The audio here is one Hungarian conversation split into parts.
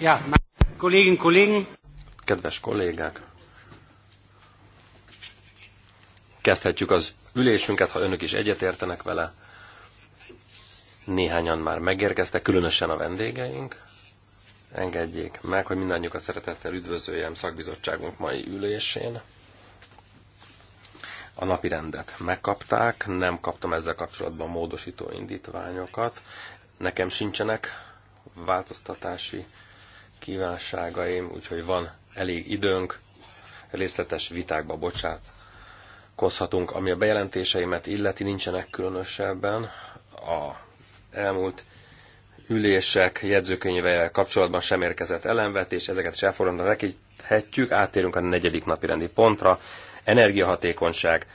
Ja, Kedves kollégák! Kezdhetjük az ülésünket, ha önök is egyetértenek vele. Néhányan már megérkeztek, különösen a vendégeink. Engedjék meg, hogy mindannyiukat szeretettel üdvözöljem szakbizottságunk mai ülésén. A napi rendet megkapták, nem kaptam ezzel kapcsolatban módosító indítványokat. Nekem sincsenek változtatási kívánságaim, úgyhogy van elég időnk, részletes vitákba bocsát. Kozhatunk, ami a bejelentéseimet illeti, nincsenek különösebben. A elmúlt ülések jegyzőkönyvevel kapcsolatban sem érkezett ellenvetés, ezeket is elfogadnak tekinthetjük, áttérünk a negyedik napi rendi pontra. Energiahatékonyság,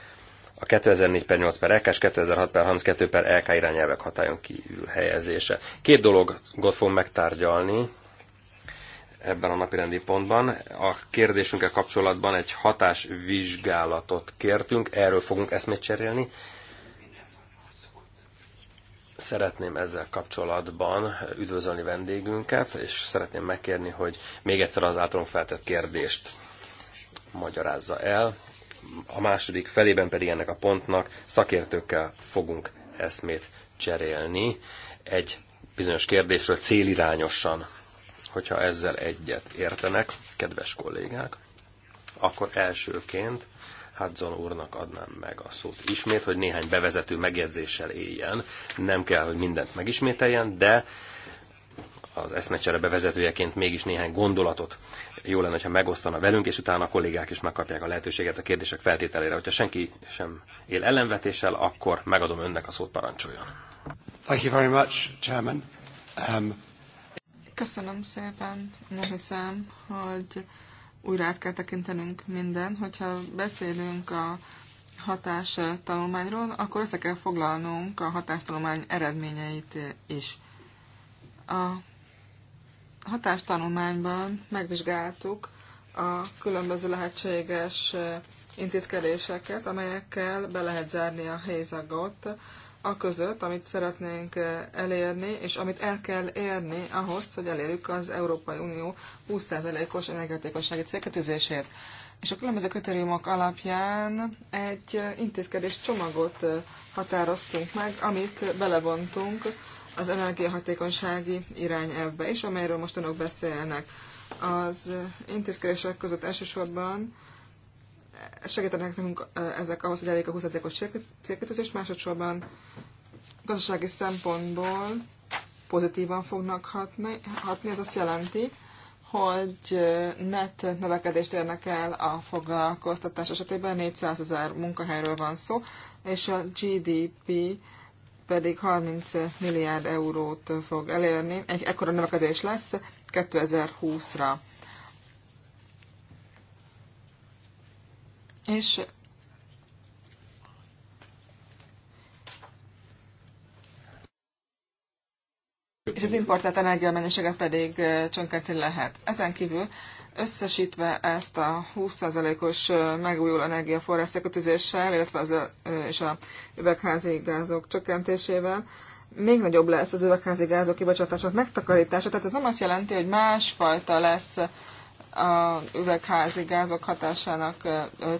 a 2004 per 8 per EK és 2006 per 32 per LK irányelvek hatályon kívül helyezése. Két dologot fogunk megtárgyalni, ebben a napirendi pontban. A kérdésünkkel kapcsolatban egy hatásvizsgálatot kértünk, erről fogunk eszmét cserélni. Szeretném ezzel kapcsolatban üdvözölni vendégünket, és szeretném megkérni, hogy még egyszer az általunk feltett kérdést magyarázza el. A második felében pedig ennek a pontnak szakértőkkel fogunk eszmét cserélni egy bizonyos kérdésről célirányosan hogyha ezzel egyet értenek, kedves kollégák, akkor elsőként Hudson úrnak adnám meg a szót ismét, hogy néhány bevezető megjegyzéssel éljen. Nem kell, hogy mindent megismételjen, de az eszmecsere bevezetőjeként mégis néhány gondolatot jó lenne, ha megosztana velünk, és utána a kollégák is megkapják a lehetőséget a kérdések feltételére. Hogyha senki sem él ellenvetéssel, akkor megadom önnek a szót, parancsoljon. Thank you very much, Chairman. Um, Köszönöm szépen. Nem hiszem, hogy újra át kell tekintenünk minden. Hogyha beszélünk a hatás tanulmányról, akkor össze kell foglalnunk a hatástanulmány eredményeit is. A hatástanulmányban megvizsgáltuk a különböző lehetséges intézkedéseket, amelyekkel be lehet zárni a helyzagot, a között, amit szeretnénk elérni, és amit el kell érni ahhoz, hogy elérjük az Európai Unió 20%-os energetikossági célkötőzését. És a különböző kritériumok alapján egy intézkedés csomagot határoztunk meg, amit belevontunk az energiahatékonysági irányelvbe is, amelyről most önök beszélnek. Az intézkedések között elsősorban segítenek nekünk ezek ahhoz, hogy elég a 20%-os célkötözés, másodszorban gazdasági szempontból pozitívan fognak hatni. hatni. Ez azt jelenti, hogy net növekedést érnek el a foglalkoztatás esetében, 400 ezer munkahelyről van szó, és a GDP pedig 30 milliárd eurót fog elérni. Egy ekkora növekedés lesz 2020-ra. És és az importált energiamennyiséget pedig csökkenteni lehet. Ezen kívül összesítve ezt a 20%-os megújuló energiaforrás kötözéssel, illetve az, és a üvegházi gázok csökkentésével, még nagyobb lesz az üvegházi gázok kibocsátásának megtakarítása, tehát ez nem azt jelenti, hogy másfajta lesz a üvegházi gázok hatásának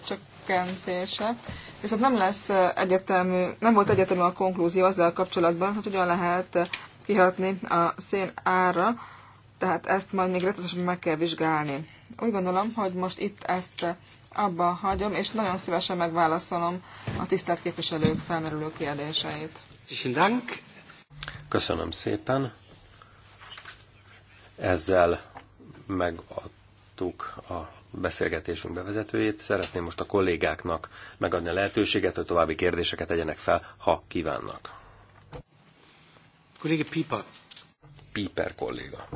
csökkentése. Viszont nem lesz egyetemű, nem volt egyetemű a konklúzió azzal a kapcsolatban, hogy hogyan lehet kihatni a szén ára, tehát ezt majd még részletesen meg kell vizsgálni. Úgy gondolom, hogy most itt ezt abba hagyom, és nagyon szívesen megválaszolom a tisztelt képviselők felmerülő kérdéseit. Köszönöm szépen. Ezzel megadtam hallottuk a beszélgetésünk bevezetőjét. Szeretném most a kollégáknak megadni a lehetőséget, hogy további kérdéseket tegyenek fel, ha kívánnak. Kolléga Pipa. Piper kolléga.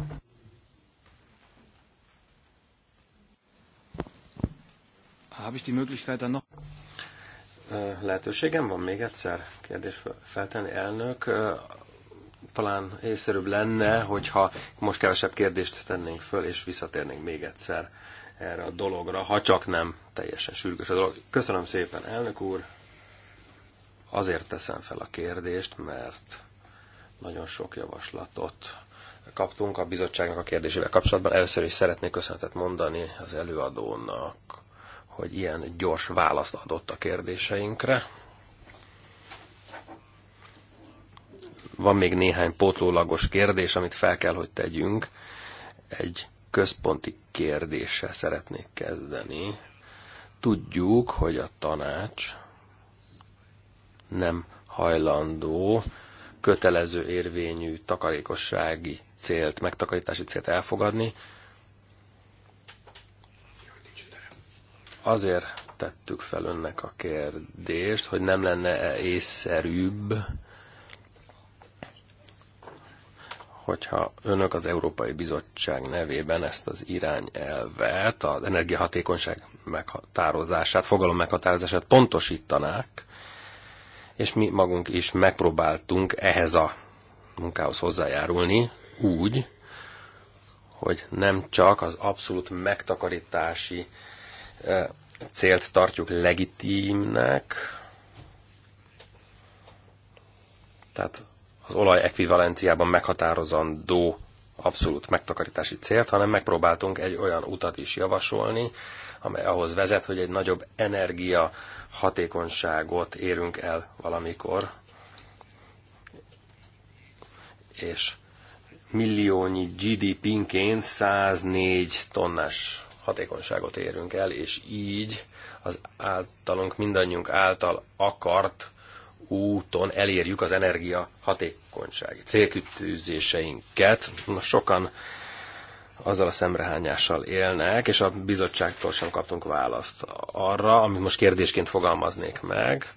Habe ich die Möglichkeit dann noch? Lehetőségem van még egyszer kérdés feltenni, elnök talán észszerűbb lenne, hogyha most kevesebb kérdést tennénk föl, és visszatérnénk még egyszer erre a dologra, ha csak nem teljesen sürgős a dolog. Köszönöm szépen, elnök úr! Azért teszem fel a kérdést, mert nagyon sok javaslatot kaptunk a bizottságnak a kérdésével kapcsolatban. Először is szeretnék köszönetet mondani az előadónak, hogy ilyen gyors választ adott a kérdéseinkre. Van még néhány pótlólagos kérdés, amit fel kell, hogy tegyünk. Egy központi kérdéssel szeretnék kezdeni. Tudjuk, hogy a tanács nem hajlandó kötelező érvényű takarékossági célt, megtakarítási célt elfogadni. Azért tettük fel önnek a kérdést, hogy nem lenne -e észszerűbb hogyha önök az Európai Bizottság nevében ezt az irányelvet, az energiahatékonyság meghatározását, fogalom meghatározását pontosítanák, és mi magunk is megpróbáltunk ehhez a munkához hozzájárulni úgy, hogy nem csak az abszolút megtakarítási célt tartjuk legitimnek, tehát az olaj ekvivalenciában meghatározandó abszolút megtakarítási célt, hanem megpróbáltunk egy olyan utat is javasolni, amely ahhoz vezet, hogy egy nagyobb energia hatékonyságot érünk el valamikor, és milliónyi GDP-nként 104 tonnás hatékonyságot érünk el, és így az általunk mindannyiunk által akart úton elérjük az energia hatékonysági célkütőzéseinket. Sokan azzal a szemrehányással élnek, és a bizottságtól sem kaptunk választ arra, amit most kérdésként fogalmaznék meg,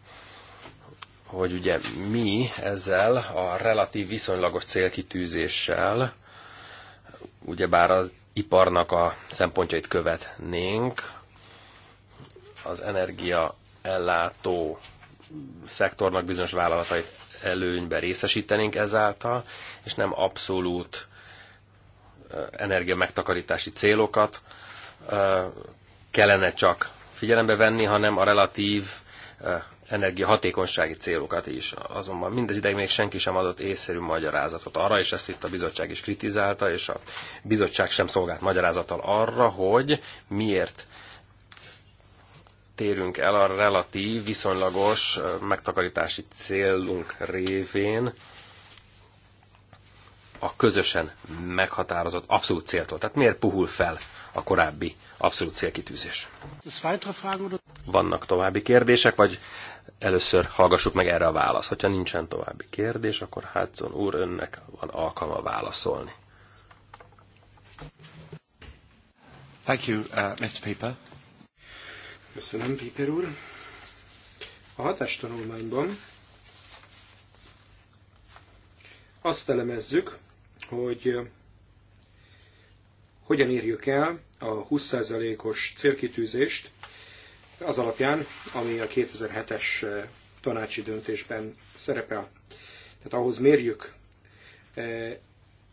hogy ugye mi ezzel a relatív viszonylagos célkitűzéssel, ugyebár az iparnak a szempontjait követnénk, az energia ellátó szektornak bizonyos vállalatait előnybe részesítenénk ezáltal, és nem abszolút energia megtakarítási célokat kellene csak figyelembe venni, hanem a relatív energiahatékonysági célokat is. Azonban mindez ideig még senki sem adott észszerű magyarázatot arra, és ezt itt a bizottság is kritizálta, és a bizottság sem szolgált magyarázattal arra, hogy miért térünk el a relatív, viszonylagos megtakarítási célunk révén a közösen meghatározott abszolút céltól. Tehát miért puhul fel a korábbi abszolút célkitűzés? Vannak további kérdések, vagy először hallgassuk meg erre a választ. Hogyha nincsen további kérdés, akkor Hudson úr, önnek van alkalma válaszolni. Thank you, uh, Mr. Pieper. Köszönöm, Péter úr. A hatástanulmányban azt elemezzük, hogy hogyan érjük el a 20%-os célkitűzést az alapján, ami a 2007-es tanácsi döntésben szerepel. Tehát ahhoz mérjük.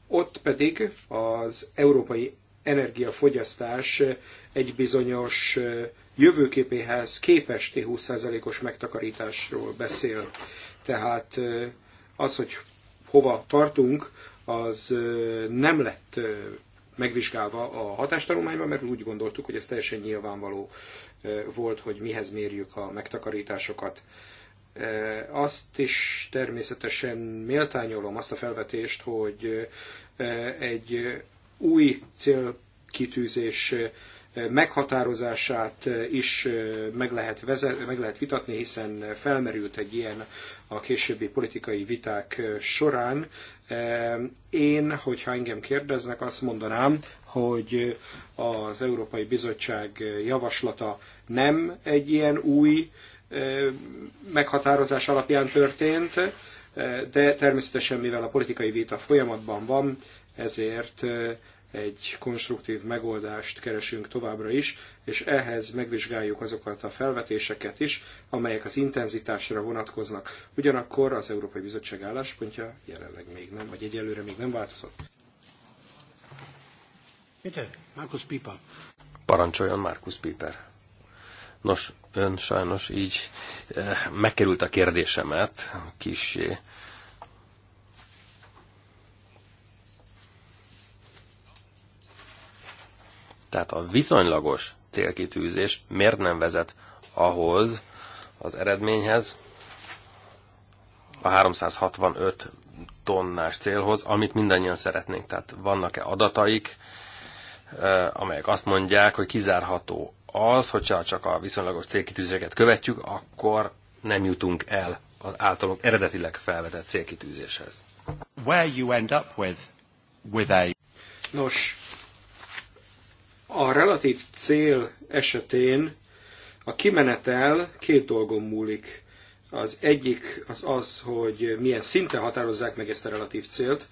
Ott pedig az európai energiafogyasztás egy bizonyos jövőképéhez képest 20%-os megtakarításról beszél. Tehát az, hogy hova tartunk, az nem lett megvizsgálva a hatástanulmányban, mert úgy gondoltuk, hogy ez teljesen nyilvánvaló volt, hogy mihez mérjük a megtakarításokat. Azt is természetesen méltányolom azt a felvetést, hogy egy új célkitűzés meghatározását is meg lehet, vezet, meg lehet vitatni, hiszen felmerült egy ilyen a későbbi politikai viták során. Én, hogyha engem kérdeznek, azt mondanám, hogy az Európai Bizottság javaslata nem egy ilyen új meghatározás alapján történt, de természetesen, mivel a politikai vita folyamatban van, ezért egy konstruktív megoldást keresünk továbbra is, és ehhez megvizsgáljuk azokat a felvetéseket is, amelyek az intenzitásra vonatkoznak. Ugyanakkor az Európai Bizottság álláspontja jelenleg még nem, vagy egyelőre még nem változott. Bitte, Markus Piper. Parancsoljon Markus Piper. Nos, ön sajnos így eh, megkerült a kérdésemet, kisé Tehát a viszonylagos célkitűzés miért nem vezet ahhoz az eredményhez, a 365 tonnás célhoz, amit mindannyian szeretnénk. Tehát vannak-e adataik, amelyek azt mondják, hogy kizárható az, hogyha csak a viszonylagos célkitűzéseket követjük, akkor nem jutunk el az általunk eredetileg felvetett célkitűzéshez. Where you end up with, with a... Nos, a relatív cél esetén a kimenetel két dolgon múlik. Az egyik az az, hogy milyen szinten határozzák meg ezt a relatív célt,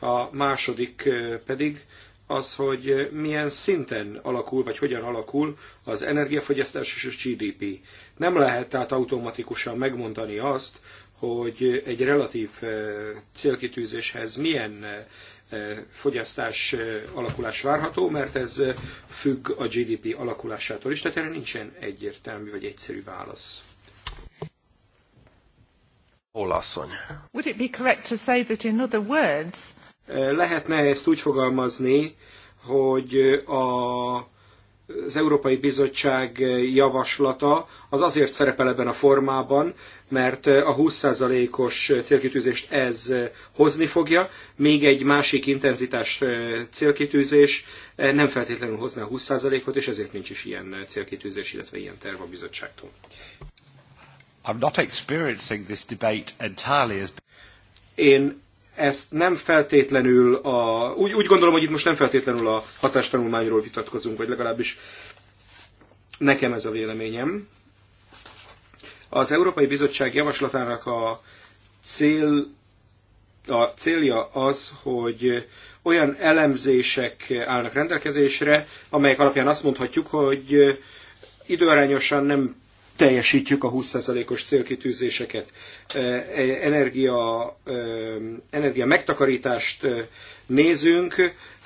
a második pedig az, hogy milyen szinten alakul, vagy hogyan alakul az energiafogyasztás és a GDP. Nem lehet tehát automatikusan megmondani azt, hogy egy relatív eh, célkitűzéshez milyen eh, eh, fogyasztás alakulás várható, mert ez függ a GDP alakulásától is, tehát erre nincsen egyértelmű vagy egyszerű válasz. Olaszony. Would it be correct to say that in other words... Lehetne ezt úgy fogalmazni, hogy a az Európai Bizottság javaslata az azért szerepel ebben a formában, mert a 20%-os célkitűzést ez hozni fogja, még egy másik intenzitás célkitűzés nem feltétlenül hozná a 20%-ot, és ezért nincs is ilyen célkitűzés, illetve ilyen terv a bizottságtól. I'm not experiencing this debate entirely as... Én ezt nem feltétlenül a... Úgy, úgy gondolom, hogy itt most nem feltétlenül a hatástanulmányról vitatkozunk, vagy legalábbis nekem ez a véleményem. Az Európai Bizottság javaslatának a cél a célja az, hogy olyan elemzések állnak rendelkezésre, amelyek alapján azt mondhatjuk, hogy időarányosan nem teljesítjük a 20%-os célkitűzéseket. E, energia, energia megtakarítást nézünk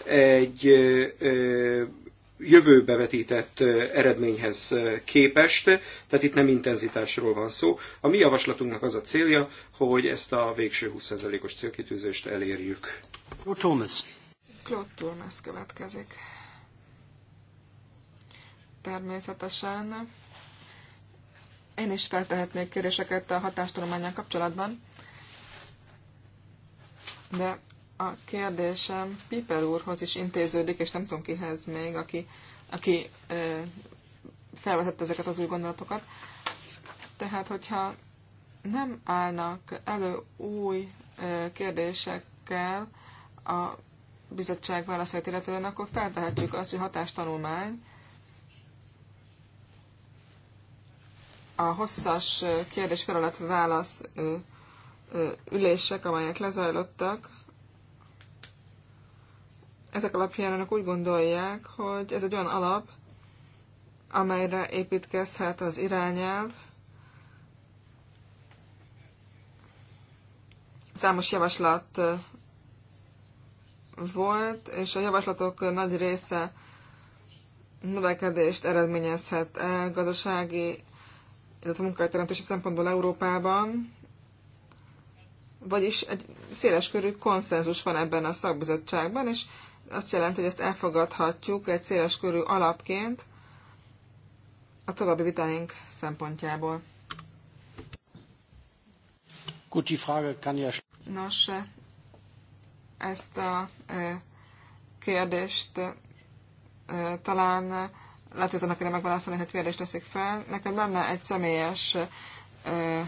egy jövőbe vetített eredményhez képest, tehát itt nem intenzitásról van szó. A mi javaslatunknak az a célja, hogy ezt a végső 20%-os célkitűzést elérjük. Claude Thomas. Claude Thomas következik. Természetesen én is feltehetnék kérdéseket a hatástudományán kapcsolatban, de a kérdésem Piper úrhoz is intéződik, és nem tudom kihez még, aki, aki e, felvetette ezeket az új gondolatokat. Tehát, hogyha nem állnak elő új e, kérdésekkel a bizottság válaszait illetően, akkor feltehetjük azt, hogy hatástanulmány a hosszas kérdés feladat válasz ülések, amelyek lezajlottak, ezek alapján önök úgy gondolják, hogy ez egy olyan alap, amelyre építkezhet az irányelv. Számos javaslat volt, és a javaslatok nagy része növekedést eredményezhet el gazdasági illetve munkahelyteremtési szempontból Európában, vagyis egy széleskörű konszenzus van ebben a szakbizottságban, és azt jelenti, hogy ezt elfogadhatjuk egy széleskörű alapként a további vitáink szempontjából. Nos, ezt a eh, kérdést eh, talán lehet, hogy az annak megválaszolni, hogy kérdést teszik fel. Nekem lenne egy személyes ö,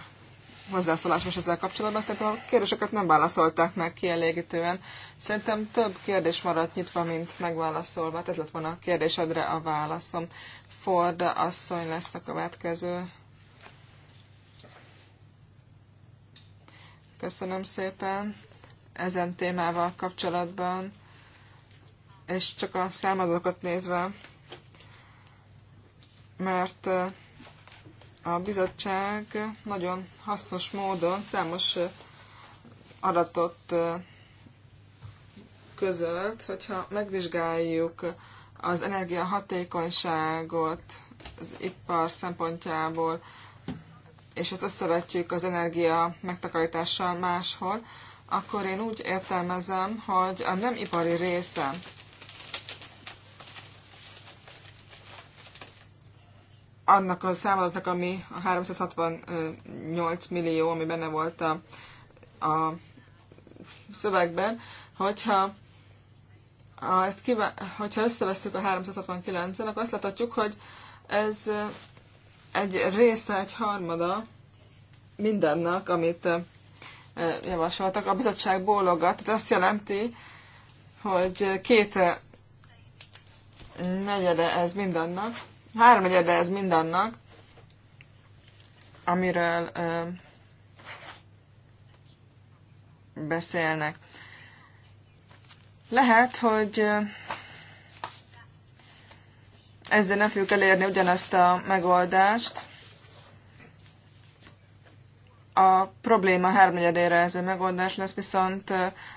hozzászólás most ezzel kapcsolatban. Szerintem a kérdéseket nem válaszolták meg kielégítően. Szerintem több kérdés maradt nyitva, mint megválaszolva. Ez lett volna a kérdésedre a válaszom. Ford asszony lesz a következő. Köszönöm szépen ezen témával kapcsolatban, és csak a számadókat nézve mert a bizottság nagyon hasznos módon számos adatot közölt, hogyha megvizsgáljuk az energiahatékonyságot az ipar szempontjából, és ezt összevetjük az energia megtakarítással máshol, akkor én úgy értelmezem, hogy a nem ipari része annak a számadatnak, ami a 368 millió, ami benne volt a, a szövegben, hogyha ha ezt kivá- hogyha összevesszük a 369-en, akkor azt láthatjuk, hogy ez egy része, egy harmada mindennek, amit javasoltak. A bizottság bólogat, tehát azt jelenti, hogy két negyede ez mindannak, Háromnegyede ez mindannak, amiről ö, beszélnek. Lehet, hogy ezzel nem fogjuk elérni ugyanazt a megoldást. A probléma hármegyedére ez a megoldás lesz, viszont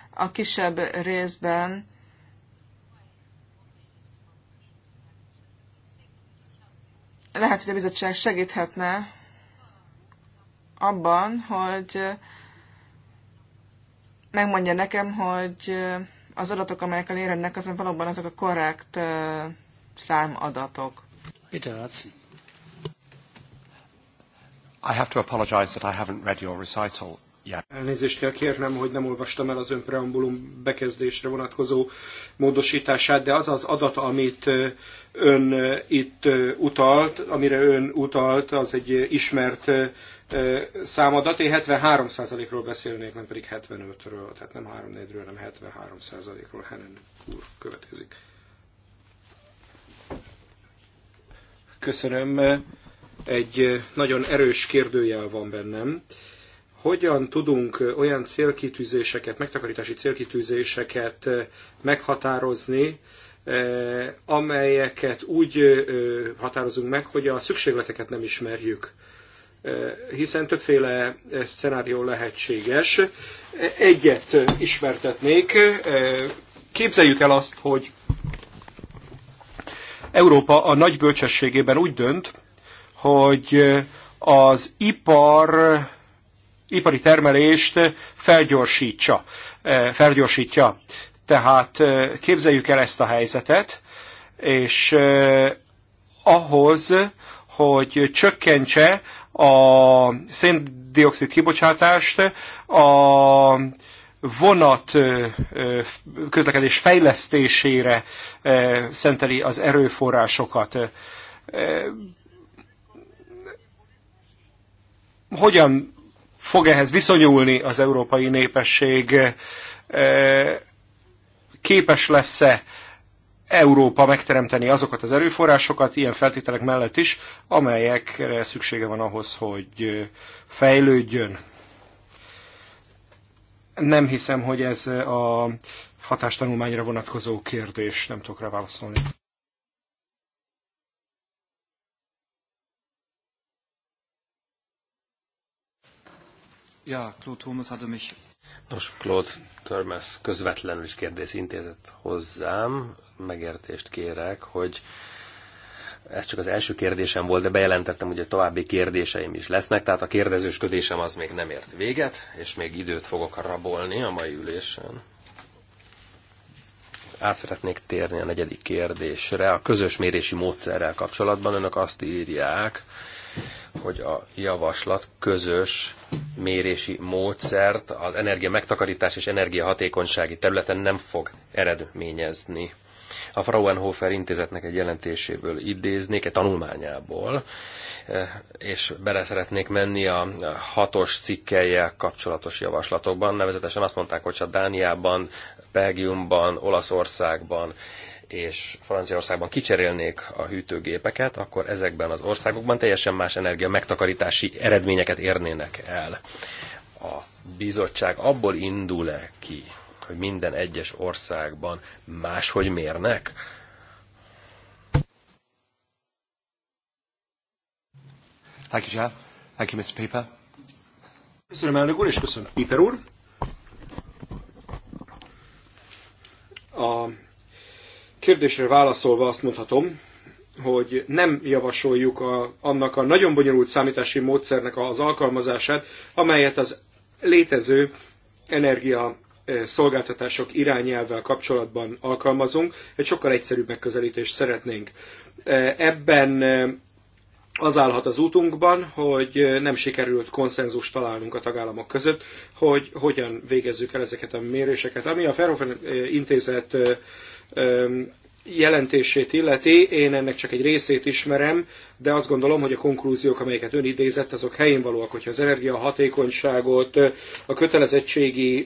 a kisebb részben Lehet, hogy a bizottság segíthetne abban, hogy megmondja nekem, hogy az adatok, amelyekkel érennek, azon valóban azok a korrekt számadatok. Peter Hudson. I have to apologize that I haven't read your recital jár. Elnézést kell kérnem, hogy nem olvastam el az ön preambulum bekezdésre vonatkozó módosítását, de az az adat, amit ön itt utalt, amire ön utalt, az egy ismert számadat. Én 73%-ról beszélnék, nem pedig 75-ről, tehát nem 3 ről nem 73%-ról. Henen úr következik. Köszönöm. Egy nagyon erős kérdőjel van bennem hogyan tudunk olyan célkitűzéseket, megtakarítási célkitűzéseket meghatározni, amelyeket úgy határozunk meg, hogy a szükségleteket nem ismerjük hiszen többféle szenárió lehetséges. Egyet ismertetnék. Képzeljük el azt, hogy Európa a nagy bölcsességében úgy dönt, hogy az ipar ipari termelést felgyorsítsa, eh, felgyorsítja. Tehát eh, képzeljük el ezt a helyzetet, és eh, ahhoz, hogy csökkentse a széndiokszid kibocsátást, a vonat közlekedés fejlesztésére szenteli az erőforrásokat. Hogyan fog ehhez viszonyulni az európai népesség, e, képes lesz-e Európa megteremteni azokat az erőforrásokat, ilyen feltételek mellett is, amelyekre szüksége van ahhoz, hogy fejlődjön. Nem hiszem, hogy ez a hatástanulmányra vonatkozó kérdés, nem tudok rá válaszolni. Ja, Claude Thomas hatte mich. Nos, Claude Thomas közvetlenül is kérdés intézett hozzám. Megértést kérek, hogy ez csak az első kérdésem volt, de bejelentettem, hogy a további kérdéseim is lesznek, tehát a kérdezősködésem az még nem ért véget, és még időt fogok rabolni a mai ülésen. Át szeretnék térni a negyedik kérdésre. A közös mérési módszerrel kapcsolatban önök azt írják, hogy a javaslat közös mérési módszert az energia megtakarítás és energiahatékonysági területen nem fog eredményezni. A Fraunhofer intézetnek egy jelentéséből idéznék, egy tanulmányából, eh, és bele szeretnék menni a hatos cikkelyel kapcsolatos javaslatokban. Nevezetesen azt mondták, hogy ha Dániában, Belgiumban, Olaszországban és Franciaországban kicserélnék a hűtőgépeket, akkor ezekben az országokban teljesen más energia megtakarítási eredményeket érnének el. A bizottság abból indul-e ki, hogy minden egyes országban máshogy mérnek? Thank you, Jeff. Thank you, Mr. Pieper. Köszönöm, elnök úr, és köszönöm, Piper úr. A kérdésre válaszolva azt mondhatom, hogy nem javasoljuk a, annak a nagyon bonyolult számítási módszernek az alkalmazását, amelyet az létező energia eh, szolgáltatások irányelvvel kapcsolatban alkalmazunk. Egy sokkal egyszerűbb megközelítést szeretnénk. Eh, ebben eh, az állhat az útunkban, hogy nem sikerült konszenzus találnunk a tagállamok között, hogy hogyan végezzük el ezeket a méréseket. Ami a Ferhofen intézet jelentését illeti, én ennek csak egy részét ismerem, de azt gondolom, hogy a konklúziók, amelyeket ön idézett, azok helyén valóak, hogyha az energiahatékonyságot, a kötelezettségi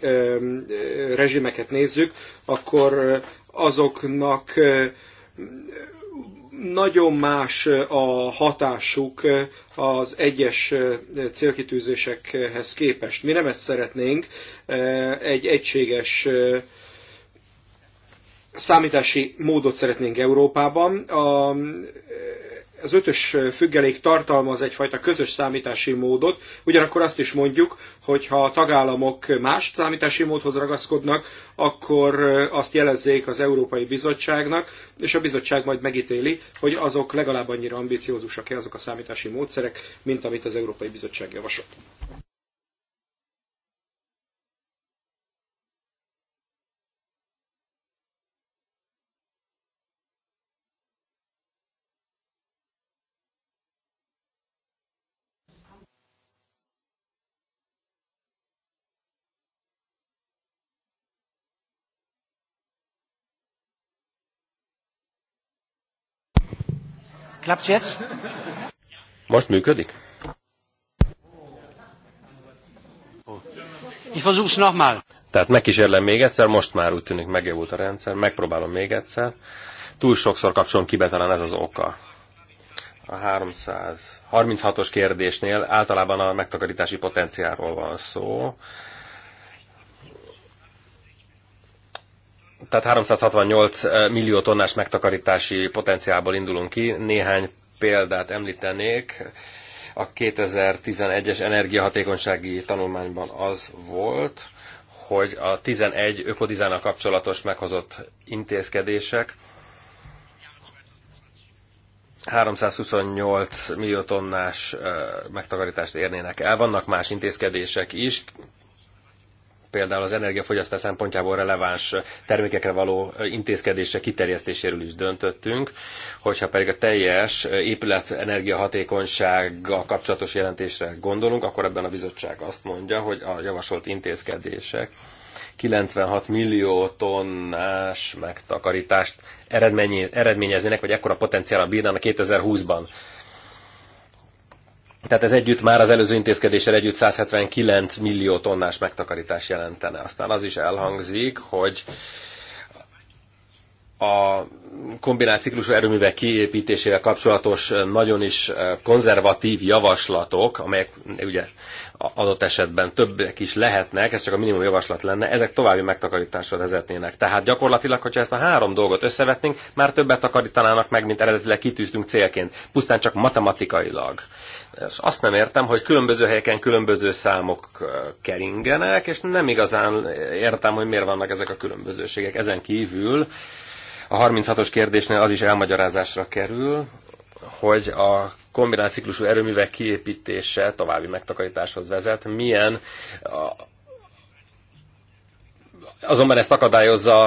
rezsimeket nézzük, akkor azoknak nagyon más a hatásuk az egyes célkitűzésekhez képest. Mi nem ezt szeretnénk, egy egységes számítási módot szeretnénk Európában. A, az ötös függelék tartalmaz egyfajta közös számítási módot, ugyanakkor azt is mondjuk, hogy ha a tagállamok más számítási módhoz ragaszkodnak, akkor azt jelezzék az Európai Bizottságnak, és a bizottság majd megítéli, hogy azok legalább annyira ambiciózusak-e azok a számítási módszerek, mint amit az Európai Bizottság javasolt. Klappt's jetzt? Most működik? Oh. Ich versuch's nochmal. Tehát megkísérlem még egyszer, most már úgy tűnik megjavult a rendszer, megpróbálom még egyszer. Túl sokszor kapcsolom ki, talán ez az oka. A 336-os kérdésnél általában a megtakarítási potenciálról van szó. tehát 368 eh, millió tonnás megtakarítási potenciálból indulunk ki. Néhány példát említenék. A 2011-es energiahatékonysági tanulmányban az volt, hogy a 11 ökodizájnnal kapcsolatos meghozott intézkedések 328 millió tonnás eh, megtakarítást érnének el. Vannak más intézkedések is, például az energiafogyasztás szempontjából releváns termékekre való intézkedése kiterjesztéséről is döntöttünk, hogyha pedig a teljes épület energiahatékonysággal kapcsolatos jelentésre gondolunk, akkor ebben a bizottság azt mondja, hogy a javasolt intézkedések 96 millió tonnás megtakarítást eredményeznének, vagy ekkora potenciállal bírnának 2020-ban. Tehát ez együtt már az előző intézkedéssel együtt 179 millió tonnás megtakarítás jelentene. Aztán az is elhangzik, hogy a kombinált ciklusú erőművek kiépítésével kapcsolatos eh, nagyon is eh, konzervatív javaslatok, amelyek eh, ugye adott esetben többek is lehetnek, ez csak a minimum javaslat lenne, ezek további megtakarításra vezetnének. Tehát gyakorlatilag, hogyha ezt a három dolgot összevetnénk, már többet takarítanának meg, mint eredetileg kitűztünk célként, pusztán csak matematikailag. És azt nem értem, hogy különböző helyeken különböző számok keringenek, és nem igazán értem, hogy miért vannak ezek a különbözőségek. Ezen kívül a 36-os kérdésnél az is elmagyarázásra kerül, hogy a kombinált ciklusú erőművek kiépítése további megtakarításhoz vezet. Milyen a, azonban ezt akadályozza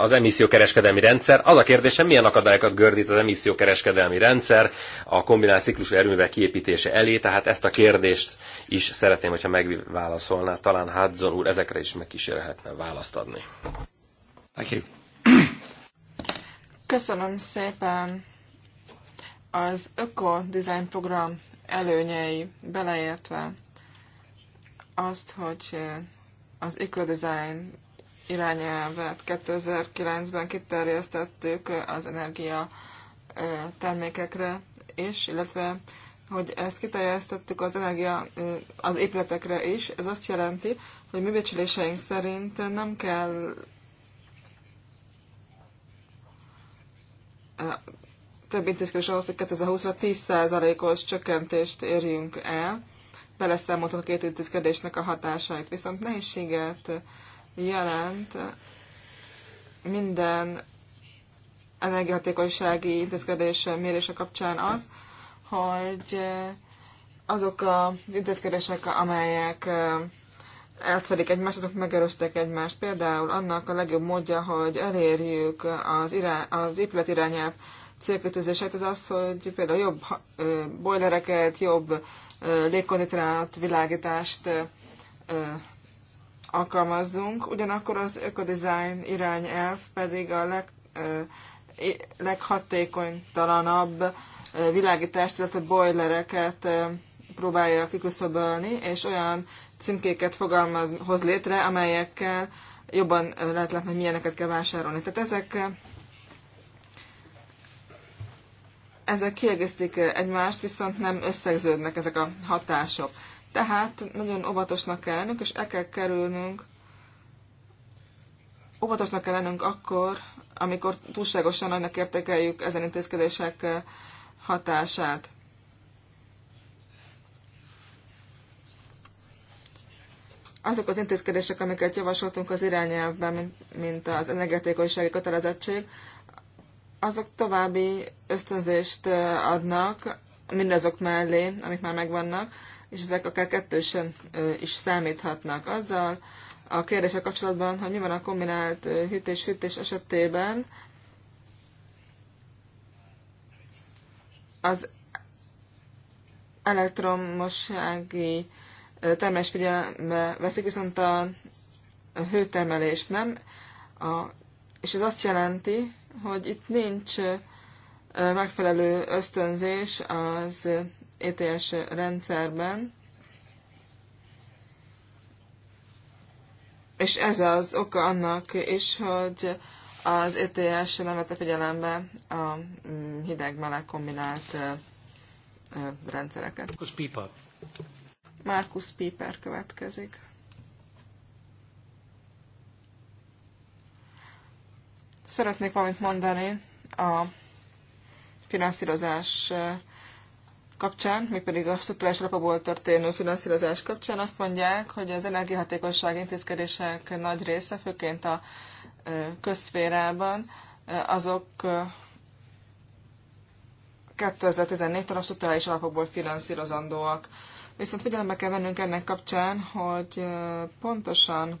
az emissziókereskedelmi rendszer. Az a kérdésem, milyen akadályokat gördít az emissziókereskedelmi rendszer a kombinált ciklusú erőművek kiépítése elé, tehát ezt a kérdést is szeretném, hogyha megválaszolná. Talán Hudson úr ezekre is megkísérhetne választ adni. Thank you. Köszönöm szépen az Öko Design Program előnyei beleértve azt, hogy az öko Design irányelvet 2009-ben kiterjesztettük az energia termékekre is, illetve hogy ezt kiterjesztettük az energia az épületekre is. Ez azt jelenti, hogy mi becsléseink szerint nem kell több intézkedés ahhoz, hogy 2020-ra 10%-os csökkentést érjünk el. Beleszámoltuk a két intézkedésnek a hatásait, viszont nehézséget jelent minden energiahatékonysági intézkedés mérése kapcsán az, hogy azok az intézkedések, amelyek elfedik egymást, azok megerőstek egymást. Például annak a legjobb módja, hogy elérjük az, irány, az épület irányelv célkötőzését, az az, hogy például jobb bojlereket, jobb légkondicionált világítást alkalmazzunk. Ugyanakkor az ökodizájn irányelv pedig a leg, leghatékonytalanabb világítást, illetve bojlereket próbálja kiküszöbölni, és olyan címkéket fogalmaz, hoz létre, amelyekkel jobban lehet látni, hogy milyeneket kell vásárolni. Tehát ezek, ezek kiegészítik egymást, viszont nem összegződnek ezek a hatások. Tehát nagyon óvatosnak kell lennünk, és el kell kerülnünk, óvatosnak kell lennünk akkor, amikor túlságosan annak értékeljük ezen intézkedések hatását. azok az intézkedések, amiket javasoltunk az irányelvben, mint, mint az energetikai kötelezettség, azok további ösztönzést adnak mindazok mellé, amik már megvannak, és ezek akár kettősen is számíthatnak. Azzal a kérdése kapcsolatban, hogy mi van a kombinált hűtés-hűtés esetében, az elektromossági termelés figyelembe veszik, viszont a hőtermelést nem. A, és ez azt jelenti, hogy itt nincs megfelelő ösztönzés az ETS rendszerben, és ez az oka annak is, hogy az ETS nem vette figyelembe a mm, hideg-meleg kombinált rendszereket. Pipa. Markus Piper következik. Szeretnék valamit mondani a finanszírozás kapcsán, pedig a struktúrás alapokból történő finanszírozás kapcsán azt mondják, hogy az energiahatékonyság intézkedések nagy része, főként a közszférában, azok 2014-től a struktúrális alapokból finanszírozandóak. Viszont figyelembe kell vennünk ennek kapcsán, hogy pontosan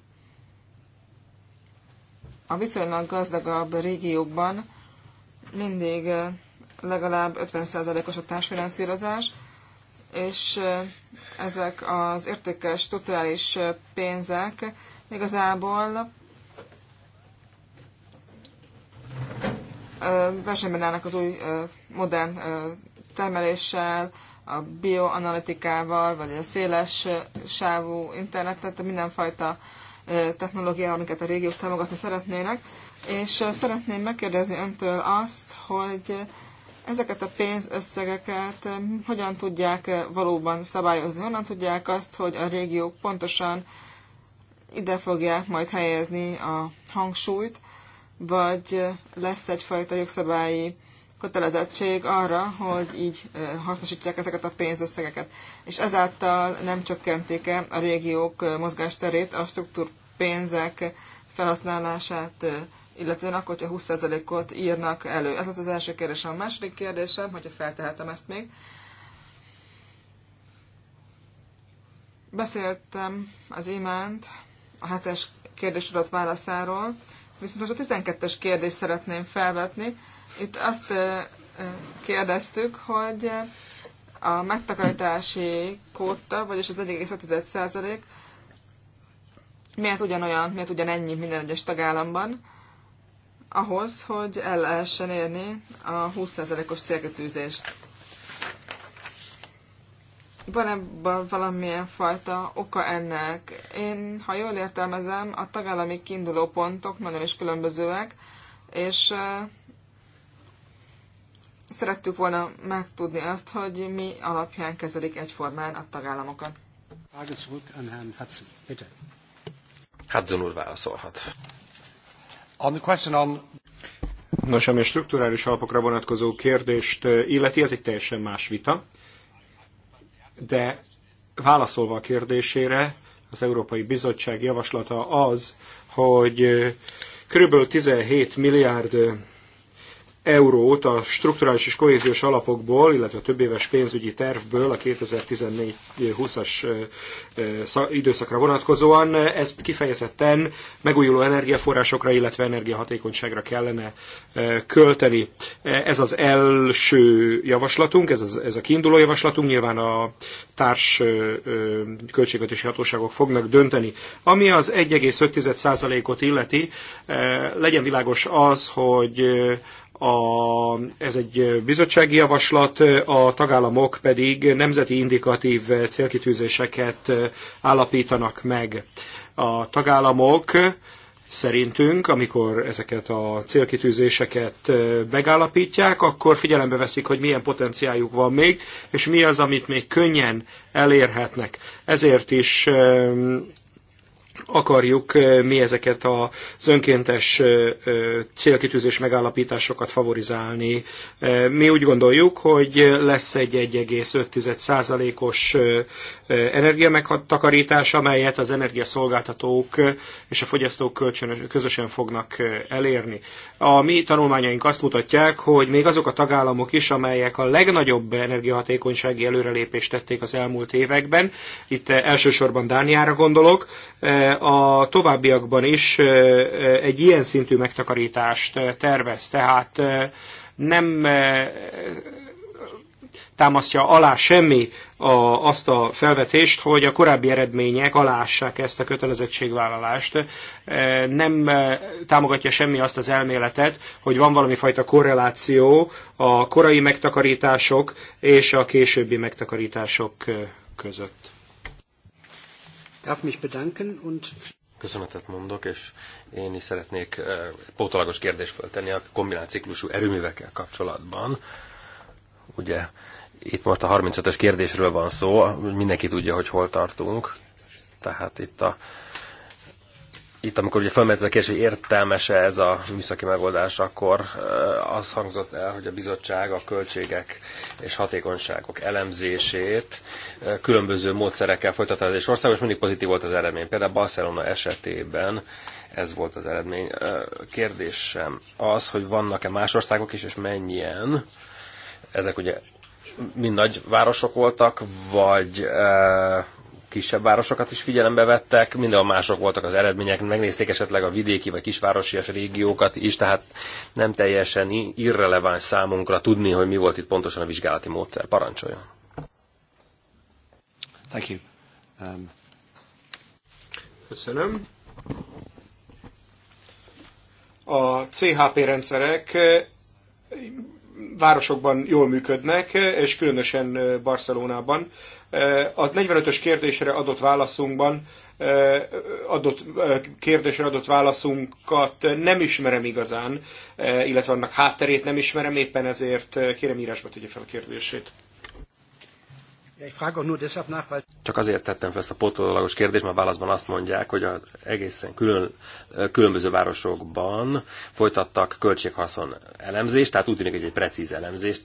a viszonylag gazdagabb régiókban mindig legalább 50%-os a társfinanszírozás, és ezek az értékes totális pénzek igazából versenyben állnak az új modern termeléssel, a bioanalitikával, vagy a széles sávú internetet, tehát mindenfajta technológiával, amiket a régiók támogatni szeretnének. És szeretném megkérdezni öntől azt, hogy ezeket a pénzösszegeket hogyan tudják valóban szabályozni, honnan tudják azt, hogy a régiók pontosan ide fogják majd helyezni a hangsúlyt, vagy lesz egyfajta jogszabályi kötelezettség arra, hogy így hasznosítják ezeket a pénzösszegeket. És ezáltal nem csökkentik -e a régiók mozgásterét, a struktúrpénzek felhasználását illetve akkor, hogyha 20%-ot írnak elő. Ez az az első kérdésem. A második kérdésem, hogyha feltehetem ezt még, beszéltem az imánt a hetes kérdésodat válaszáról, viszont most a 12-es kérdést szeretném felvetni, itt azt kérdeztük, hogy a megtakarítási kóta, vagyis az 1,6% miért ugyanolyan, miért ugyanennyi minden egyes tagállamban, ahhoz, hogy el lehessen érni a 20%-os célkötőzést. Van ebben valamilyen fajta oka ennek? Én, ha jól értelmezem, a tagállami kiinduló pontok nagyon is különbözőek, és szerettük volna megtudni azt, hogy mi alapján kezelik egyformán a tagállamokat. Frage Hudson úr válaszolhat. On the question on... Nos, ami a strukturális alapokra vonatkozó kérdést eh, illeti, ez egy teljesen más vita, de válaszolva a kérdésére, az Európai Bizottság javaslata az, hogy eh, kb. 17 milliárd eh, eurót a strukturális és kohéziós alapokból, illetve a többéves pénzügyi tervből a 2014-20-as időszakra vonatkozóan. Ezt kifejezetten megújuló energiaforrásokra, illetve energiahatékonyságra kellene költeni. Ez az első javaslatunk, ez, az, ez a kiinduló javaslatunk, nyilván a társ költségvetési hatóságok fognak dönteni. Ami az 1,5%-ot illeti, legyen világos az, hogy a, ez egy bizottsági javaslat, a tagállamok pedig nemzeti indikatív célkitűzéseket állapítanak meg. A tagállamok szerintünk, amikor ezeket a célkitűzéseket megállapítják, akkor figyelembe veszik, hogy milyen potenciáljuk van még, és mi az, amit még könnyen elérhetnek. Ezért is akarjuk eh, mi ezeket az önkéntes eh, eh, célkitűzés megállapításokat favorizálni. Mi úgy gondoljuk, hogy lesz egy 1,5%-os energiamegtakarítás, amelyet az energiaszolgáltatók és a fogyasztók kölcsönös, közösen fognak elérni. A mi tanulmányaink azt mutatják, hogy még azok a tagállamok is, amelyek a legnagyobb energiahatékonysági előrelépést tették az elmúlt években, itt elsősorban Dániára gondolok, a továbbiakban is egy ilyen szintű megtakarítást tervez, tehát nem támasztja alá semmi a, azt a felvetést, hogy a korábbi eredmények alássák ezt a kötelezettségvállalást. Nem támogatja semmi azt az elméletet, hogy van valami fajta korreláció a korai megtakarítások és a későbbi megtakarítások között darf mich bedanken und köszönetet mondok, és én is szeretnék eh, pótolagos kérdést föltenni a kombinált ciklusú erőművekkel kapcsolatban. Ugye itt most a 35-ös kérdésről van szó, mindenki tudja, hogy hol tartunk, tehát itt a itt, amikor ugye felmerült a kérdés, hogy értelmese ez a műszaki megoldás, akkor eh, az hangzott el, hogy a bizottság a költségek és hatékonyságok elemzését eh, különböző módszerekkel folytatta és országos mindig pozitív volt az eredmény. Például Barcelona esetében ez volt az eredmény. Eh, kérdésem az, hogy vannak-e más országok is, és mennyien, ezek ugye mind nagy városok voltak, vagy kisebb városokat is figyelembe vettek, a mások voltak az eredmények, megnézték esetleg a vidéki vagy kisvárosias régiókat is, tehát nem teljesen irreleváns számunkra tudni, hogy mi volt itt pontosan a vizsgálati módszer. Parancsoljon! Thank you. Um... Köszönöm. A CHP rendszerek városokban jól működnek, és különösen Barcelonában. A 45-ös kérdésre adott válaszunkban adott kérdésre adott válaszunkat nem ismerem igazán, illetve annak hátterét nem ismerem, éppen ezért kérem írásba tegye fel a kérdését. Csak azért tettem fel ezt a pótolagos kérdést, mert válaszban azt mondják, hogy az egészen külön, különböző városokban folytattak költséghaszon elemzést, tehát úgy tűnik, hogy egy precíz elemzést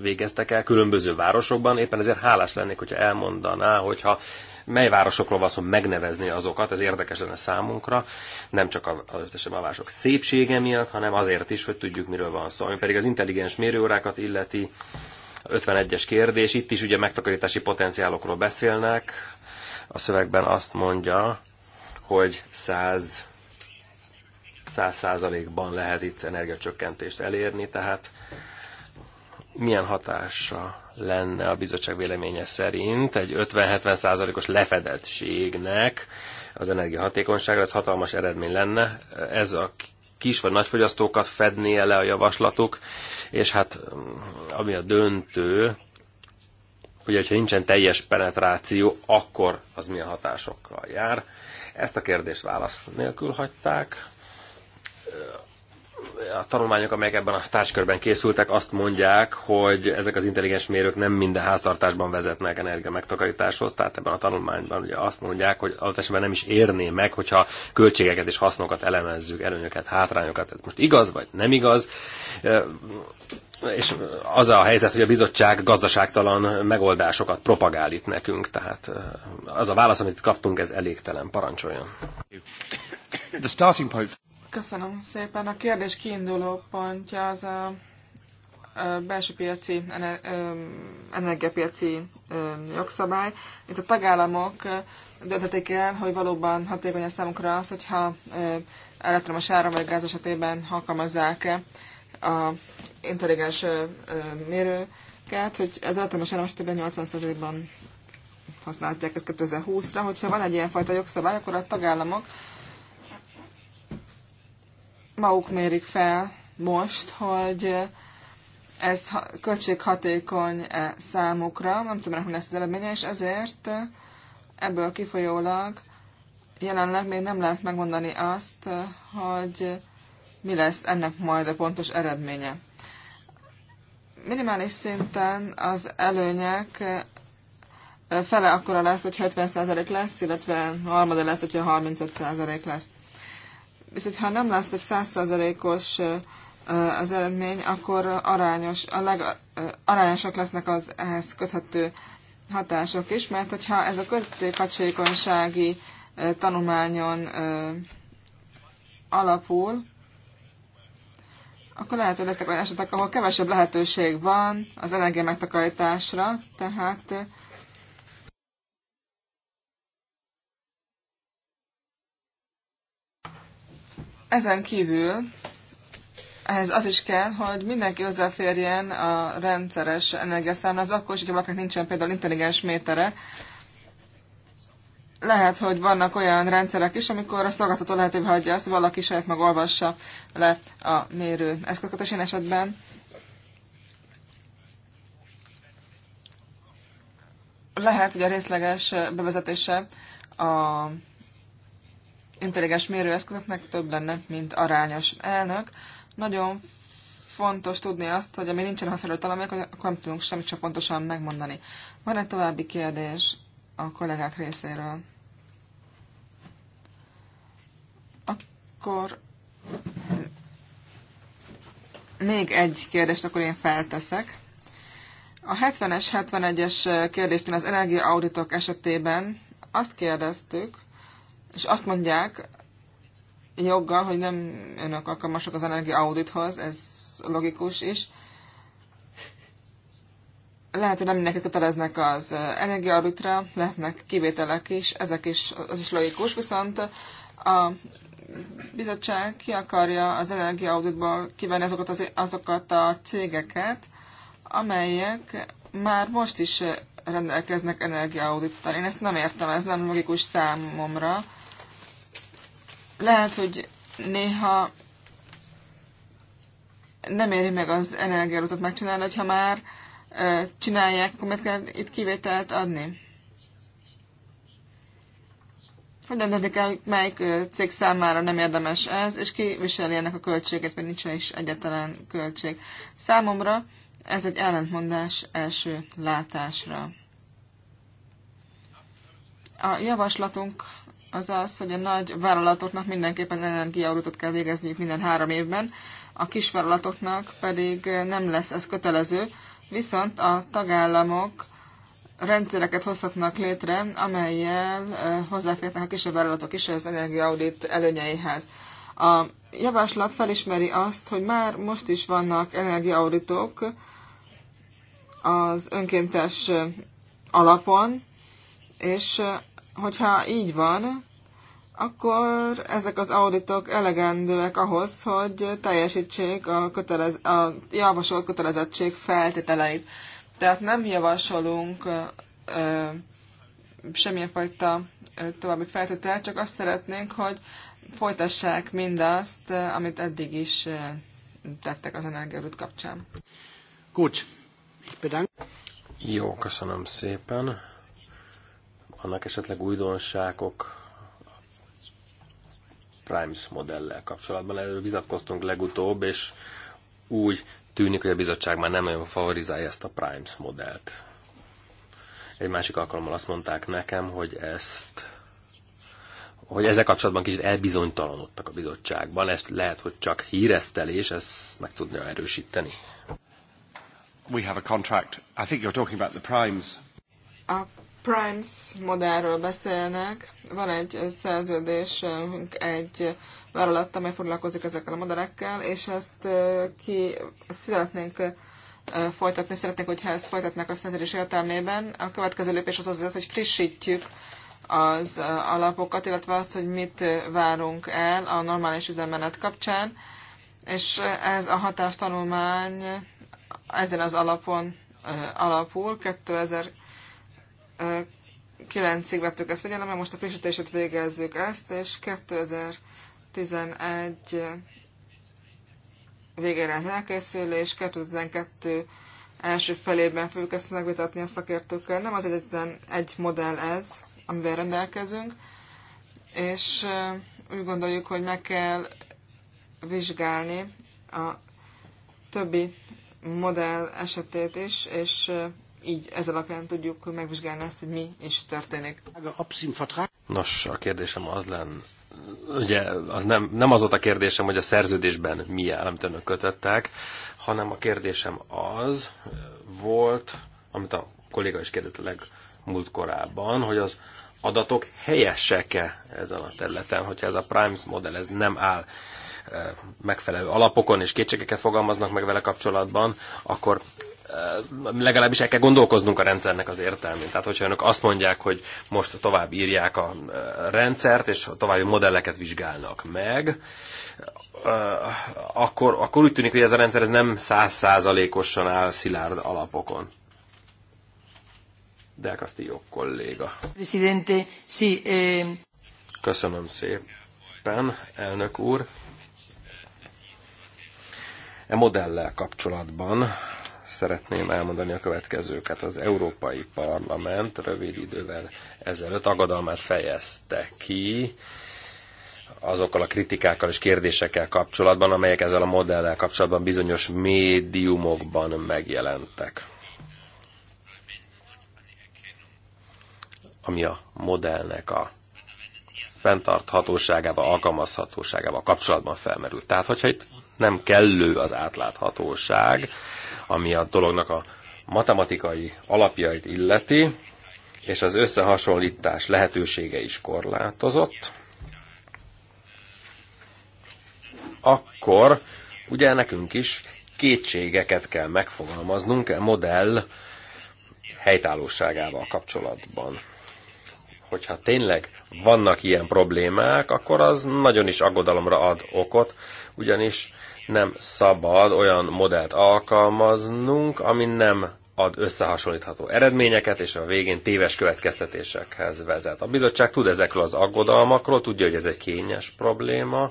végeztek el különböző városokban. Éppen ezért hálás lennék, hogyha elmondaná, hogyha mely városokról van szó megnevezni azokat, ez érdekes lenne számunkra, nem csak összesen a városok szépsége miatt, hanem azért is, hogy tudjuk, miről van szó. Ami pedig az intelligens mérőórákat illeti, 51-es kérdés. Itt is ugye megtakarítási potenciálokról beszélnek. A szövegben azt mondja, hogy 100 százalékban lehet itt energiacsökkentést elérni, tehát milyen hatása lenne a bizottság véleménye szerint egy 50-70 százalékos lefedettségnek az energiahatékonyságra, ez hatalmas eredmény lenne. Ez a kis vagy nagy fogyasztókat fednie le a javaslatuk, és hát mm, ami a döntő, ugye, hogyha nincsen teljes penetráció, akkor az milyen hatásokkal jár. Ezt a kérdést válasz nélkül hagyták a tanulmányok, amelyek ebben a társkörben készültek, azt mondják, hogy ezek az intelligens mérők nem minden háztartásban vezetnek megtakarításhoz. tehát ebben a tanulmányban ugye azt mondják, hogy az esetben nem is érné meg, hogyha költségeket és hasznokat elemezzük, előnyöket, hátrányokat. Ez most igaz vagy nem igaz? És az a helyzet, hogy a bizottság gazdaságtalan megoldásokat propagál itt nekünk, tehát az a válasz, amit kaptunk, ez elégtelen. Parancsoljon. The starting point. Köszönöm szépen. A kérdés kiinduló pontja az a belső piaci, energiapiaci jogszabály. Itt a tagállamok dönthetik el, hogy valóban hatékony a számukra az, hogyha elektromos áram vagy gáz esetében alkalmazzák-e a intelligens mérőket, hogy az elektromos áram esetében 80%-ban használják ezt 2020-ra. Hogyha van egy ilyenfajta jogszabály, akkor a tagállamok maguk mérik fel most, hogy ez költséghatékony -e számukra, nem tudom, hogy lesz az eredménye, és ezért ebből kifolyólag jelenleg még nem lehet megmondani azt, hogy mi lesz ennek majd a pontos eredménye. Minimális szinten az előnyek e, fele akkora lesz, hogy 70% lesz, illetve harmada lesz, hogyha 35% lesz és hogyha nem lesz egy százszerzalékos az eredmény, akkor arányos, a leg, arányosak lesznek az ehhez köthető hatások is, mert hogyha ez a költséghatékonysági tanulmányon alapul, akkor lehet, hogy lesznek olyan esetek, ahol kevesebb lehetőség van az energia megtakarításra, tehát Ezen kívül ehhez az is kell, hogy mindenki hozzáférjen a rendszeres energiaszámlához, akkor is, hogyha valakinek nincsen például intelligens métere. Lehet, hogy vannak olyan rendszerek is, amikor a szolgáltató lehetővé hagyja azt, hogy valaki saját meg olvassa le a mérő eszközöket, a esetben lehet, hogy a részleges bevezetése a intelligens mérőeszközöknek több lenne, mint arányos elnök. Nagyon fontos tudni azt, hogy ami nincsen megfelelő tanulmányok, akkor nem tudunk semmit csak pontosan megmondani. Van egy további kérdés a kollégák részéről? Akkor még egy kérdést akkor én felteszek. A 70-es, 71-es kérdésnél az energiaauditok esetében azt kérdeztük, és azt mondják joggal, hogy nem önök alkalmasak az energia audithoz, ez logikus is. Lehet, hogy nem mindenki köteleznek az energia auditra, lehetnek kivételek is, ezek is, az is logikus, viszont a bizottság ki akarja az energia auditból kivenni azokat, az, azokat a cégeket, amelyek már most is rendelkeznek energiaaudittal. Én ezt nem értem, ez nem logikus számomra. Lehet, hogy néha nem éri meg az energiarutat megcsinálni, ha már csinálják, akkor meg kell itt kivételt adni. Hogy döntetik el, melyik cég számára nem érdemes ez, és ki viseli ennek a költséget, vagy nincs is egyetlen költség. Számomra ez egy ellentmondás első látásra. A javaslatunk az az, hogy a nagy vállalatoknak mindenképpen energiaudatot kell végezniük minden három évben, a kisvállalatoknak pedig nem lesz ez kötelező, viszont a tagállamok rendszereket hozhatnak létre, amelyel hozzáférnek a kisebb vállalatok is az energiaudit előnyeihez. A javaslat felismeri azt, hogy már most is vannak energiaauditok az önkéntes alapon, és Hogyha így van, akkor ezek az auditok elegendőek ahhoz, hogy teljesítsék a, kötelez, a javasolt kötelezettség feltételeit. Tehát nem javasolunk ö, semmilyen fajta ö, további feltételt, csak azt szeretnénk, hogy folytassák mindazt, amit eddig is tettek az energiarút kapcsán. Kulcs. Jó, köszönöm szépen vannak esetleg újdonságok Primes modellel kapcsolatban. Erről vitatkoztunk legutóbb, és úgy tűnik, hogy a bizottság már nem nagyon favorizálja ezt a Primes modellt. Egy másik alkalommal azt mondták nekem, hogy ezt hogy ezzel kapcsolatban kicsit elbizonytalanodtak a bizottságban. Ezt lehet, hogy csak híresztelés, ezt meg tudja erősíteni. We have a contract. I think you're talking about the primes. A Primes modellről beszélnek. Van egy szerződésünk egy vállalattal, amely foglalkozik ezekkel a modellekkel, és ezt ki szeretnénk folytatni, szeretnénk, hogyha ezt folytatnak a szerződés értelmében. A következő lépés az az hogy frissítjük az alapokat, illetve azt, hogy mit várunk el a normális üzemmenet kapcsán, és ez a hatástanulmány ezen az alapon alapul 2000 2009-ig vettük ezt figyelembe, most a frissítését végezzük ezt, és 2011 végére az elkészül, és 2012 első felében fogjuk ezt megvitatni a szakértőkkel. Nem az egyetlen egy modell ez, amivel rendelkezünk, és úgy gondoljuk, hogy meg kell vizsgálni a többi modell esetét is, és így ez alapján tudjuk megvizsgálni ezt, hogy mi is történik. Nos, a kérdésem az lenne, ugye az nem, nem az volt a kérdésem, hogy a szerződésben mi áll, amit önök kötöttek, hanem a kérdésem az volt, amit a kolléga is kérdett a legmúlt korábban, hogy az adatok helyesek-e ezen a területen, hogyha ez a Primes modell ez nem áll e, megfelelő alapokon, és kétségeket fogalmaznak meg vele kapcsolatban, akkor legalábbis el kell gondolkoznunk a rendszernek az értelmén. Tehát, hogyha önök azt mondják, hogy most tovább írják a e, rendszert, és további modelleket vizsgálnak meg, e, akkor, akkor úgy tűnik, hogy ez a rendszer ez nem százszázalékosan áll szilárd alapokon. De jó kolléga. Presidente, sí, eh... Köszönöm szépen, elnök úr. E modellel kapcsolatban szeretném elmondani a következőket. Az Európai Parlament rövid idővel ezelőtt agadalmát fejezte ki azokkal a kritikákkal és kérdésekkel kapcsolatban, amelyek ezzel a modellel kapcsolatban bizonyos médiumokban megjelentek. Ami a modellnek a fenntarthatóságával, alkalmazhatóságával kapcsolatban felmerült. Tehát, hogyha itt nem kellő az átláthatóság, ami a dolognak a matematikai alapjait illeti, és az összehasonlítás lehetősége is korlátozott, akkor ugye nekünk is kétségeket kell megfogalmaznunk a e modell helytállóságával kapcsolatban. Hogyha tényleg vannak ilyen problémák, akkor az nagyon is aggodalomra ad okot, ugyanis nem szabad olyan modellt alkalmaznunk, ami nem ad összehasonlítható eredményeket, és a végén téves következtetésekhez vezet. A bizottság tud ezekről az aggodalmakról, tudja, hogy ez egy kényes probléma.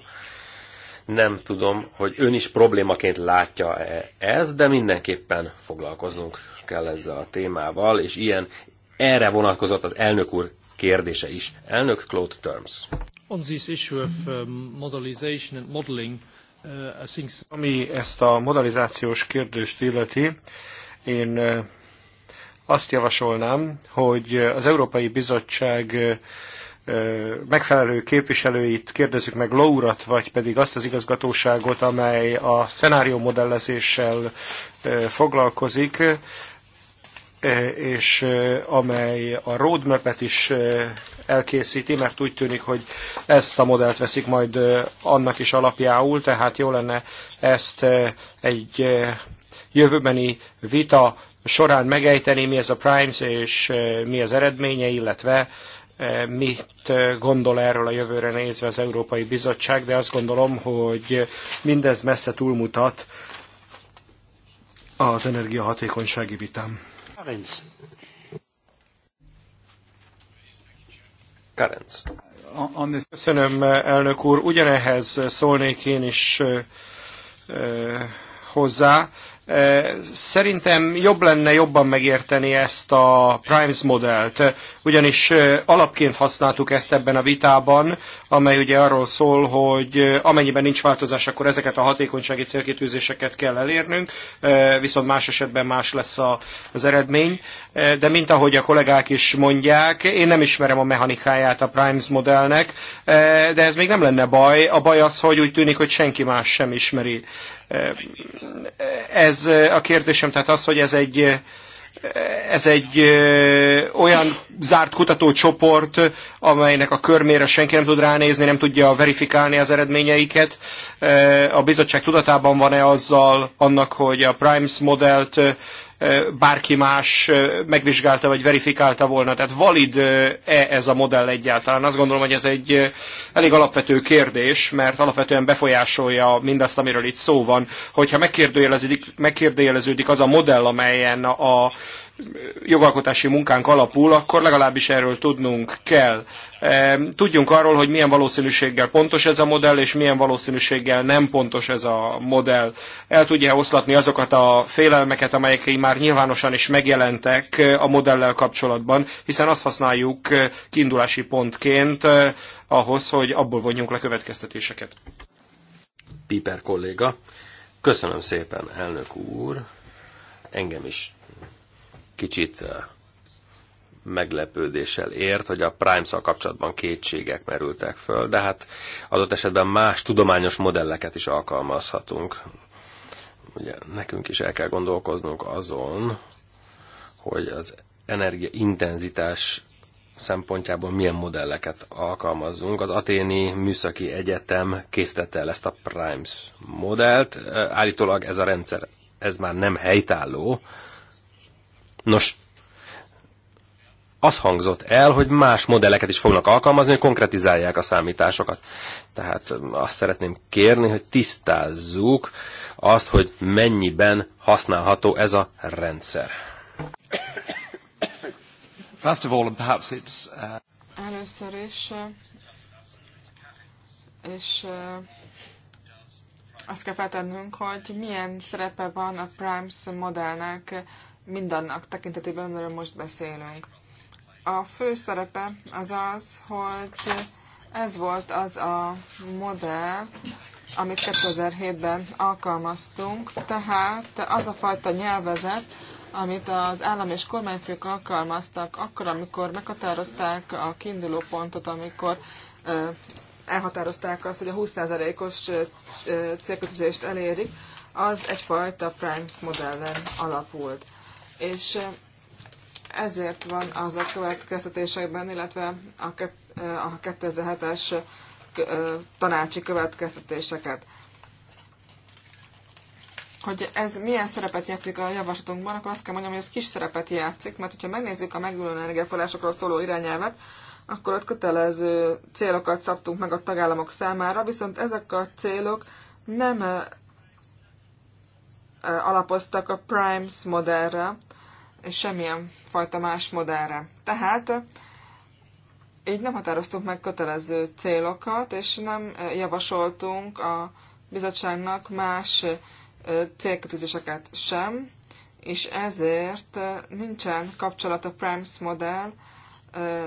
Nem tudom, hogy ön is problémaként látja -e ezt, de mindenképpen foglalkoznunk kell ezzel a témával, és ilyen erre vonatkozott az elnök úr kérdése is. Elnök Claude Terms. On this issue of um, and modeling, Uh, Ami ezt a modalizációs kérdést illeti, én uh, azt javasolnám, hogy uh, az Európai Bizottság megfelelő képviselőit kérdezzük meg Lourat, vagy pedig azt az igazgatóságot, amely a szenárió modellezéssel foglalkozik, és amely a roadmap-et is elkészíti, mert úgy tűnik, hogy ezt a modellt veszik majd annak is alapjául, tehát jó lenne ezt egy jövőbeni vita során megejteni, mi ez a Primes és mi az eredménye, illetve mit gondol erről a jövőre nézve az Európai Bizottság, de azt gondolom, hogy mindez messze túlmutat az energiahatékonysági vitám. Karenc. Köszönöm, elnök úr. Ugyanehhez szólnék én is hozzá. Szerintem jobb lenne jobban megérteni ezt a Primes modellt, ugyanis alapként használtuk ezt ebben a vitában, amely ugye arról szól, hogy amennyiben nincs változás, akkor ezeket a hatékonysági célkitűzéseket kell elérnünk, viszont más esetben más lesz az eredmény. De mint ahogy a kollégák is mondják, én nem ismerem a mechanikáját a Primes modellnek, de ez még nem lenne baj. A baj az, hogy úgy tűnik, hogy senki más sem ismeri ez a kérdésem tehát az, hogy ez egy, ez egy olyan zárt kutatócsoport, amelynek a körmére senki nem tud ránézni, nem tudja verifikálni az eredményeiket. a bizottság tudatában van-e azzal annak, hogy a Primes modellt bárki más megvizsgálta vagy verifikálta volna. Tehát valid-e ez a modell egyáltalán? Azt gondolom, hogy ez egy elég alapvető kérdés, mert alapvetően befolyásolja mindazt, amiről itt szó van. Hogyha megkérdőjeleződik, megkérdőjeleződik az a modell, amelyen a jogalkotási munkánk alapul, akkor legalábbis erről tudnunk kell. Tudjunk arról, hogy milyen valószínűséggel pontos ez a modell, és milyen valószínűséggel nem pontos ez a modell. El tudja oszlatni azokat a félelmeket, amelyek már nyilvánosan is megjelentek eh, a modellel kapcsolatban, hiszen azt használjuk eh, kiindulási pontként eh, ahhoz, hogy abból vonjunk le következtetéseket. Piper kolléga, köszönöm szépen, elnök úr. Engem is kicsit eh, meglepődéssel ért, hogy a Prime-szal kapcsolatban kétségek merültek föl, de hát adott esetben más tudományos modelleket is alkalmazhatunk. Ugye nekünk is el kell gondolkoznunk azon, hogy az energiaintenzitás szempontjából milyen modelleket alkalmazzunk. Az Aténi Műszaki Egyetem készítette el ezt a Primes modellt. Eh, állítólag ez a rendszer, ez már nem helytálló, Nos, az hangzott el, hogy más modelleket is fognak alkalmazni, hogy konkretizálják a számításokat. Tehát azt szeretném kérni, hogy tisztázzuk azt, hogy mennyiben használható ez a rendszer. First of all, and perhaps it's, uh... Először is, és azt kell feltennünk, hogy milyen szerepe van a Primes modellnek mindannak tekintetében, amiről most beszélünk. A fő szerepe az az, hogy ez volt az a modell, amit 2007-ben alkalmaztunk, tehát az a fajta nyelvezet, amit az állam és kormányfők alkalmaztak akkor, amikor meghatározták a kiinduló pontot, amikor elhatározták azt, hogy a 20%-os célkötözést elérik, az egyfajta Primes modellen alapult és ezért van az a következtetésekben, illetve a 2007-es tanácsi következtetéseket. Hogy ez milyen szerepet játszik a javaslatunkban, akkor azt kell mondjam, hogy ez kis szerepet játszik, mert hogyha megnézzük a megújuló energiaforrásokról szóló irányelvet, akkor ott kötelező célokat szabtunk meg a tagállamok számára, viszont ezek a célok nem alapoztak a Primes modellre, és semmilyen fajta más modellre. Tehát így nem határoztunk meg kötelező célokat, és nem javasoltunk a bizottságnak más célkötőzéseket sem, és ezért nincsen kapcsolat a Primes modell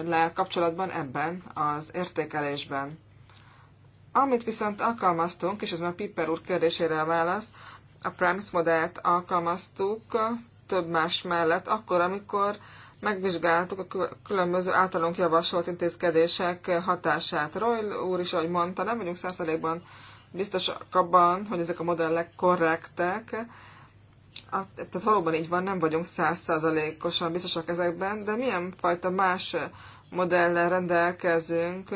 le kapcsolatban ebben az értékelésben. Amit viszont alkalmaztunk, és ez már Piper úr kérdésére a válasz, a Primes modellt alkalmaztuk több más mellett, akkor, amikor megvizsgáltuk a különböző általunk javasolt intézkedések hatását. Roy úr is, ahogy mondta, nem vagyunk százalékban biztosak abban, hogy ezek a modellek korrektek, a, tehát valóban így van, nem vagyunk százszázalékosan biztosak ezekben, de milyen fajta más modellel rendelkezünk,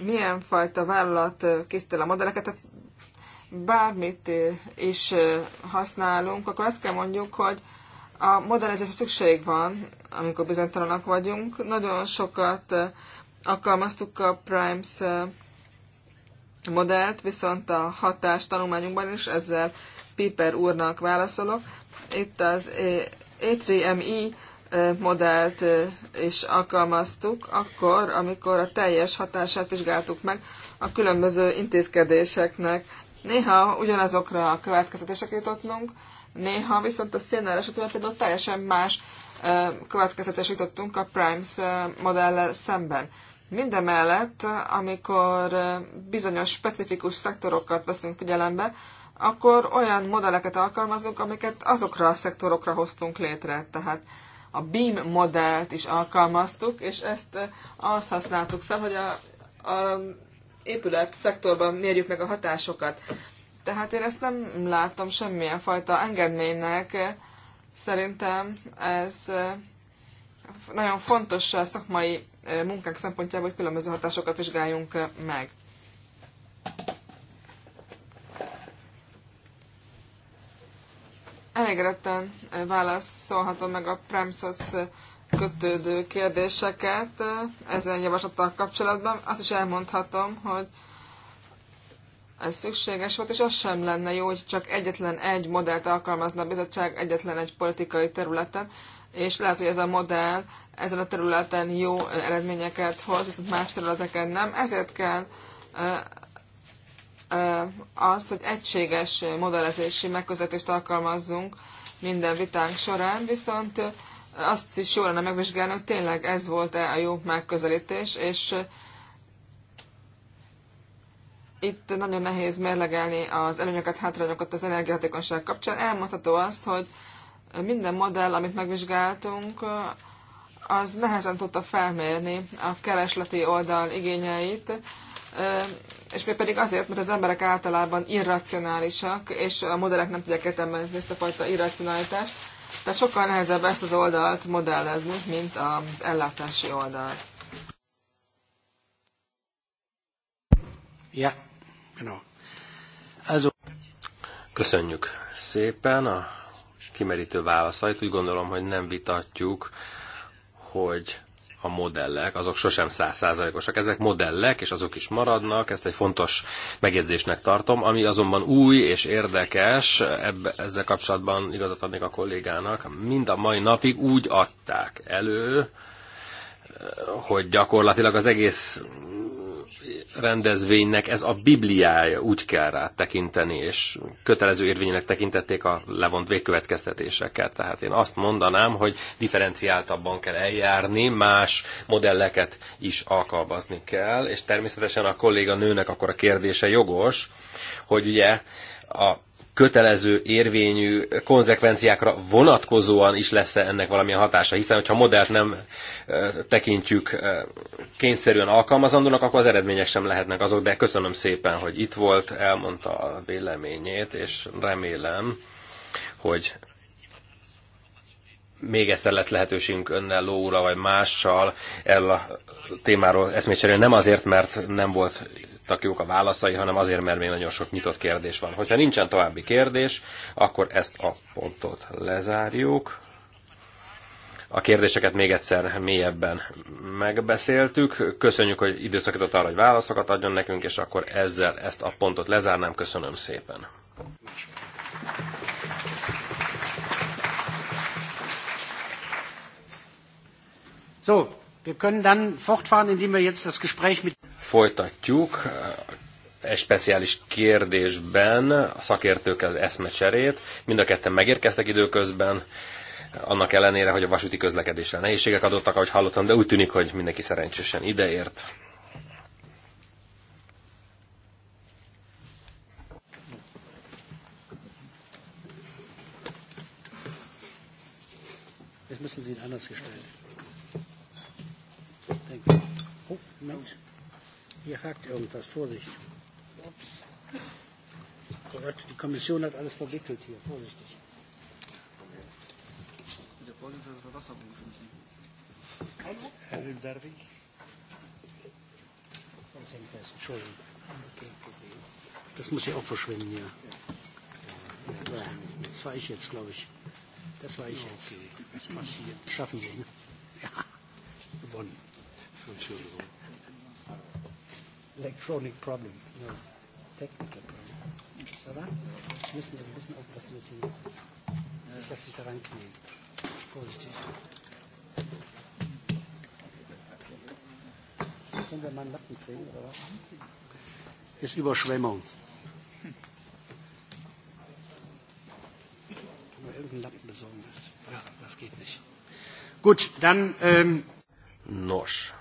milyen fajta vállalat készítél a modelleket, tehát bármit eh, is eh, használunk, akkor azt kell mondjuk, hogy a modernizásra szükség van, amikor bizonytalanak vagyunk. Nagyon sokat eh, alkalmaztuk a Primes modellt, viszont a hatás tanulmányunkban is ezzel Piper úrnak válaszolok. Itt az E3MI e, modellt is alkalmaztuk, akkor, amikor a teljes hatását vizsgáltuk meg a különböző intézkedéseknek, Néha ugyanazokra a következetések jutottunk, néha viszont a CNR esetében például teljesen más következetes jutottunk a Primes modellel szemben. Mindemellett, amikor bizonyos specifikus szektorokat veszünk figyelembe, akkor olyan modelleket alkalmazunk, amiket azokra a szektorokra hoztunk létre. Tehát a BEAM modellt is alkalmaztuk, és ezt azt használtuk fel, hogy a, a épület szektorban mérjük meg a hatásokat. Tehát én ezt nem látom semmilyen fajta engedménynek. Szerintem ez nagyon fontos a szakmai munkánk szempontjából, hogy különböző hatásokat vizsgáljunk meg. Elégedetten válaszolhatom meg a Premsos kötődő kérdéseket ezen javaslattal kapcsolatban. Azt is elmondhatom, hogy ez szükséges volt, és az sem lenne jó, hogy csak egyetlen egy modellt alkalmazna a bizottság egyetlen egy politikai területen, és lehet, hogy ez a modell ezen a területen jó eredményeket hoz, viszont más területeken nem. Ezért kell az, hogy egységes modellezési megközelítést alkalmazzunk minden vitánk során, viszont azt is jól lenne megvizsgálni, hogy tényleg ez volt-e a jó megközelítés, és itt nagyon nehéz mérlegelni az előnyöket, hátrányokat az energiahatékonyság kapcsán. Elmondható az, hogy minden modell, amit megvizsgáltunk, az nehezen tudta felmérni a keresleti oldal igényeit, és még pedig azért, mert az emberek általában irracionálisak, és a modellek nem tudják értelmezni ezt a fajta irracionalitást, tehát sokkal nehezebb ezt az oldalt modellezni, mint az ellátási oldalt. Ja, genau. Ez... Köszönjük szépen a kimerítő válaszait. Úgy gondolom, hogy nem vitatjuk, hogy a modellek, azok sosem százszázalékosak. Ezek modellek, és azok is maradnak, ezt egy fontos megjegyzésnek tartom. Ami azonban új és érdekes, ebbe, ezzel kapcsolatban igazat adnék a kollégának, mind a mai napig úgy adták elő, hogy gyakorlatilag az egész rendezvénynek ez a bibliája, úgy kell rá tekinteni, és kötelező érvénynek tekintették a levont végkövetkeztetéseket. Tehát én azt mondanám, hogy differenciáltabban kell eljárni, más modelleket is alkalmazni kell, és természetesen a kolléga nőnek akkor a kérdése jogos, hogy ugye a kötelező érvényű konzekvenciákra vonatkozóan is lesz -e ennek valamilyen hatása, hiszen hogyha a modellt nem tekintjük kényszerűen alkalmazandónak, akkor az eredmények sem lehetnek azok, de köszönöm szépen, hogy itt volt, elmondta a véleményét, és remélem, hogy még egyszer lesz lehetőségünk önnel, Lóra vagy mással el a témáról eszmét cserélni. Nem azért, mert nem volt voltak jók a válaszai, hanem azért, mert még nagyon sok nyitott kérdés van. Hogyha nincsen további kérdés, akkor ezt a pontot lezárjuk. A kérdéseket még egyszer mélyebben megbeszéltük. Köszönjük, hogy időszakított arra, hogy válaszokat adjon nekünk, és akkor ezzel ezt a pontot lezárnám. Köszönöm szépen. So, Wir können dann fortfahren, indem wir jetzt das Gespräch mit... Folytatjuk egy speciális kérdésben a szakértőkkel eszmecserét. Mind a ketten megérkeztek időközben, annak ellenére, hogy a vasúti közlekedéssel nehézségek adottak, ahogy hallottam, de úgy tűnik, hogy mindenki szerencsésen ideért. Das müssen Sie ihn anders Mensch, hier hakt irgendwas. Vorsicht. Ups. Oh Gott, die Kommission hat alles verwickelt hier. Vorsichtig. Der Vorsitzende hat Wasser umgeschmissen. Hallo? Herr Hilderwig. Das hängt fest. Entschuldigung. Das muss ja auch verschwinden hier. Ja. Ja, das war ich jetzt, glaube ich. Das war ich jetzt. Das passiert. Schaffen Sie. Ne? Ja, gewonnen. Entschuldigung electronic problem, no technical problem. Ça va? Jetzt müssen wir ein bisschen aufpassen mit den Sitzen. Nicht, dass sich daran knien. Vorsichtig. Können wir mal einen Lappen kriegen, oder was? Ist Überschwemmung. Können wir irgendeinen Lappen besorgen? Ja, das geht nicht. Gut, dann... Ähm Nos,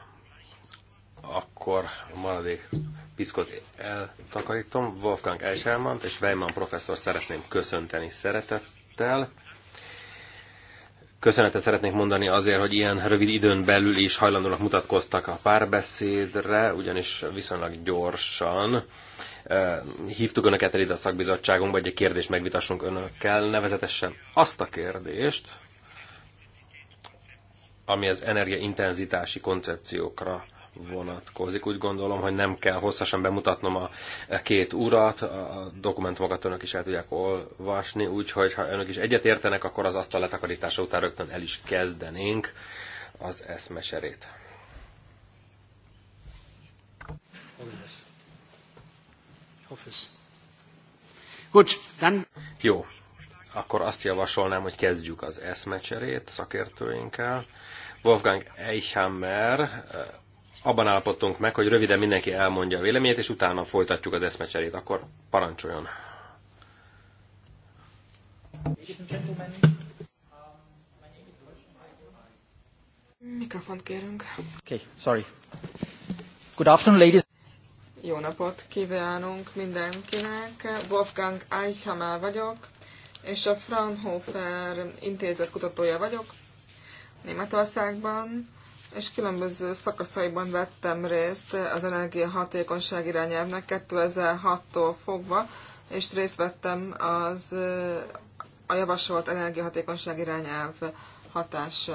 akkor a maradék piszkot eltakarítom. Wolfgang Eichelmann és Weimann professzor szeretném köszönteni szeretettel. Köszönetet szeretnék mondani azért, hogy ilyen rövid időn belül is hajlandónak mutatkoztak a párbeszédre, ugyanis viszonylag gyorsan hívtuk Önöket el ide a szakbizottságunkba, hogy egy kérdést megvitassunk Önökkel, nevezetesen azt a kérdést, ami az energiaintenzitási koncepciókra vonatkozik. Úgy gondolom, hogy nem kell hosszasan bemutatnom a két urat, a dokumentumokat önök is el tudják olvasni, úgyhogy ha önök is egyetértenek, akkor az asztal letakarítása után rögtön el is kezdenénk az eszmeserét. Gut, Jó, akkor azt javasolnám, hogy kezdjük az eszmecserét szakértőinkkel. Wolfgang Eichhammer abban állapodtunk meg, hogy röviden mindenki elmondja a véleményét, és utána folytatjuk az eszmecserét. Akkor parancsoljon. Mikrofont kérünk. Okay, sorry. Good afternoon, ladies. Jó napot kívánunk mindenkinek. Wolfgang Eichhammer vagyok, és a Fraunhofer intézet kutatója vagyok Németországban és különböző szakaszaiban vettem részt az energiahatékonyság irányelvnek 2006-tól fogva, és részt vettem az a javasolt energiahatékonyság irányelv hatás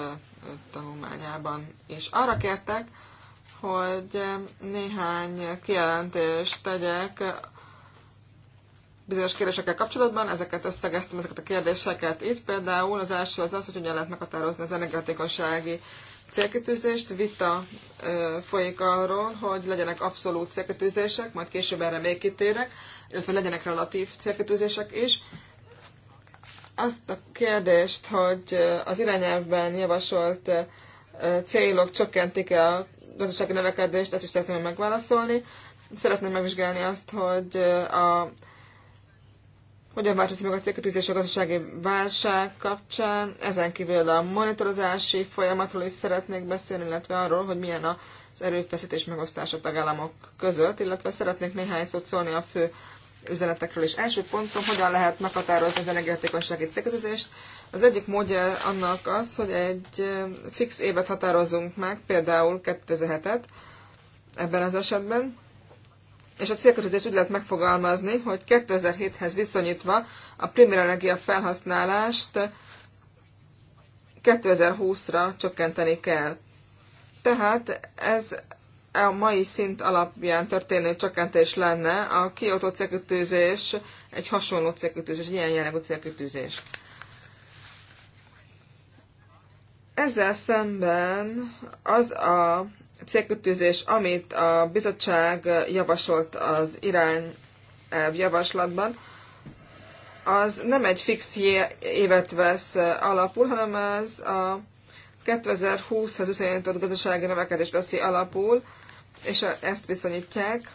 tanulmányában. És arra kértek, hogy néhány kijelentést tegyek bizonyos kérdésekkel kapcsolatban, ezeket összegeztem, ezeket a kérdéseket itt. Például az első az az, hogy hogyan lehet meghatározni az energiahatékonysági célkitűzést, vita folyik arról, hogy legyenek abszolút célkitűzések, majd később erre még kitérek, illetve legyenek relatív célkitűzések is. Azt a kérdést, hogy az irányelvben javasolt célok csökkentik-e a gazdasági növekedést, ezt is szeretném megválaszolni. Szeretném megvizsgálni azt, hogy a hogyan változik meg a célkötőzés a gazdasági válság kapcsán. Ezen kívül a monitorozási folyamatról is szeretnék beszélni, illetve arról, hogy milyen az erőfeszítés megosztás a tagállamok között, illetve szeretnék néhány szót szólni a fő üzenetekről is. Első pontom, hogyan lehet meghatározni az energiahatékonysági célkötőzést. Az egyik módja annak az, hogy egy fix évet határozzunk meg, például 2007-et ebben az esetben, és a célkötözést úgy lehet megfogalmazni, hogy 2007-hez viszonyítva a primér energia felhasználást 2020-ra csökkenteni kell. Tehát ez a mai szint alapján történő csökkentés lenne, a kiotó célkötőzés egy hasonló célkötőzés, egy ilyen jellegű célkötőzés. Ezzel szemben az a célkötőzés, amit a bizottság javasolt az irány javaslatban, az nem egy fix évet vesz alapul, hanem ez a 2020-hoz összeállított gazdasági növekedés veszi alapul, és ezt viszonyítják.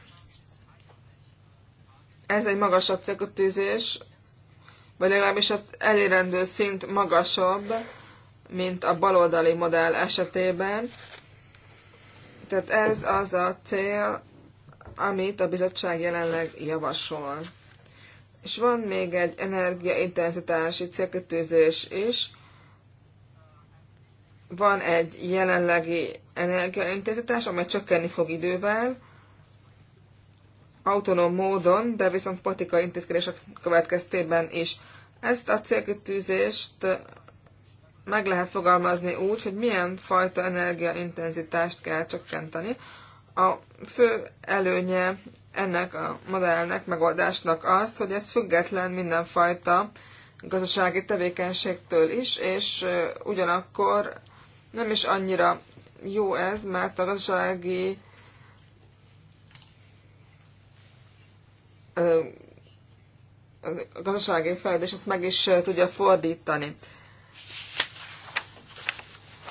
Ez egy magasabb célkötőzés, vagy legalábbis az elérendő szint magasabb, mint a baloldali modell esetében, tehát ez az a cél, amit a bizottság jelenleg javasol. És van még egy energiaintenzitási célkötőzés is. Van egy jelenlegi energiaintenzitás, amely csökkenni fog idővel, autonóm módon, de viszont politikai intézkedések következtében is. Ezt a célkötőzést meg lehet fogalmazni úgy, hogy milyen fajta energiaintenzitást kell csökkenteni. A fő előnye ennek a modellnek, megoldásnak az, hogy ez független mindenfajta gazdasági tevékenységtől is, és ugyanakkor nem is annyira jó ez, mert a gazdasági a gazdasági fejlődés ezt meg is tudja fordítani.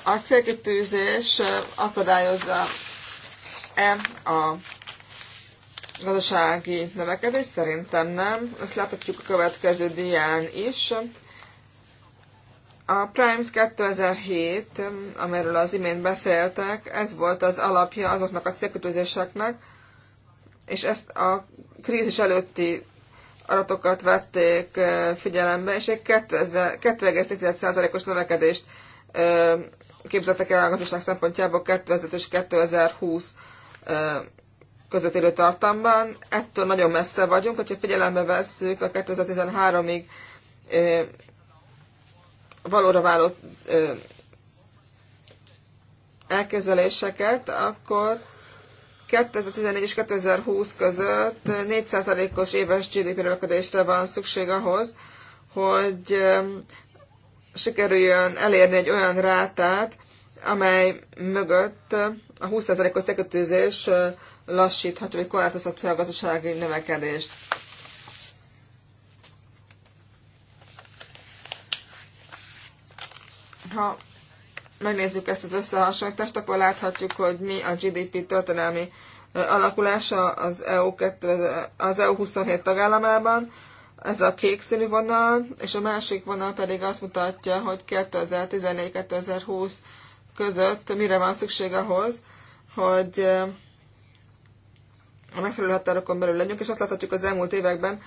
A célkötőzés akadályozza-e a gazdasági növekedés? Szerintem nem. Ezt láthatjuk a következő dián is. A Primes 2007, amiről az imént beszéltek, ez volt az alapja azoknak a célkötőzéseknek, és ezt a krízis előtti adatokat vették figyelembe, és egy 2,1%-os növekedést képzettek el a gazdaság szempontjából 2005 és 2020 között élő tartamban. Ettől nagyon messze vagyunk, hogyha figyelembe vesszük a 2013-ig valóra váló elképzeléseket, akkor 2014 és 2020 között 4%-os éves GDP növekedésre van szükség ahhoz, hogy sikerüljön elérni egy olyan rátát, amely mögött a 20%-os szekötőzés lassíthatja, vagy korlátozhatja a gazdasági növekedést. Ha megnézzük ezt az összehasonlítást, akkor láthatjuk, hogy mi a GDP történelmi alakulása az EU, 2, az EU 27 tagállamában, ez a kék színű vonal, és a másik vonal pedig azt mutatja, hogy 2014-2020 között mire van szükség ahhoz, hogy eh, a megfelelő határokon belül legyünk, és azt láthatjuk az elmúlt években,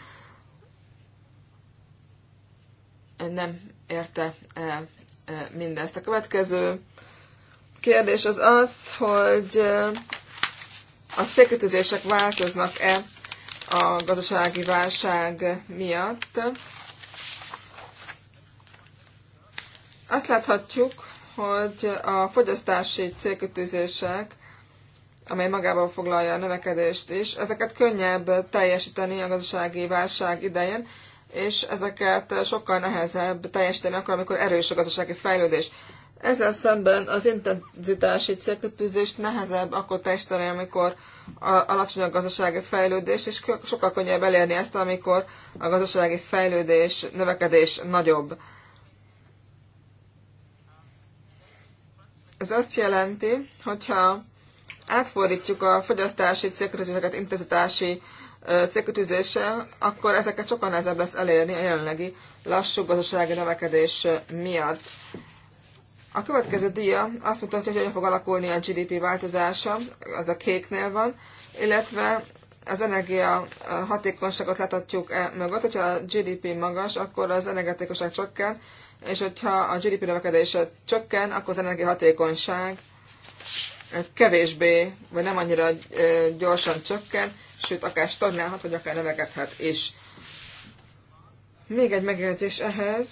nem érte el eh, mindezt. A következő kérdés az az, hogy eh, a célkötőzések változnak-e a gazdasági válság miatt. Azt láthatjuk, hogy a fogyasztási célkötőzések, amely magában foglalja a növekedést is, ezeket könnyebb teljesíteni a gazdasági válság idején, és ezeket sokkal nehezebb teljesíteni akkor, amikor erős a gazdasági fejlődés. Ezzel szemben az intenzitási célkötőzés nehezebb akkor testeni, amikor a, alacsony a gazdasági fejlődés, és sokkal könnyebb elérni ezt, amikor a gazdasági fejlődés, növekedés nagyobb. Ez azt jelenti, hogyha átfordítjuk a fogyasztási célkötőzéseket intenzitási célkötőzéssel, akkor ezeket sokkal nehezebb lesz elérni a jelenlegi lassú gazdasági növekedés miatt. A következő dia azt mutatja, hogy hogyan fog alakulni a GDP változása, az a kéknél van, illetve az energia hatékonyságot láthatjuk e mögött, hogyha a GDP magas, akkor az energetikuság csökken, és hogyha a GDP növekedése csökken, akkor az hatékonyság kevésbé, vagy nem annyira gyorsan csökken, sőt, akár stagnálhat, vagy akár növekedhet is. Még egy megjegyzés ehhez,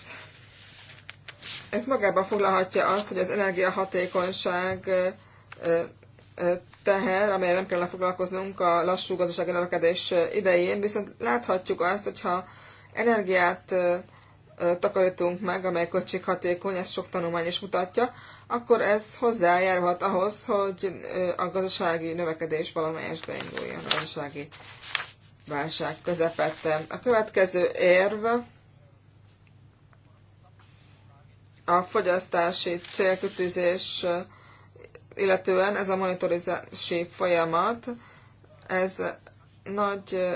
ez magában foglalhatja azt, hogy az energiahatékonyság teher, amelyre nem kellene foglalkoznunk a lassú gazdasági növekedés idején, viszont láthatjuk azt, hogyha energiát takarítunk meg, amely költséghatékony, ezt sok tanulmány is mutatja, akkor ez hozzájárulhat ahhoz, hogy a gazdasági növekedés valamelyes beinduljon a gazdasági válság közepette. A következő érv a fogyasztási célkütőzés illetően ez a monitorizási folyamat, ez nagy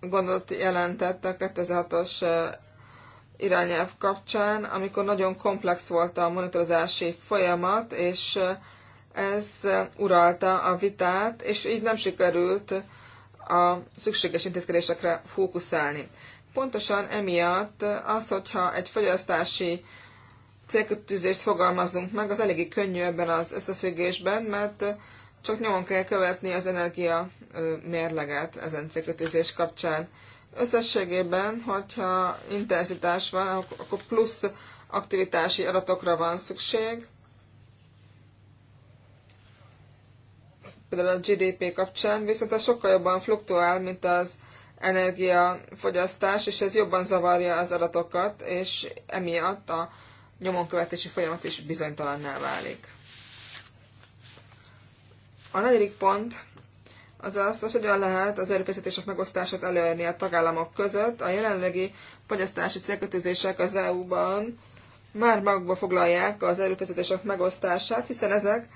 gondot jelentett a 2006-os irányelv kapcsán, amikor nagyon komplex volt a monitorozási folyamat, és ez uralta a vitát, és így nem sikerült a szükséges intézkedésekre fókuszálni. Pontosan emiatt az, hogyha egy fogyasztási célkötőzést fogalmazunk meg, az eléggé könnyű ebben az összefüggésben, mert csak nyomon kell követni az energia mérleget ezen célkötőzés kapcsán. Összességében, hogyha intenzitás van, akkor plusz aktivitási adatokra van szükség. Például a GDP kapcsán, viszont ez sokkal jobban fluktuál, mint az energiafogyasztás, és ez jobban zavarja az adatokat, és emiatt a nyomonkövetési folyamat is bizonytalanná válik. A negyedik pont az az, hogy hogyan lehet az erőfeszítések megosztását elérni a tagállamok között. A jelenlegi fogyasztási célkötőzések az EU-ban már magukba foglalják az erőfeszítések megosztását, hiszen ezek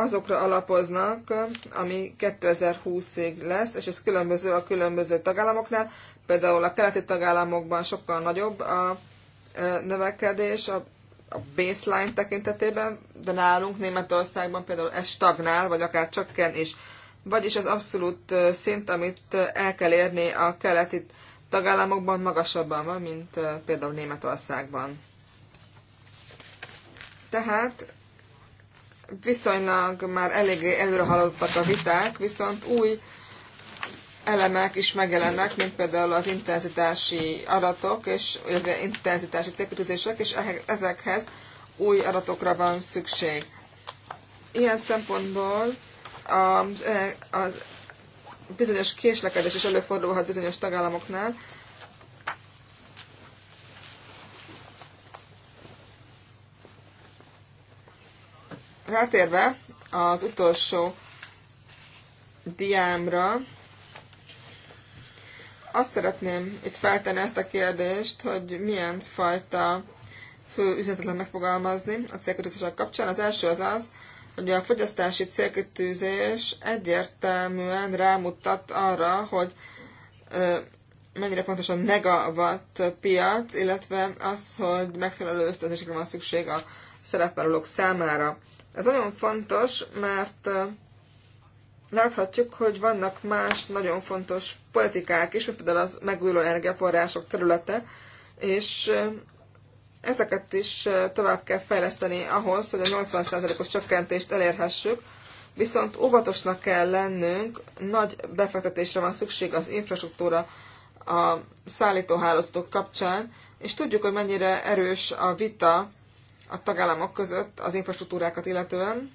azokra alapoznak, ami 2020-ig lesz, és ez különböző a különböző tagállamoknál. Például a keleti tagállamokban sokkal nagyobb a e, növekedés a, a baseline tekintetében, de nálunk Németországban például ez stagnál, vagy akár csökken is. Vagyis az abszolút e, szint, amit e, el kell érni a keleti tagállamokban magasabban van, mint például Németországban. Tehát viszonylag már eléggé előre haladtak a viták, viszont új elemek is megjelennek, mint például az intenzitási adatok, és illetve intenzitási célkitűzések, és ezekhez új adatokra van szükség. Ilyen szempontból az, az bizonyos késlekedés is előfordulhat bizonyos tagállamoknál, Rátérve az utolsó diámra, azt szeretném itt feltenni ezt a kérdést, hogy milyen fajta fő üzenetet megfogalmazni a célkötőzések kapcsán. Az első az az, hogy a fogyasztási célkötőzés egyértelműen rámutat arra, hogy mennyire fontos a negavat piac, illetve az, hogy megfelelő ösztönzésekre van szükség a szerepvállalók számára. Ez nagyon fontos, mert láthatjuk, hogy vannak más nagyon fontos politikák is, mint például az megújuló energiaforrások területe, és ezeket is tovább kell fejleszteni ahhoz, hogy a 80%-os csökkentést elérhessük, viszont óvatosnak kell lennünk, nagy befektetésre van szükség az infrastruktúra a szállítóhálózatok kapcsán, és tudjuk, hogy mennyire erős a vita a tagállamok között az infrastruktúrákat illetően,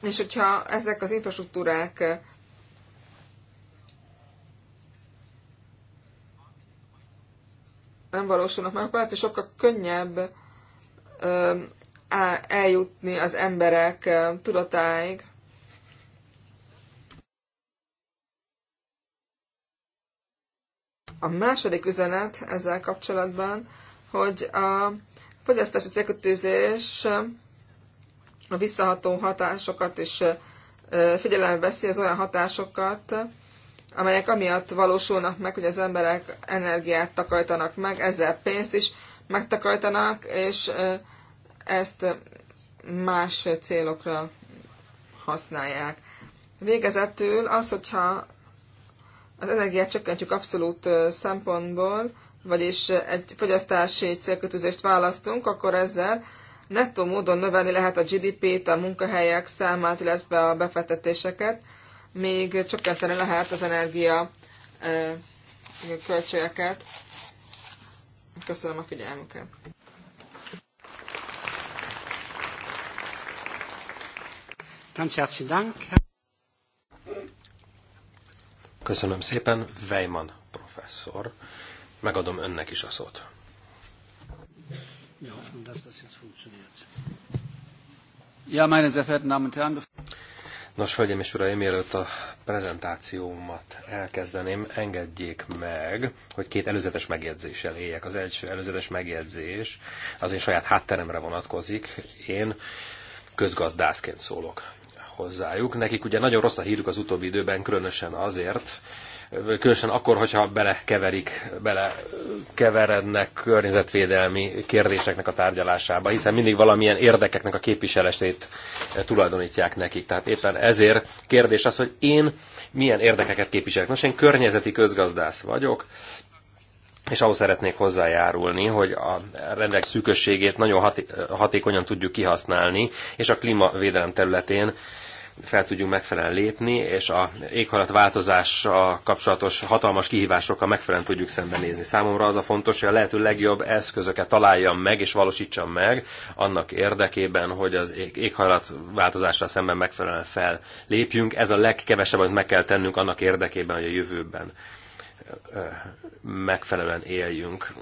és hogyha ezek az infrastruktúrák eh, nem valósulnak meg, akkor lehet, hogy sokkal könnyebb eh, eljutni az emberek eh, tudatáig. A második üzenet ezzel kapcsolatban, hogy a fogyasztási célkötőzés a visszaható hatásokat is figyelembe veszi, az olyan hatásokat, amelyek amiatt valósulnak meg, hogy az emberek energiát takarítanak meg, ezzel pénzt is megtakarítanak, és ezt más célokra használják. Végezetül az, hogyha az energiát csökkentjük abszolút szempontból, vagyis egy fogyasztási célkötőzést választunk, akkor ezzel nettó módon növelni lehet a GDP-t, a munkahelyek számát, illetve a befektetéseket, még csökkenteni lehet az energia költségeket. Köszönöm a figyelmüket! Köszönöm szépen, Weiman professzor. Megadom önnek is a szót. Ja, meine sehr verehrten Damen und Herren. Nos, hölgyeim és uraim, mielőtt a prezentációmat elkezdeném, engedjék meg, hogy két előzetes megjegyzéssel éljek. Az első előzetes megjegyzés az én saját hátteremre vonatkozik. Én közgazdászként szólok hozzájuk. Nekik ugye nagyon rossz a hírük az utóbbi időben, különösen azért, különösen akkor, hogyha belekeverik, belekeverednek környezetvédelmi kérdéseknek a tárgyalásába, hiszen mindig valamilyen érdekeknek a képviselestét tulajdonítják nekik. Tehát éppen ezért kérdés az, hogy én milyen érdekeket képviselek. Nos, én környezeti közgazdász vagyok, és ahhoz szeretnék hozzájárulni, hogy a rendek szűkösségét nagyon haté hatékonyan tudjuk kihasználni, és a klímavédelem területén fel tudjunk megfelelően lépni, és a a kapcsolatos hatalmas kihívásokkal megfelelően tudjuk szembenézni. Számomra az a fontos, hogy a lehető legjobb eszközöket találjam meg és valósítsam meg annak érdekében, hogy az éghajlatváltozással szemben megfelelően fellépjünk. Ez a legkevesebb, amit meg kell tennünk annak érdekében, hogy a jövőben megfelelően éljünk.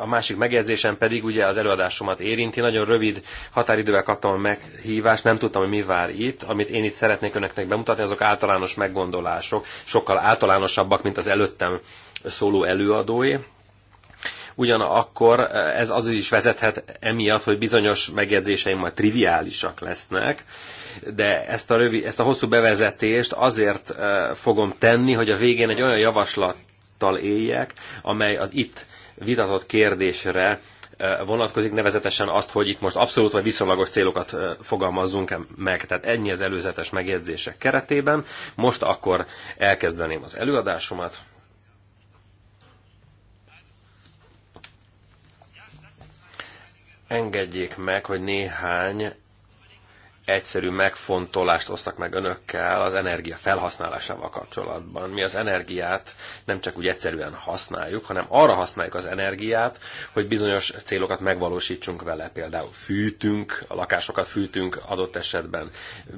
A másik megjegyzésem pedig ugye az előadásomat érinti. Nagyon rövid határidővel kaptam a meghívást, nem tudtam, hogy mi vár itt. Amit én itt szeretnék önöknek bemutatni, azok általános meggondolások, sokkal általánosabbak, mint az előttem szóló előadói. Ugyanakkor ez az is vezethet emiatt, hogy bizonyos megjegyzéseim majd triviálisak lesznek, de ezt a, rövid, ezt a hosszú bevezetést azért fogom tenni, hogy a végén egy olyan javaslat tudattal éljek, amely az itt vitatott kérdésre vonatkozik, nevezetesen azt, hogy itt most abszolút vagy viszonylagos célokat fogalmazzunk -e meg. Tehát ennyi az előzetes megjegyzések keretében. Most akkor elkezdeném az előadásomat. Engedjék meg, hogy néhány egyszerű megfontolást osztak meg önökkel az energia felhasználásával kapcsolatban. Mi az energiát nem csak úgy egyszerűen használjuk, hanem arra használjuk az energiát, hogy bizonyos célokat megvalósítsunk vele. Például fűtünk, a lakásokat fűtünk adott esetben,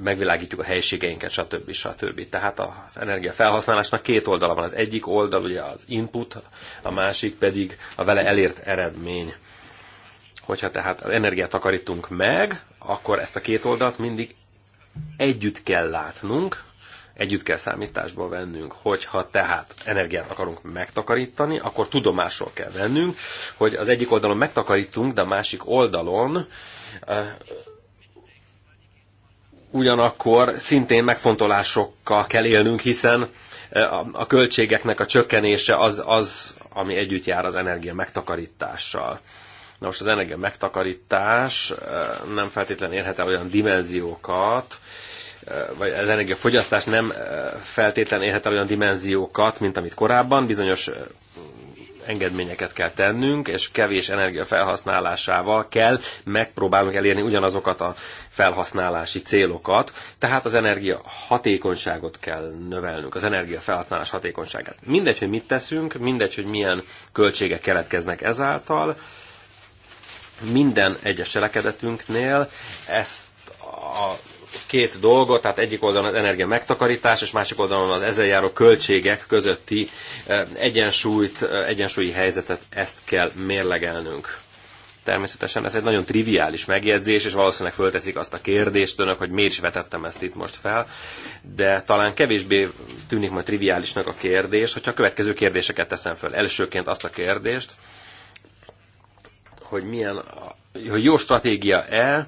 megvilágítjuk a helységeinket, stb. stb. Tehát az energia felhasználásnak két oldala van. Az egyik oldal ugye az input, a másik pedig a vele elért eredmény. Hogyha tehát az energiát takarítunk meg, akkor ezt a két oldalt mindig együtt kell látnunk, együtt kell számításba vennünk, hogyha tehát energiát akarunk megtakarítani, akkor tudomásról kell vennünk, hogy az egyik oldalon megtakarítunk, de a másik oldalon eh, ugyanakkor szintén megfontolásokkal kell élnünk, hiszen eh, a költségeknek a csökkenése az, az ami együtt jár az energia megtakarítással. Na most az energia megtakarítás nem feltétlenül érhet el olyan dimenziókat, vagy az energia fogyasztás nem feltétlenül érhet el olyan dimenziókat, mint amit korábban. Bizonyos engedményeket kell tennünk, és kevés energia felhasználásával kell megpróbálunk elérni ugyanazokat a felhasználási célokat, tehát az energia hatékonyságot kell növelnünk, az energia felhasználás hatékonyságát. Mindegy, hogy mit teszünk, mindegy, hogy milyen költségek keletkeznek ezáltal, minden egyes cselekedetünknél ezt a két dolgot, tehát egyik oldalon az energia megtakarítás, és másik oldalon az ezzel járó költségek közötti eh, egyensúlyt, eh, egyensúlyi helyzetet, ezt kell mérlegelnünk. Természetesen ez egy nagyon triviális megjegyzés, és valószínűleg fölteszik azt a kérdést önök, hogy miért is vetettem ezt itt most fel, de talán kevésbé tűnik majd triviálisnak a kérdés, hogyha a következő kérdéseket teszem föl. Elsőként azt a kérdést, hogy milyen, hogy jó stratégia-e,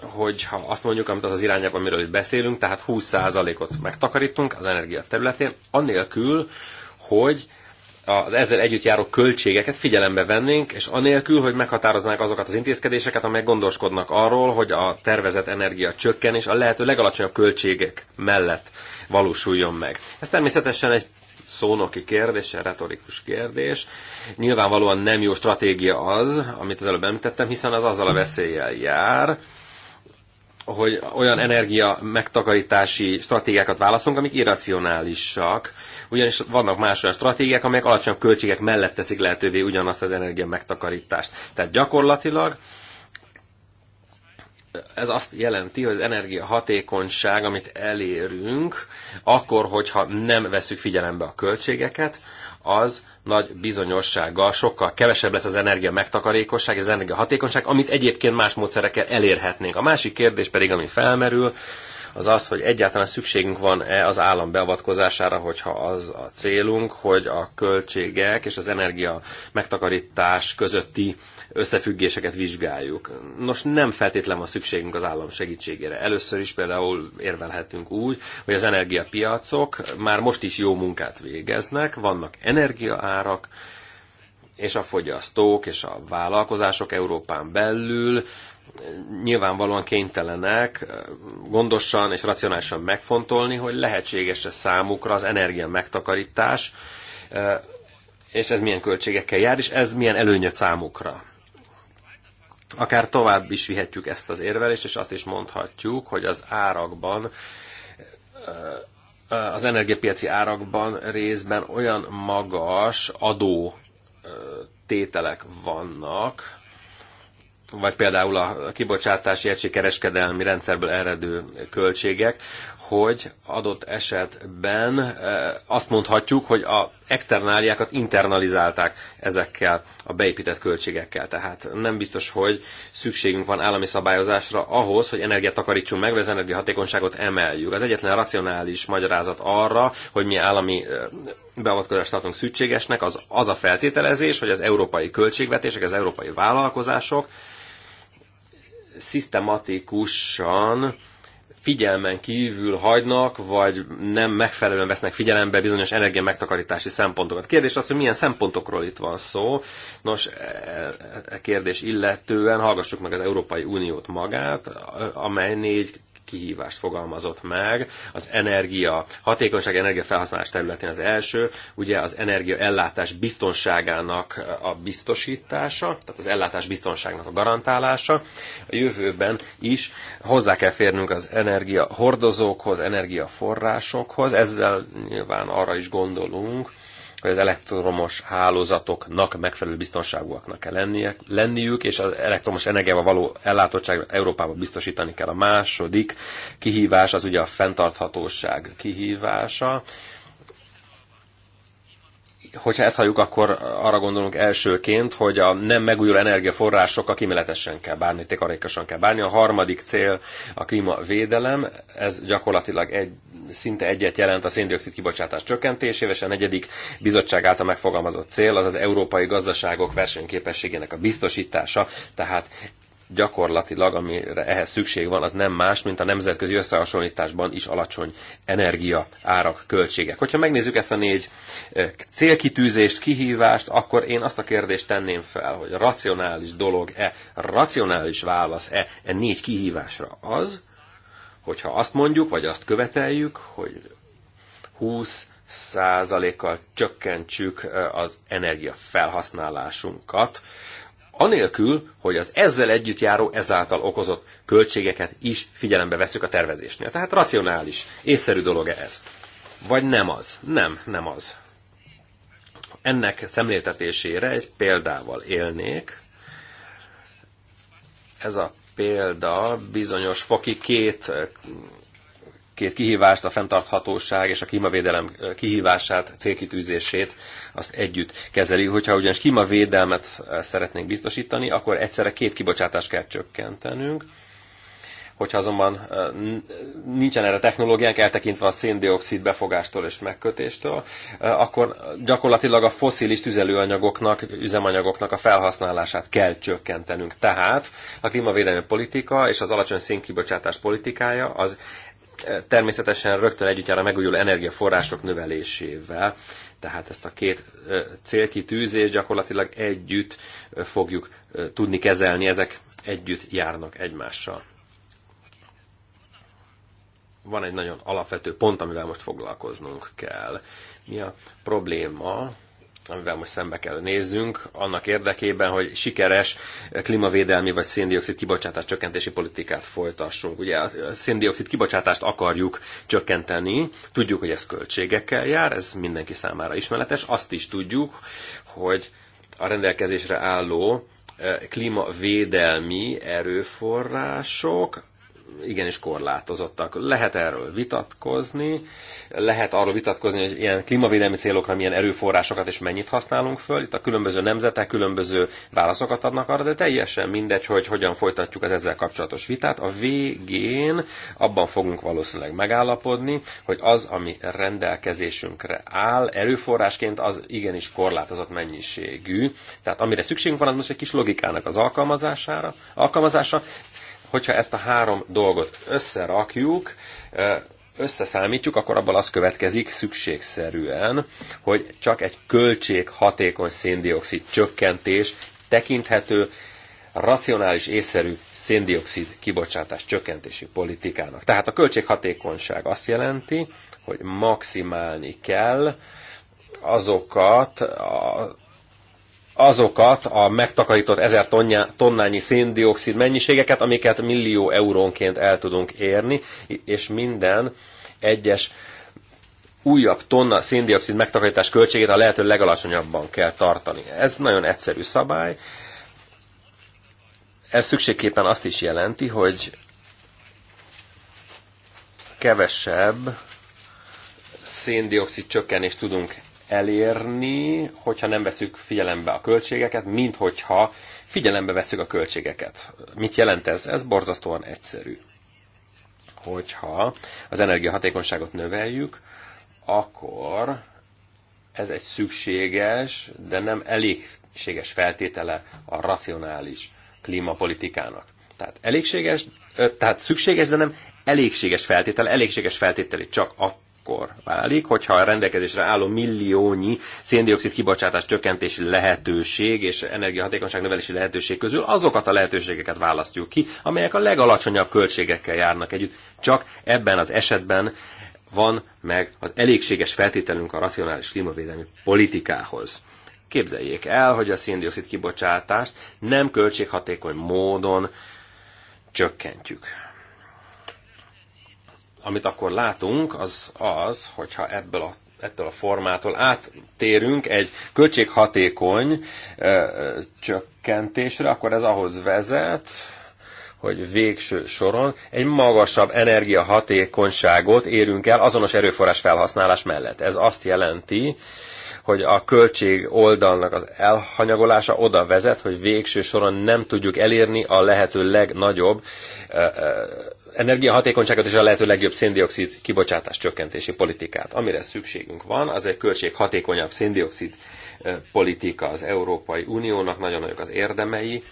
hogyha azt mondjuk, amit az az irányában, amiről itt beszélünk, tehát 20%-ot megtakarítunk az energia területén, anélkül, hogy az ezzel együtt járó költségeket figyelembe vennénk, és anélkül, hogy meghatároznánk azokat az intézkedéseket, amelyek gondoskodnak arról, hogy a tervezett energia csökkenés a lehető legalacsonyabb költségek mellett valósuljon meg. Ez természetesen egy szónoki kérdés, retorikus kérdés. Nyilvánvalóan nem jó stratégia az, amit az előbb említettem, hiszen az azzal a veszéllyel jár, hogy olyan energia megtakarítási stratégiákat választunk, amik irracionálisak, ugyanis vannak más olyan stratégiák, amelyek alacsony költségek mellett teszik lehetővé ugyanazt az energia megtakarítást. Tehát gyakorlatilag ez azt jelenti, hogy az energiahatékonyság, amit elérünk, akkor, hogyha nem veszük figyelembe a költségeket, az nagy bizonyossággal sokkal kevesebb lesz az energia megtakarékosság, az energia hatékonyság, amit egyébként más módszerekkel elérhetnénk. A másik kérdés pedig, ami felmerül, az az, hogy egyáltalán szükségünk van-e az állam beavatkozására, hogyha az a célunk, hogy a költségek és az energia megtakarítás közötti összefüggéseket vizsgáljuk. Nos, nem feltétlen van szükségünk az állam segítségére. Először is például érvelhetünk úgy, hogy az energiapiacok már most is jó munkát végeznek, vannak energiaárak, és a fogyasztók és a vállalkozások Európán belül nyilvánvalóan kénytelenek gondosan és racionálisan megfontolni, hogy lehetséges-e számukra az energia megtakarítás, és ez milyen költségekkel jár, és ez milyen előnyök számukra akár tovább is vihetjük ezt az érvelést, és azt is mondhatjuk, hogy az árakban az energiapiaci árakban részben olyan magas adó tételek vannak, vagy például a kibocsátási egységkereskedelmi rendszerből eredő költségek, hogy adott esetben eh, azt mondhatjuk, hogy a externáliákat internalizálták ezekkel a beépített költségekkel. Tehát nem biztos, hogy szükségünk van állami szabályozásra ahhoz, hogy energiát takarítsunk meg, vagy az energiahatékonyságot emeljük. Az egyetlen racionális magyarázat arra, hogy mi állami eh, beavatkozást tartunk szükségesnek, az, az a feltételezés, hogy az európai költségvetések, az európai vállalkozások szisztematikusan figyelmen kívül hagynak, vagy nem megfelelően vesznek figyelembe bizonyos energia megtakarítási szempontokat. Kérdés az, hogy milyen szempontokról itt van szó. Nos, e, e, e kérdés illetően hallgassuk meg az Európai Uniót magát, amely négy kihívást fogalmazott meg. Az energia, hatékonyság felhasználás területén az első, ugye az energia ellátás biztonságának a biztosítása, tehát az ellátás biztonságnak a garantálása. A jövőben is hozzá kell férnünk az energia hordozókhoz, energiaforrásokhoz, ezzel nyilván arra is gondolunk, hogy az elektromos hálózatoknak megfelelő biztonságúaknak kell lennie, lenniük, és az elektromos energiával való ellátottság Európában biztosítani kell. A második kihívás az ugye a fenntarthatóság kihívása hogyha ezt halljuk, akkor arra gondolunk elsőként, hogy a nem megújuló energiaforrásokkal kimeletesen kell bánni, tékarékosan kell bánni. A harmadik cél a klímavédelem, ez gyakorlatilag egy, szinte egyet jelent a széndiokszid kibocsátás csökkentésével, és a negyedik bizottság által megfogalmazott cél az az európai gazdaságok versenyképességének a biztosítása, tehát gyakorlatilag, amire ehhez szükség van, az nem más, mint a nemzetközi összehasonlításban is alacsony energia árak, költségek. Hogyha megnézzük ezt a négy eh, célkitűzést, kihívást, akkor én azt a kérdést tenném fel, hogy racionális dolog-e, racionális válasz-e e négy kihívásra az, hogyha azt mondjuk, vagy azt követeljük, hogy 20 százalékkal csökkentsük eh, az energiafelhasználásunkat anélkül, hogy az ezzel együtt járó, ezáltal okozott költségeket is figyelembe veszük a tervezésnél. Tehát racionális, észszerű dolog ez. Vagy nem az? Nem, nem az. Ennek szemléltetésére egy példával élnék. Ez a példa bizonyos foki két két kihívást, a fenntarthatóság és a klímavédelem kihívását, célkitűzését azt együtt kezeli. Hogyha ugyanis klímavédelmet szeretnénk biztosítani, akkor egyszerre két kibocsátást kell csökkentenünk. Hogyha azonban nincsen erre technológiánk, eltekintve a széndiokszid befogástól és megkötéstől, akkor gyakorlatilag a foszilis tüzelőanyagoknak, üzemanyagoknak a felhasználását kell csökkentenünk. Tehát a klímavédelmi politika és az alacsony szénkibocsátás politikája az természetesen rögtön együtt jár a megújuló energiaforrások növelésével, tehát ezt a két célkitűzés gyakorlatilag együtt fogjuk tudni kezelni, ezek együtt járnak egymással. Van egy nagyon alapvető pont, amivel most foglalkoznunk kell. Mi a probléma? amivel most szembe kell nézzünk, annak érdekében, hogy sikeres klímavédelmi vagy széndiokszid kibocsátás csökkentési politikát folytassunk. Ugye a széndiokszid kibocsátást akarjuk csökkenteni, tudjuk, hogy ez költségekkel jár, ez mindenki számára ismeretes, azt is tudjuk, hogy a rendelkezésre álló eh, klímavédelmi erőforrások igenis korlátozottak. Lehet erről vitatkozni, lehet arról vitatkozni, hogy ilyen klímavédelmi célokra milyen erőforrásokat és mennyit használunk föl. Itt a különböző nemzetek különböző válaszokat adnak arra, de teljesen mindegy, hogy hogyan folytatjuk az ezzel kapcsolatos vitát. A végén abban fogunk valószínűleg megállapodni, hogy az, ami rendelkezésünkre áll, erőforrásként az igenis korlátozott mennyiségű. Tehát amire szükségünk van, az most egy kis logikának az alkalmazására, alkalmazása, Hogyha ezt a három dolgot összerakjuk, összeszámítjuk, akkor abból az következik szükségszerűen, hogy csak egy költséghatékony széndiokszid csökkentés tekinthető racionális észszerű széndiokszid kibocsátás csökkentési politikának. Tehát a költséghatékonyság azt jelenti, hogy maximálni kell azokat a azokat a megtakarított ezer tonnányi széndiokszid mennyiségeket, amiket millió eurónként el tudunk érni, és minden egyes újabb tonna széndiokszid megtakarítás költségét a lehető legalacsonyabban kell tartani. Ez nagyon egyszerű szabály. Ez szükségképpen azt is jelenti, hogy kevesebb széndiokszid csökkenést tudunk elérni, hogyha nem veszük figyelembe a költségeket, mint hogyha figyelembe veszük a költségeket. Mit jelent ez? Ez borzasztóan egyszerű. Hogyha az energiahatékonyságot növeljük, akkor ez egy szükséges, de nem elégséges feltétele a racionális klímapolitikának. Tehát elégséges, tehát szükséges, de nem elégséges feltétele, elégséges feltételi csak a akkor válik, hogyha a rendelkezésre álló milliónyi széndiokszid kibocsátás csökkentési lehetőség és energiahatékonyság növelési lehetőség közül azokat a lehetőségeket választjuk ki, amelyek a legalacsonyabb költségekkel járnak együtt. Csak ebben az esetben van meg az elégséges feltételünk a racionális klímavédelmi politikához. Képzeljék el, hogy a széndiokszid kibocsátást nem költséghatékony módon csökkentjük amit akkor látunk, az az, hogyha ebből a ettől a formától áttérünk egy költséghatékony ö, csökkentésre, akkor ez ahhoz vezet, hogy végső soron egy magasabb energiahatékonyságot érünk el azonos erőforrás felhasználás mellett. Ez azt jelenti, hogy a költség oldalnak az elhanyagolása oda vezet, hogy végső soron nem tudjuk elérni a lehető legnagyobb ö, ö, energiahatékonyságot és a lehető legjobb széndiokszid kibocsátás csökkentési politikát. Amire szükségünk van, az egy költséghatékonyabb széndiokszid politika az Európai Uniónak, nagyon nagyok az érdemei,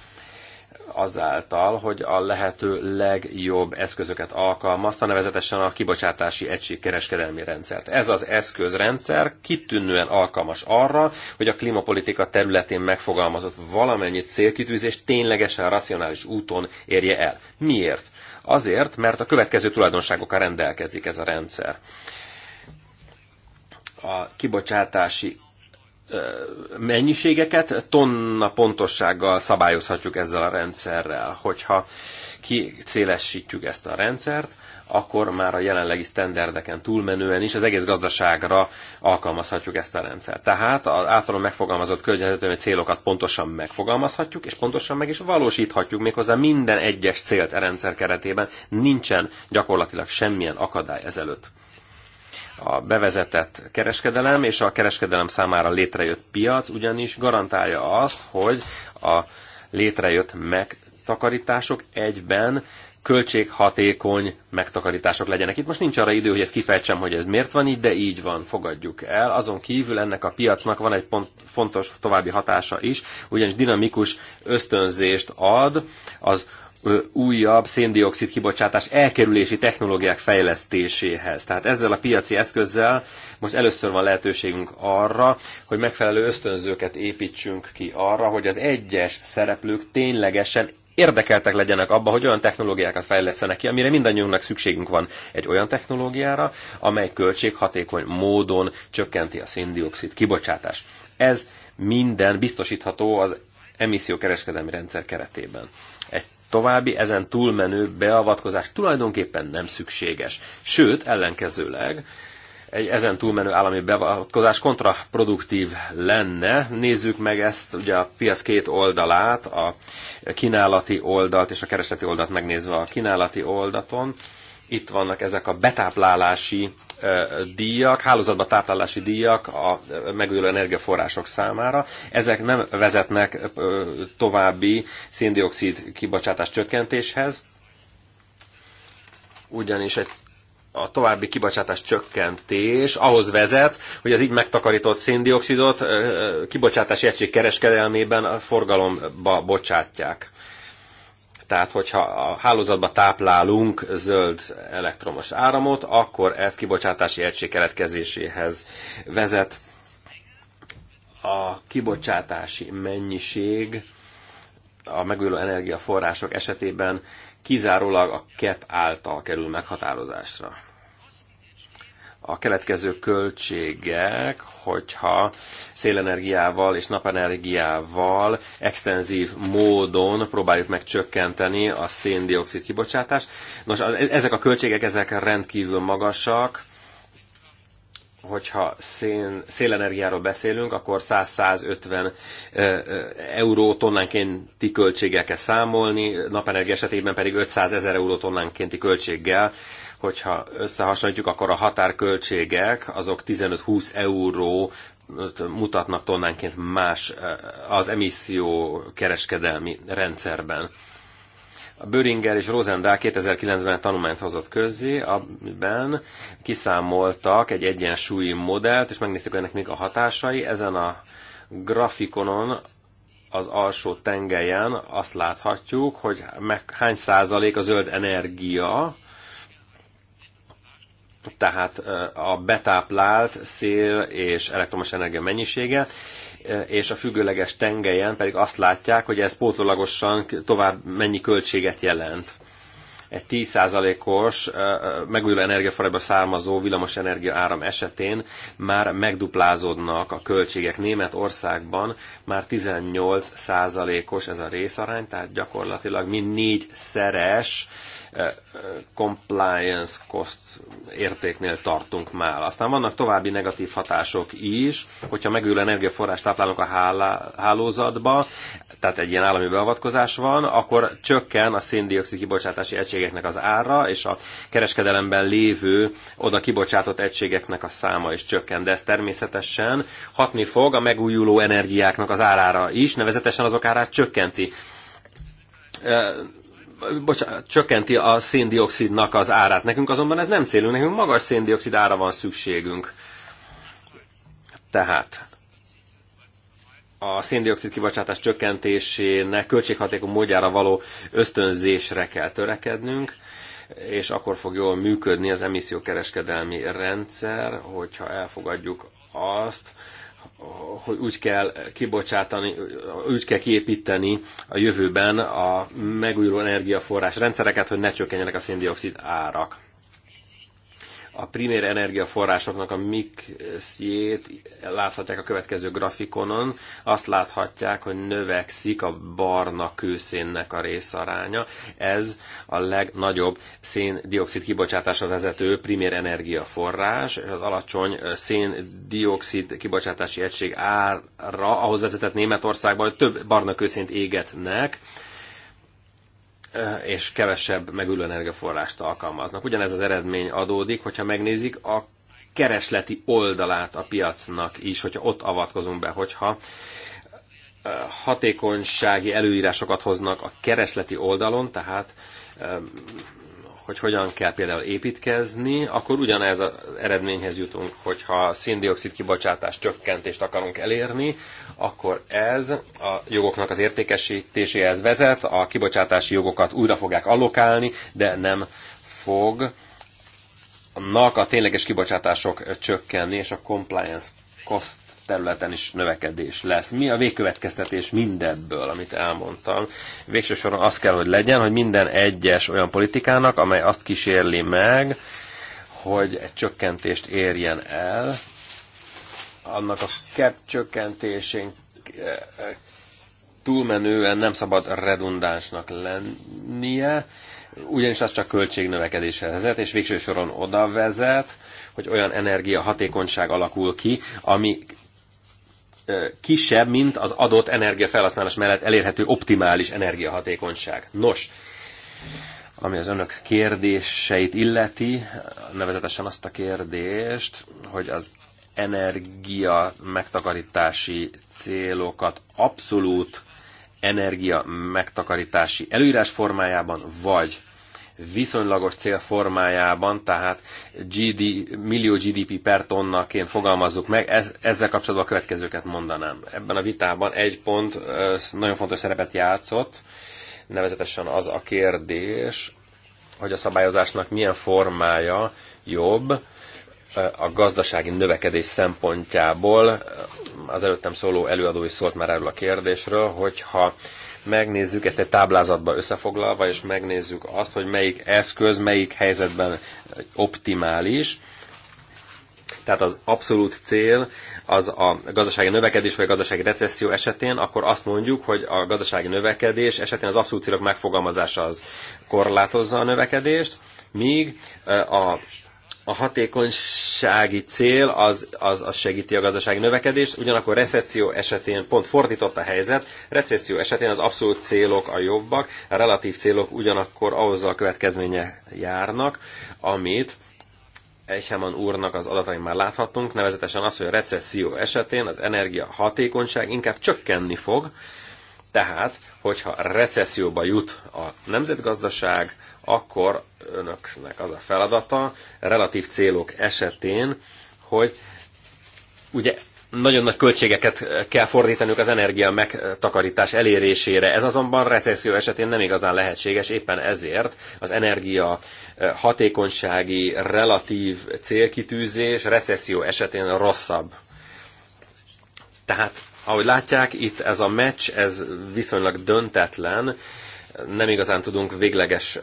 azáltal, hogy a lehető legjobb eszközöket alkalmazta, nevezetesen a kibocsátási egység kereskedelmi rendszert. Ez az eszközrendszer kitűnően alkalmas arra, hogy a klímapolitika területén megfogalmazott valamennyi célkitűzés ténylegesen racionális úton érje el. Miért? Azért, mert a következő tulajdonságokkal rendelkezik ez a rendszer. A kibocsátási mennyiségeket tonna pontossággal szabályozhatjuk ezzel a rendszerrel. Hogyha kicélesítjük ezt a rendszert, akkor már a jelenlegi sztenderdeken túlmenően is az egész gazdaságra alkalmazhatjuk ezt a rendszert. Tehát az általán megfogalmazott környezetvédelmi célokat pontosan megfogalmazhatjuk, és pontosan meg is valósíthatjuk méghozzá minden egyes célt a e rendszer keretében. Nincsen gyakorlatilag semmilyen akadály ezelőtt a bevezetett kereskedelem és a kereskedelem számára létrejött piac, ugyanis garantálja azt, hogy a létrejött megtakarítások egyben költséghatékony megtakarítások legyenek. Itt most nincs arra idő, hogy ezt kifejtsem, hogy ez miért van így, de így van, fogadjuk el. Azon kívül ennek a piacnak van egy pont, fontos további hatása is, ugyanis dinamikus ösztönzést ad az újabb széndiokszid kibocsátás elkerülési technológiák fejlesztéséhez. Tehát ezzel a piaci eszközzel most először van lehetőségünk arra, hogy megfelelő ösztönzőket építsünk ki arra, hogy az egyes szereplők ténylegesen érdekeltek legyenek abba, hogy olyan technológiákat fejlesztenek ki, amire mindannyiunknak szükségünk van. Egy olyan technológiára, amely költséghatékony módon csökkenti a széndiokszid kibocsátást. Ez minden biztosítható az emissziókereskedelmi rendszer keretében. Egy további ezen túlmenő beavatkozás tulajdonképpen nem szükséges. Sőt, ellenkezőleg egy ezen túlmenő állami beavatkozás kontraproduktív lenne. Nézzük meg ezt, ugye a piac két oldalát, a kínálati oldalt és a keresleti oldalt megnézve a kínálati oldaton. Itt vannak ezek a betáplálási díjak, hálózatba táplálási díjak a megújuló energiaforrások számára. Ezek nem vezetnek további széndiokszid kibocsátás csökkentéshez, ugyanis egy a további kibocsátás csökkentés ahhoz vezet, hogy az így megtakarított széndiokszidot kibocsátási egység kereskedelmében a forgalomba bocsátják. Tehát, hogyha a hálózatba táplálunk zöld elektromos áramot, akkor ez kibocsátási egység keletkezéséhez vezet. A kibocsátási mennyiség a megújuló energiaforrások esetében kizárólag a KEP által kerül meghatározásra a keletkező költségek, hogyha szélenergiával és napenergiával extenzív módon próbáljuk meg csökkenteni a széndiokszid kibocsátást. Nos, ezek a költségek ezek rendkívül magasak, hogyha szén, szélenergiáról beszélünk, akkor 100-150 euró tonnánkénti költséggel kell számolni, napenergia esetében pedig 500 ezer euró tonnánkénti költséggel hogyha összehasonlítjuk, akkor a határköltségek azok 15-20 euró mutatnak tonnánként más eh, az emisszió kereskedelmi rendszerben. A Böringer és Rosendahl 2009-ben egy tanulmányt hozott közzé, amiben kiszámoltak egy egyensúlyi modellt, és megnéztük ennek még a hatásai. Ezen a grafikonon az alsó tengelyen azt láthatjuk, hogy meg, hány százalék a zöld energia, tehát a betáplált szél és elektromos energia mennyisége, és a függőleges tengelyen pedig azt látják, hogy ez pótlólagosan tovább mennyi költséget jelent. Egy 10%-os megújuló energiaforrásból származó villamos energia áram esetén már megduplázódnak a költségek. Németországban már 18%-os ez a részarány, tehát gyakorlatilag mind négyszeres szeres Eh, eh, compliance cost értéknél tartunk már. Aztán vannak további negatív hatások is, hogyha megülő energiaforrás táplálunk a hálá, hálózatba, tehát egy ilyen állami beavatkozás van, akkor csökken a széndiokszid kibocsátási egységeknek az ára, és a kereskedelemben lévő oda kibocsátott egységeknek a száma is csökken. De ez természetesen hatni fog a megújuló energiáknak az árára is, nevezetesen azok árát csökkenti eh, bocsánat, csökkenti a széndiokszidnak az árát. Nekünk azonban ez nem célunk, nekünk magas széndiokszid ára van szükségünk. Tehát a széndiokszid kibocsátás csökkentésének költséghatékony módjára való ösztönzésre kell törekednünk, és akkor fog jól működni az emissziókereskedelmi rendszer, hogyha elfogadjuk azt, hogy úgy kell kibocsátani, úgy kell kiépíteni a jövőben a megújuló energiaforrás rendszereket, hogy ne csökkenjenek a széndiokszid árak a primér energiaforrásoknak a mixjét láthatják a következő grafikonon. Azt láthatják, hogy növekszik a barna kőszénnek a részaránya. Ez a legnagyobb széndiokszid kibocsátásra vezető primér energiaforrás. Az alacsony széndiokszid kibocsátási egység ára ahhoz vezetett Németországban, hogy több barna kőszént égetnek, és kevesebb megülő energiaforrást alkalmaznak. Ugyanez az eredmény adódik, hogyha megnézik a keresleti oldalát a piacnak is, hogyha ott avatkozunk be, hogyha hatékonysági előírásokat hoznak a keresleti oldalon, tehát hogy hogyan kell például építkezni, akkor ugyanez az eredményhez jutunk, hogyha széndiokszid kibocsátás csökkentést akarunk elérni, akkor ez a jogoknak az értékesítéséhez vezet, a kibocsátási jogokat újra fogják allokálni, de nem fog a tényleges kibocsátások csökkenni, és a compliance cost területen is növekedés lesz. Mi a végkövetkeztetés mindebből, amit elmondtam? Végső soron az kell, hogy legyen, hogy minden egyes olyan politikának, amely azt kísérli meg, hogy egy csökkentést érjen el, annak a cap csökkentésén eh, eh, túlmenően nem szabad redundánsnak lennie, ugyanis az csak költségnövekedéshez vezet, és végső soron oda vezet, hogy olyan energiahatékonyság alakul ki, ami kisebb, mint az adott energiafelhasználás mellett elérhető optimális energiahatékonyság. Nos, ami az önök kérdéseit illeti, nevezetesen azt a kérdést, hogy az energia megtakarítási célokat abszolút energia megtakarítási előírás formájában, vagy viszonylagos cél formájában, tehát GD, millió GDP per tonnaként fogalmazzuk meg, ez, ezzel kapcsolatban a következőket mondanám. Ebben a vitában egy pont nagyon fontos szerepet játszott, nevezetesen az a kérdés, hogy a szabályozásnak milyen formája jobb, a gazdasági növekedés szempontjából, az előttem szóló előadó is szólt már erről a kérdésről, hogyha megnézzük ezt egy táblázatba összefoglalva, és megnézzük azt, hogy melyik eszköz, melyik helyzetben optimális. Tehát az abszolút cél az a gazdasági növekedés vagy a gazdasági recesszió esetén, akkor azt mondjuk, hogy a gazdasági növekedés esetén az abszolút célok megfogalmazása az korlátozza a növekedést, míg a a hatékonysági cél az, az, az segíti a gazdasági növekedést, ugyanakkor recesszió esetén pont fordított a helyzet, recesszió esetén az abszolút célok a jobbak, a relatív célok ugyanakkor ahhoz a következménye járnak, amit Eichmann úrnak az adatain már láthatunk, nevezetesen az, hogy a recesszió esetén az energia hatékonyság inkább csökkenni fog, tehát, hogyha recesszióba jut a nemzetgazdaság, akkor önöknek az a feladata relatív célok esetén, hogy ugye nagyon nagy költségeket kell fordítanunk az energia megtakarítás elérésére. Ez azonban recesszió esetén nem igazán lehetséges, éppen ezért az energia eh, hatékonysági relatív célkitűzés recesszió esetén rosszabb. Tehát, ahogy látják, itt ez a meccs, ez viszonylag döntetlen, nem igazán tudunk végleges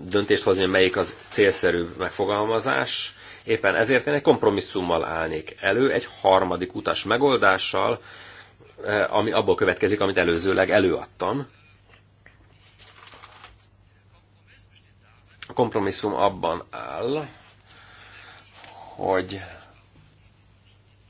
döntést hozni, hogy melyik az célszerű megfogalmazás. Éppen ezért én egy kompromisszummal állnék elő, egy harmadik utas megoldással, e, ami abból következik, amit előzőleg előadtam. A kompromisszum abban áll, hogy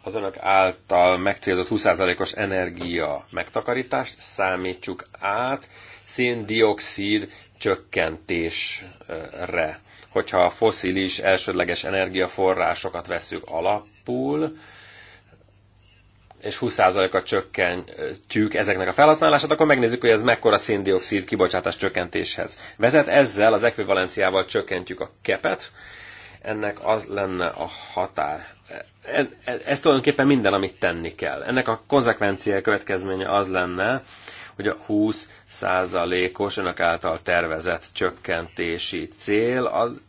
az önök által megcélzott 20%-os energia megtakarítást számítsuk át széndiokszid csökkentésre. Hogyha a foszilis elsődleges energiaforrásokat veszük alapul, és 20%-a csökkentjük ezeknek a felhasználását, akkor megnézzük, hogy ez mekkora széndiokszid kibocsátás csökkentéshez vezet. Ezzel az ekvivalenciával csökkentjük a kepet, ennek az lenne a határ. Ez, ez tulajdonképpen minden, amit tenni kell. Ennek a konzekvencia következménye az lenne, hogy a 20 százalékos önök által tervezett csökkentési cél az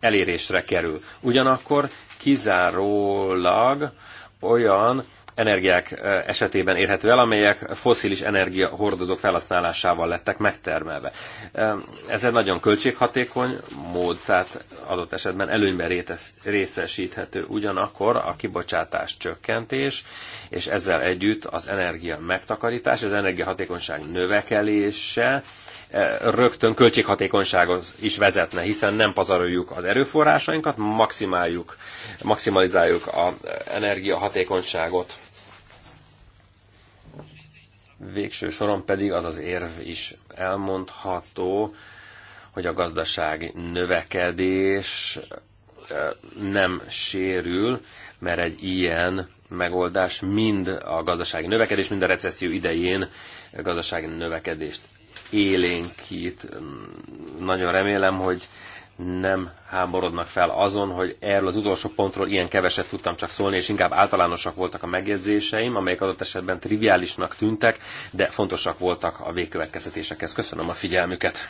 elérésre kerül. Ugyanakkor kizárólag olyan energiák e, esetében érhető el, amelyek foszilis energiahordozók felhasználásával lettek megtermelve. E, ez egy nagyon költséghatékony mód, tehát adott esetben előnyben részesíthető ugyanakkor a kibocsátás csökkentés, és ezzel együtt az energia megtakarítás, az energiahatékonyság növekelése, e, rögtön költséghatékonysághoz is vezetne, hiszen nem pazaroljuk az erőforrásainkat, maximáljuk, maximalizáljuk az energiahatékonyságot Végső soron pedig az az érv is elmondható, hogy a gazdasági növekedés nem sérül, mert egy ilyen megoldás mind a gazdasági növekedés, mind a recesszió idején gazdasági növekedést élénkít. Nagyon remélem, hogy nem háborodnak fel azon, hogy erről az utolsó pontról ilyen keveset tudtam csak szólni, és inkább általánosak voltak a megjegyzéseim, amelyek adott esetben triviálisnak tűntek, de fontosak voltak a végkövetkeztetésekhez. Köszönöm a figyelmüket.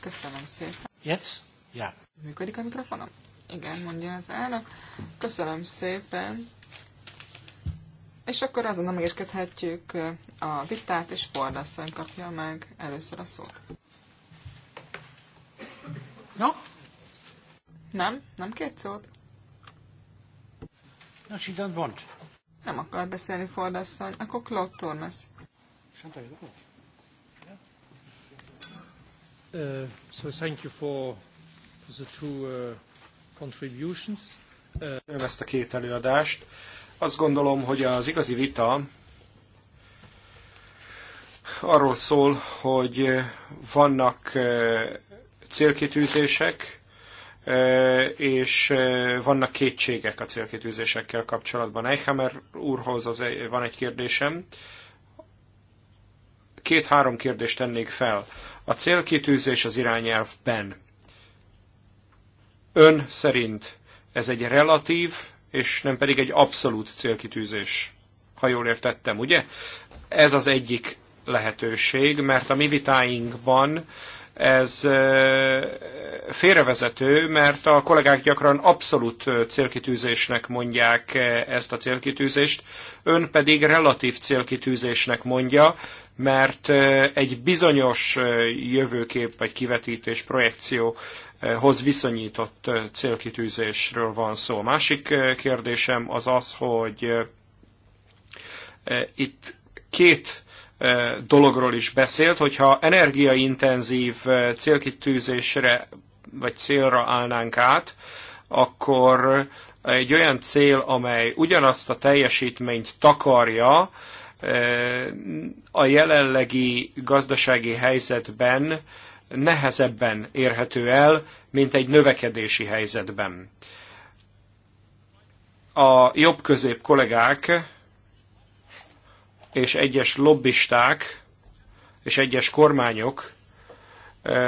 Köszönöm szépen. Yes? Yeah. Működik a mikrofonom? Igen, mondja az elnök. Köszönöm szépen és akkor azon nem megérkedhetjük a vitát, és Fordasszony kapja meg először a szót. No? Nem? Nem két szót? No, she don't want. Nem akar beszélni Fordasszony, akkor Claude Tormes. Uh, so thank you for, for the two uh, contributions. Uh, ezt a két előadást. Uh, azt gondolom, hogy az igazi vita arról szól, hogy vannak eh, célkitűzések, eh, és eh, vannak kétségek a célkitűzésekkel kapcsolatban. Eichhammer úrhoz az, van egy kérdésem. Két-három kérdést tennék fel. A célkitűzés az irányelvben. Ön szerint ez egy relatív és nem pedig egy abszolút célkitűzés, ha jól értettem, ugye? Ez az egyik lehetőség, mert a mi vitáinkban ez félrevezető, mert a kollégák gyakran abszolút célkitűzésnek mondják ezt a célkitűzést, ön pedig relatív célkitűzésnek mondja, mert egy bizonyos jövőkép vagy kivetítés, projekció hoz viszonyított célkitűzésről van szó. A másik kérdésem az az, hogy itt két dologról is beszélt, hogyha energiaintenzív célkitűzésre vagy célra állnánk át, akkor egy olyan cél, amely ugyanazt a teljesítményt takarja, a jelenlegi gazdasági helyzetben nehezebben érhető el, mint egy növekedési helyzetben. A jobb-közép kollégák és egyes lobbisták és egyes kormányok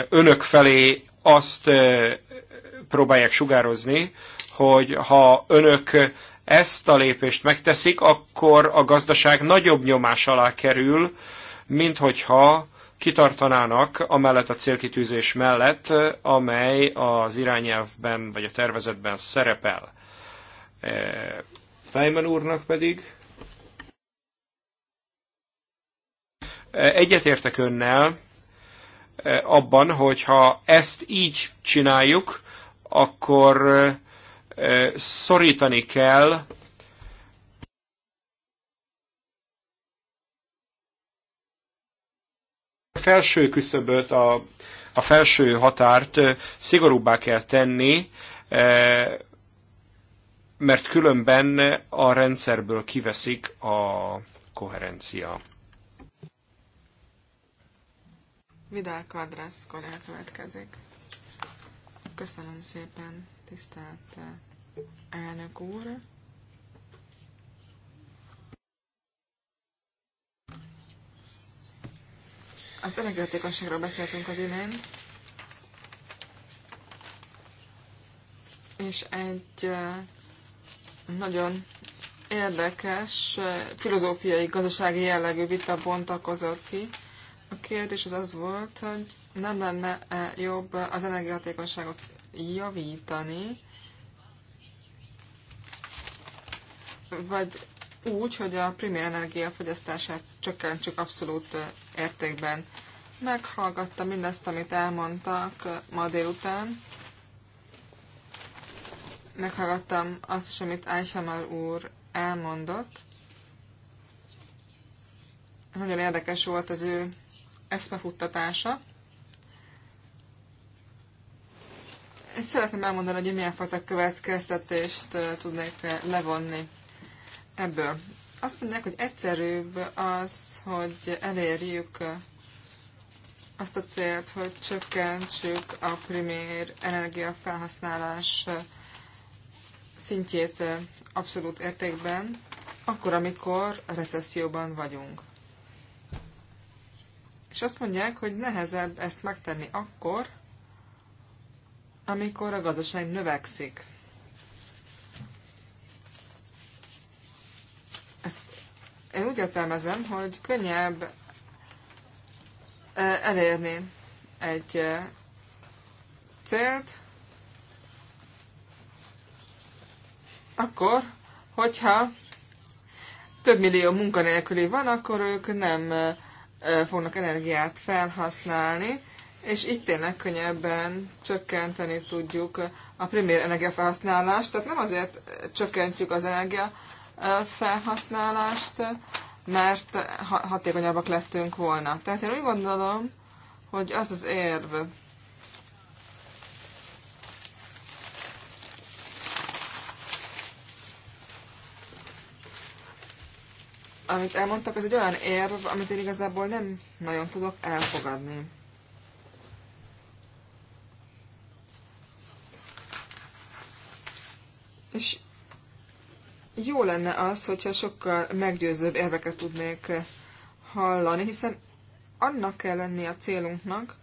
önök felé azt próbálják sugározni, hogy ha önök ezt a lépést megteszik, akkor a gazdaság nagyobb nyomás alá kerül, mint hogyha kitartanának amellett a célkitűzés mellett, amely az irányelvben vagy a tervezetben szerepel. E, Feynman úrnak pedig e, egyetértek önnel e, abban, hogyha ezt így csináljuk, akkor szorítani kell felső küszöböt, a, a felső határt szigorúbbá kell tenni, mert különben a rendszerből kiveszik a koherencia. Vidal Kadrász kollégák következik. Köszönöm szépen, tisztelt elnök úr! Az energiatékonyságról beszéltünk az imént, és egy nagyon érdekes filozófiai, gazdasági jellegű vita bontakozott ki. A kérdés az az volt, hogy nem lenne -e jobb az energiahatékonyságot javítani, vagy úgy, hogy a primér energiafogyasztását csökkentsük abszolút értékben. Meghallgattam mindezt, amit elmondtak ma délután. Meghallgattam azt is, amit Aysamar úr elmondott. Nagyon érdekes volt az ő eszmefuttatása. és szeretném elmondani, hogy milyen fajta következtetést eh, tudnék eh, levonni ebből. Azt mondják, hogy egyszerűbb az, hogy elérjük azt a célt, hogy csökkentsük a primér energiafelhasználás szintjét abszolút értékben, akkor, amikor recesszióban vagyunk. És azt mondják, hogy nehezebb ezt megtenni akkor, amikor a gazdaság növekszik. én úgy értelmezem, hogy könnyebb eh, elérni egy eh, célt, akkor, hogyha több millió munkanélküli van, akkor ők nem eh, fognak energiát felhasználni, és itt tényleg könnyebben csökkenteni tudjuk a primér energiafelhasználást. Tehát nem azért csökkentjük az energia felhasználást, mert hatékonyabbak lettünk volna. Tehát én úgy gondolom, hogy az az érv, amit elmondtak, ez egy olyan érv, amit én igazából nem nagyon tudok elfogadni. És jó lenne az, hogyha sokkal meggyőzőbb érveket tudnék hallani, hiszen annak kell lenni a célunknak,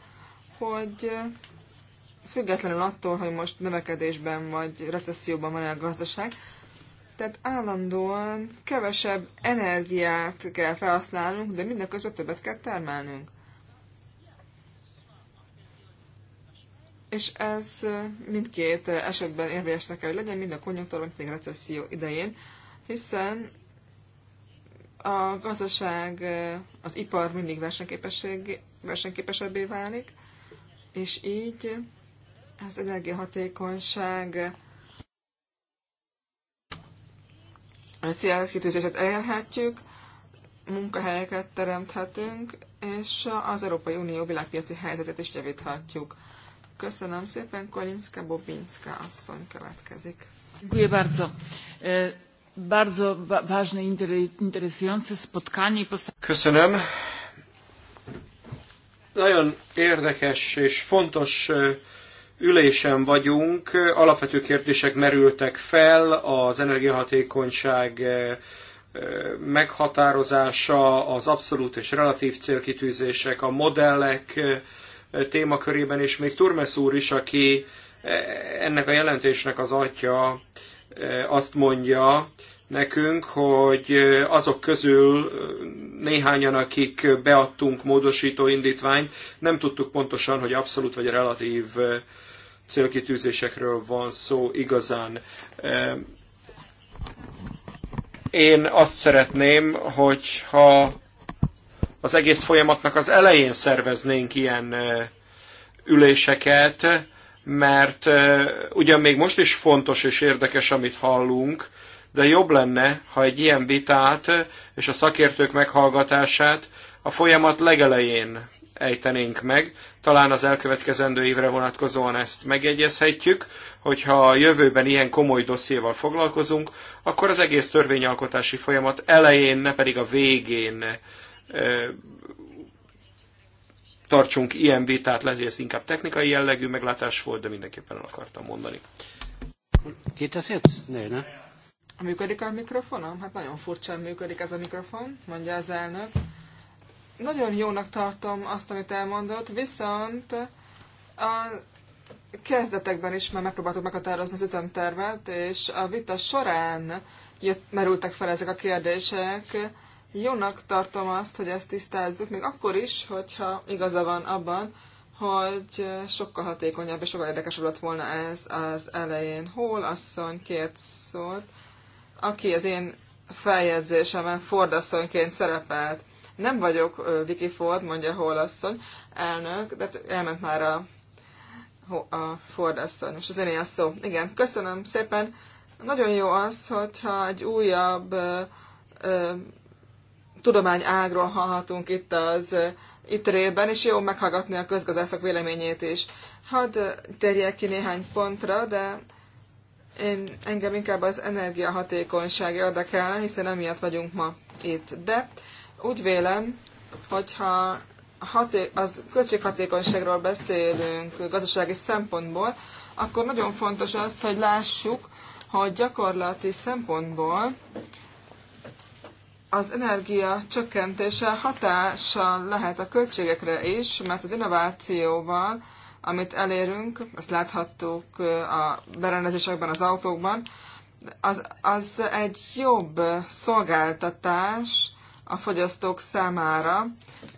hogy függetlenül attól, hogy most növekedésben vagy recesszióban van a gazdaság, tehát állandóan kevesebb energiát kell felhasználnunk, de mindeközben többet kell termelnünk. és ez mindkét esetben érvényesnek kell, hogy legyen, mind a konjunktúra, mind a recesszió idején, hiszen a gazdaság, az ipar mindig versenyképesebbé válik, és így az energiahatékonyság célkitűzését elérhetjük, munkahelyeket teremthetünk, és az Európai Unió világpiaci helyzetet is javíthatjuk. Köszönöm szépen, Kolinska Bobinska asszony következik. Dziękuję bardzo. E, bardzo ważne, interesujące spotkanie. Köszönöm. Nagyon érdekes és fontos e, ülésen vagyunk. Alapvető kérdések merültek fel, az energiahatékonyság e, meghatározása, az abszolút és relatív célkitűzések, a modellek, témakörében, és még Turmes úr is, aki e, ennek a jelentésnek az atya e, azt mondja nekünk, hogy e, azok közül néhányan, akik beadtunk módosító indítványt, nem tudtuk pontosan, hogy abszolút vagy relatív célkitűzésekről van szó igazán. Én azt szeretném, hogyha az egész folyamatnak az elején szerveznénk ilyen üléseket, mert ugyan még most is fontos és érdekes, amit hallunk, de jobb lenne, ha egy ilyen vitát és a szakértők meghallgatását a folyamat legelején ejtenénk meg. Talán az elkövetkezendő évre vonatkozóan ezt megegyezhetjük, hogyha a jövőben ilyen komoly dossziéval foglalkozunk, akkor az egész törvényalkotási folyamat elején, ne pedig a végén tartsunk ilyen vitát, lehet, hogy ez inkább technikai jellegű meglátás volt, de mindenképpen el akartam mondani. Kérdezhetsz? Ne, ne. Működik a mikrofonom? Hát nagyon furcsán működik ez a mikrofon, mondja az elnök. Nagyon jónak tartom azt, amit elmondott, viszont a kezdetekben is már megpróbáltuk meghatározni az ütemtervet, és a vita során jött, merültek fel ezek a kérdések, jónak tartom azt, hogy ezt tisztázzuk, még akkor is, hogyha igaza van abban, hogy sokkal hatékonyabb és sokkal érdekesebb lett volna ez az elején. Hol asszony kért szót, aki az én feljegyzésemen fordasszonyként szerepelt. Nem vagyok Vicky Ford, mondja Hol asszony, elnök, de elment már a, a Ford asszony. Most az én a szó. Igen, köszönöm szépen. Nagyon jó az, hogyha egy újabb ö, ö, tudományágról hallhatunk itt az eh, rében, és jó meghallgatni a közgazdászok véleményét is. Hadd eh, térjek ki néhány pontra, de én, engem inkább az energiahatékonyság érdekel, hiszen emiatt vagyunk ma itt. De úgy vélem, hogyha haté- az költséghatékonyságról beszélünk gazdasági szempontból, akkor nagyon fontos az, hogy lássuk, hogy gyakorlati szempontból az energia csökkentése hatással lehet a költségekre is, mert az innovációval, amit elérünk, ezt láthattuk eh, a berendezésekben, az autókban, az, az egy jobb szolgáltatás a fogyasztók számára,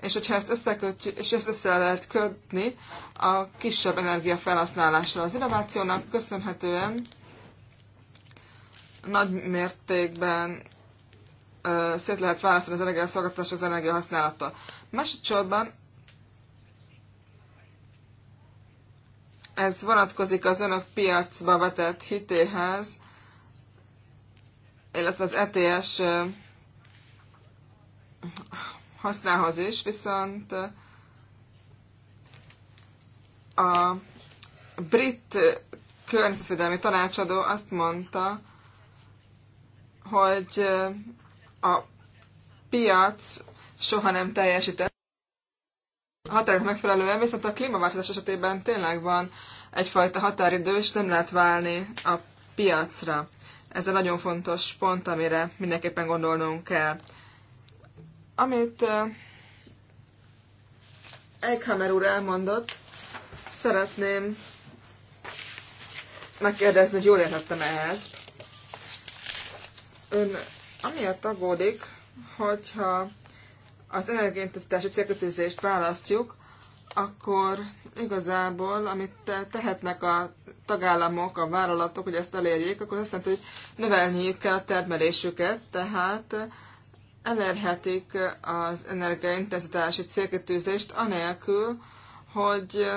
és hogyha ezt, összekötjük, és ezt össze lehet kötni a kisebb energiafelhasználásra. Az innovációnak köszönhetően nagy mértékben szét lehet választani az energiaszolgáltatás az energiahasználattól. Másodszorban ez vonatkozik az önök piacba vetett hitéhez, illetve az ETS használhoz is, viszont a brit környezetvédelmi tanácsadó azt mondta, hogy a piac soha nem teljesített a határok megfelelően, viszont a klímaváltozás esetében tényleg van egyfajta határidő, és nem lehet válni a piacra. Ez egy nagyon fontos pont, amire mindenképpen gondolnunk kell. Amit Eichhammer úr elmondott, szeretném megkérdezni, hogy jól értettem ehhez. Ön Amiatt aggódik, hogyha az energiaintenzitási célkötőzést választjuk, akkor igazából, amit tehetnek a tagállamok, a vállalatok, hogy ezt elérjék, akkor azt jelenti, hogy növelniük kell a termelésüket, tehát elérhetik az energiaintenzitási célkötőzést anélkül, hogy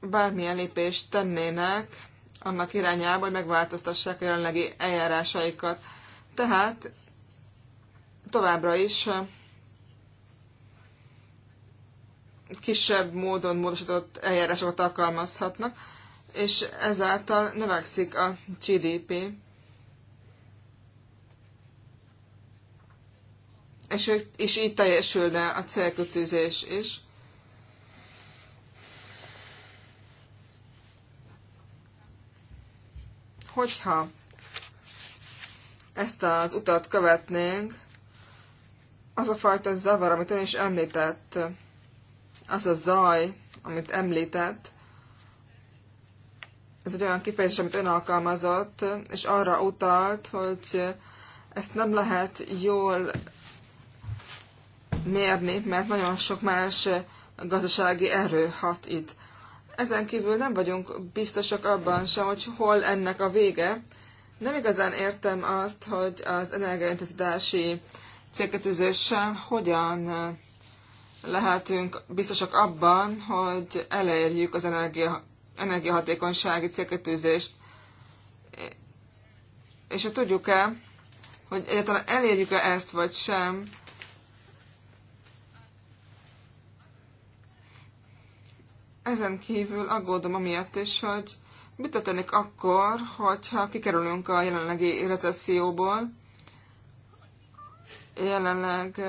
bármilyen lépést tennének annak irányába, hogy megváltoztassák a jelenlegi eljárásaikat. Tehát továbbra is kisebb módon módosított eljárásokat alkalmazhatnak, és ezáltal növekszik a GDP. És, és így teljesülne a célkötőzés is. Hogyha ezt az utat követnénk, az a fajta zavar, amit ön is említett, az a zaj, amit említett, ez egy olyan kifejezés, amit ön alkalmazott, és arra utalt, hogy ezt nem lehet jól mérni, mert nagyon sok más gazdasági erő hat itt. Ezen kívül nem vagyunk biztosak abban sem, hogy hol ennek a vége, nem igazán értem azt, hogy az energiaintenzitási célkötőzéssel hogyan eh, lehetünk biztosak abban, hogy elérjük az energia, energiahatékonysági célkötőzést. Eh, és hogy tudjuk-e, hogy egyáltalán elérjük-e ezt, vagy sem, ezen kívül aggódom amiatt is, hogy Mit történik akkor, hogyha kikerülünk a jelenlegi recesszióból? Jelenleg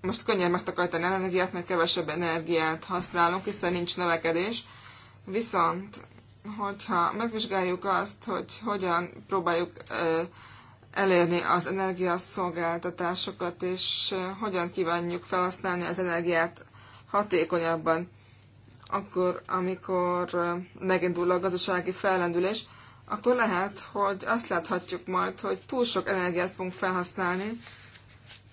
most könnyen megtakarítani energiát, mert kevesebb energiát használunk, hiszen nincs növekedés. Viszont, hogyha megvizsgáljuk azt, hogy hogyan próbáljuk elérni az energiaszolgáltatásokat, és hogyan kívánjuk felhasználni az energiát hatékonyabban. Akkor, amikor megindul a gazdasági fellendülés, akkor lehet, hogy azt láthatjuk majd, hogy túl sok energiát fogunk felhasználni,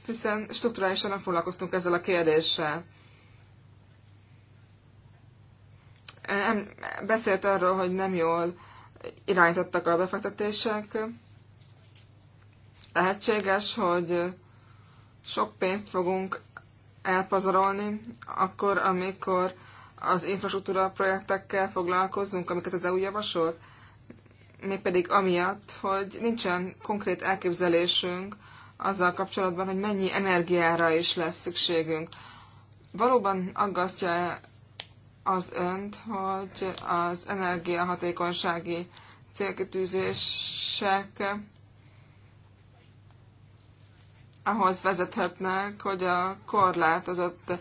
hiszen strukturálisan nem foglalkoztunk ezzel a kérdéssel. Beszélt arról, hogy nem jól irányítottak a befektetések. Lehetséges, hogy sok pénzt fogunk elpazarolni, akkor, amikor az infrastruktúra projektekkel foglalkozzunk, amiket az EU javasolt, mégpedig amiatt, hogy nincsen konkrét elképzelésünk azzal kapcsolatban, hogy mennyi energiára is lesz szükségünk. Valóban aggasztja az önt, hogy az energiahatékonysági célkitűzések ahhoz vezethetnek, hogy a korlátozott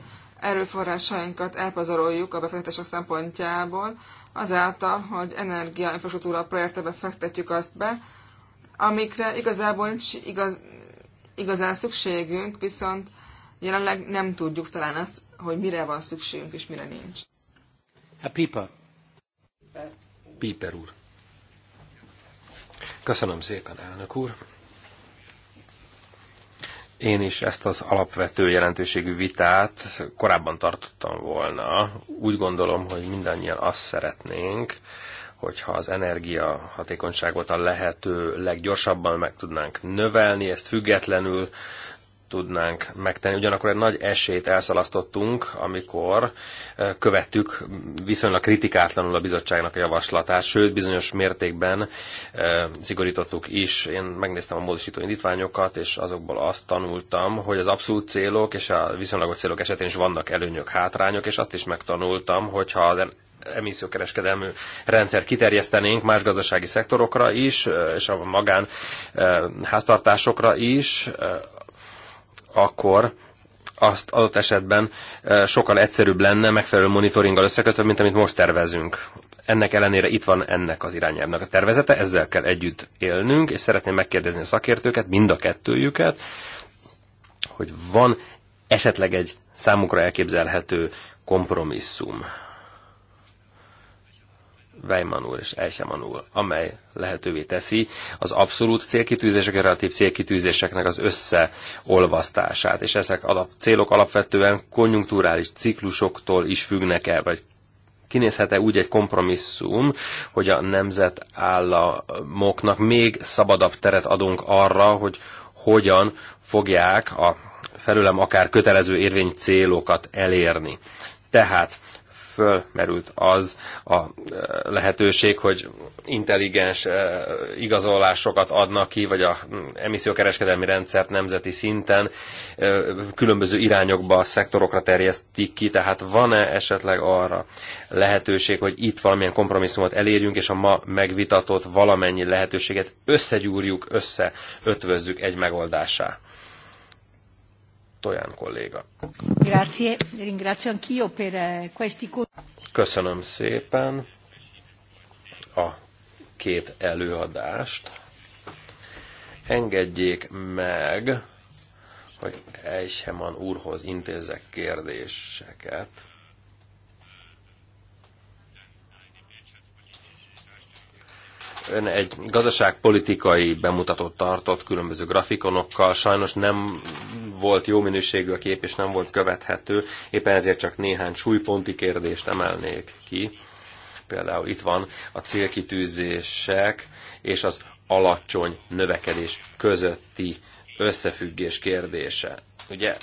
erőforrásainkat elpazaroljuk a befektetések szempontjából, azáltal, hogy energiainfrastruktúra projektebe fektetjük azt be, amikre igazából nincs igaz, igazán szükségünk, viszont jelenleg nem tudjuk talán azt, hogy mire van szükségünk és mire nincs. Hát Pipa. Piper úr. Köszönöm szépen, elnök úr. Én is ezt az alapvető jelentőségű vitát korábban tartottam volna. Úgy gondolom, hogy mindannyian azt szeretnénk, hogyha az energia hatékonyságot a lehető leggyorsabban meg tudnánk növelni, ezt függetlenül tudnánk megtenni. Ugyanakkor egy nagy esélyt elszalasztottunk, amikor követtük viszonylag kritikátlanul a bizottságnak a javaslatát, sőt, bizonyos mértékben szigorítottuk is. Én megnéztem a módosító indítványokat, és azokból azt tanultam, hogy az abszolút célok és a viszonylagos célok esetén is vannak előnyök, hátrányok, és azt is megtanultam, hogyha emissziókereskedelmű rendszer kiterjesztenénk más gazdasági szektorokra is, és a magán háztartásokra is, akkor azt adott esetben e, sokkal egyszerűbb lenne megfelelő monitoringgal összekötve, mint amit most tervezünk. Ennek ellenére itt van ennek az irányelvnek a tervezete, ezzel kell együtt élnünk, és szeretném megkérdezni a szakértőket, mind a kettőjüket, hogy van esetleg egy számukra elképzelhető kompromisszum. Weimann úr és Eichemann úr, amely lehetővé teszi az abszolút célkitűzések, a relatív célkitűzéseknek az összeolvasztását, és ezek alap, célok alapvetően konjunkturális ciklusoktól is függnek el, vagy kinézhet-e úgy egy kompromisszum, hogy a nemzetállamoknak még szabadabb teret adunk arra, hogy hogyan fogják a felőlem akár kötelező érvény célokat elérni. Tehát fölmerült az a e, lehetőség, hogy intelligens e, igazolásokat adnak ki, vagy a emissziókereskedelmi rendszert nemzeti szinten e, különböző irányokba, szektorokra terjesztik ki, tehát van-e esetleg arra lehetőség, hogy itt valamilyen kompromisszumot elérjünk, és a ma megvitatott valamennyi lehetőséget összegyúrjuk, összeötvözzük egy megoldásá? Toján kolléga. Eh, Köszönöm szépen a két előadást. Engedjék meg, hogy Eichemann úrhoz intézek kérdéseket. Ön egy gazdaságpolitikai bemutatót tartott különböző grafikonokkal, sajnos nem volt jó minőségű a kép, és nem volt követhető, éppen ezért csak néhány súlyponti kérdést emelnék ki. Például itt van a célkitűzések és az alacsony növekedés közötti összefüggés kérdése. Ugye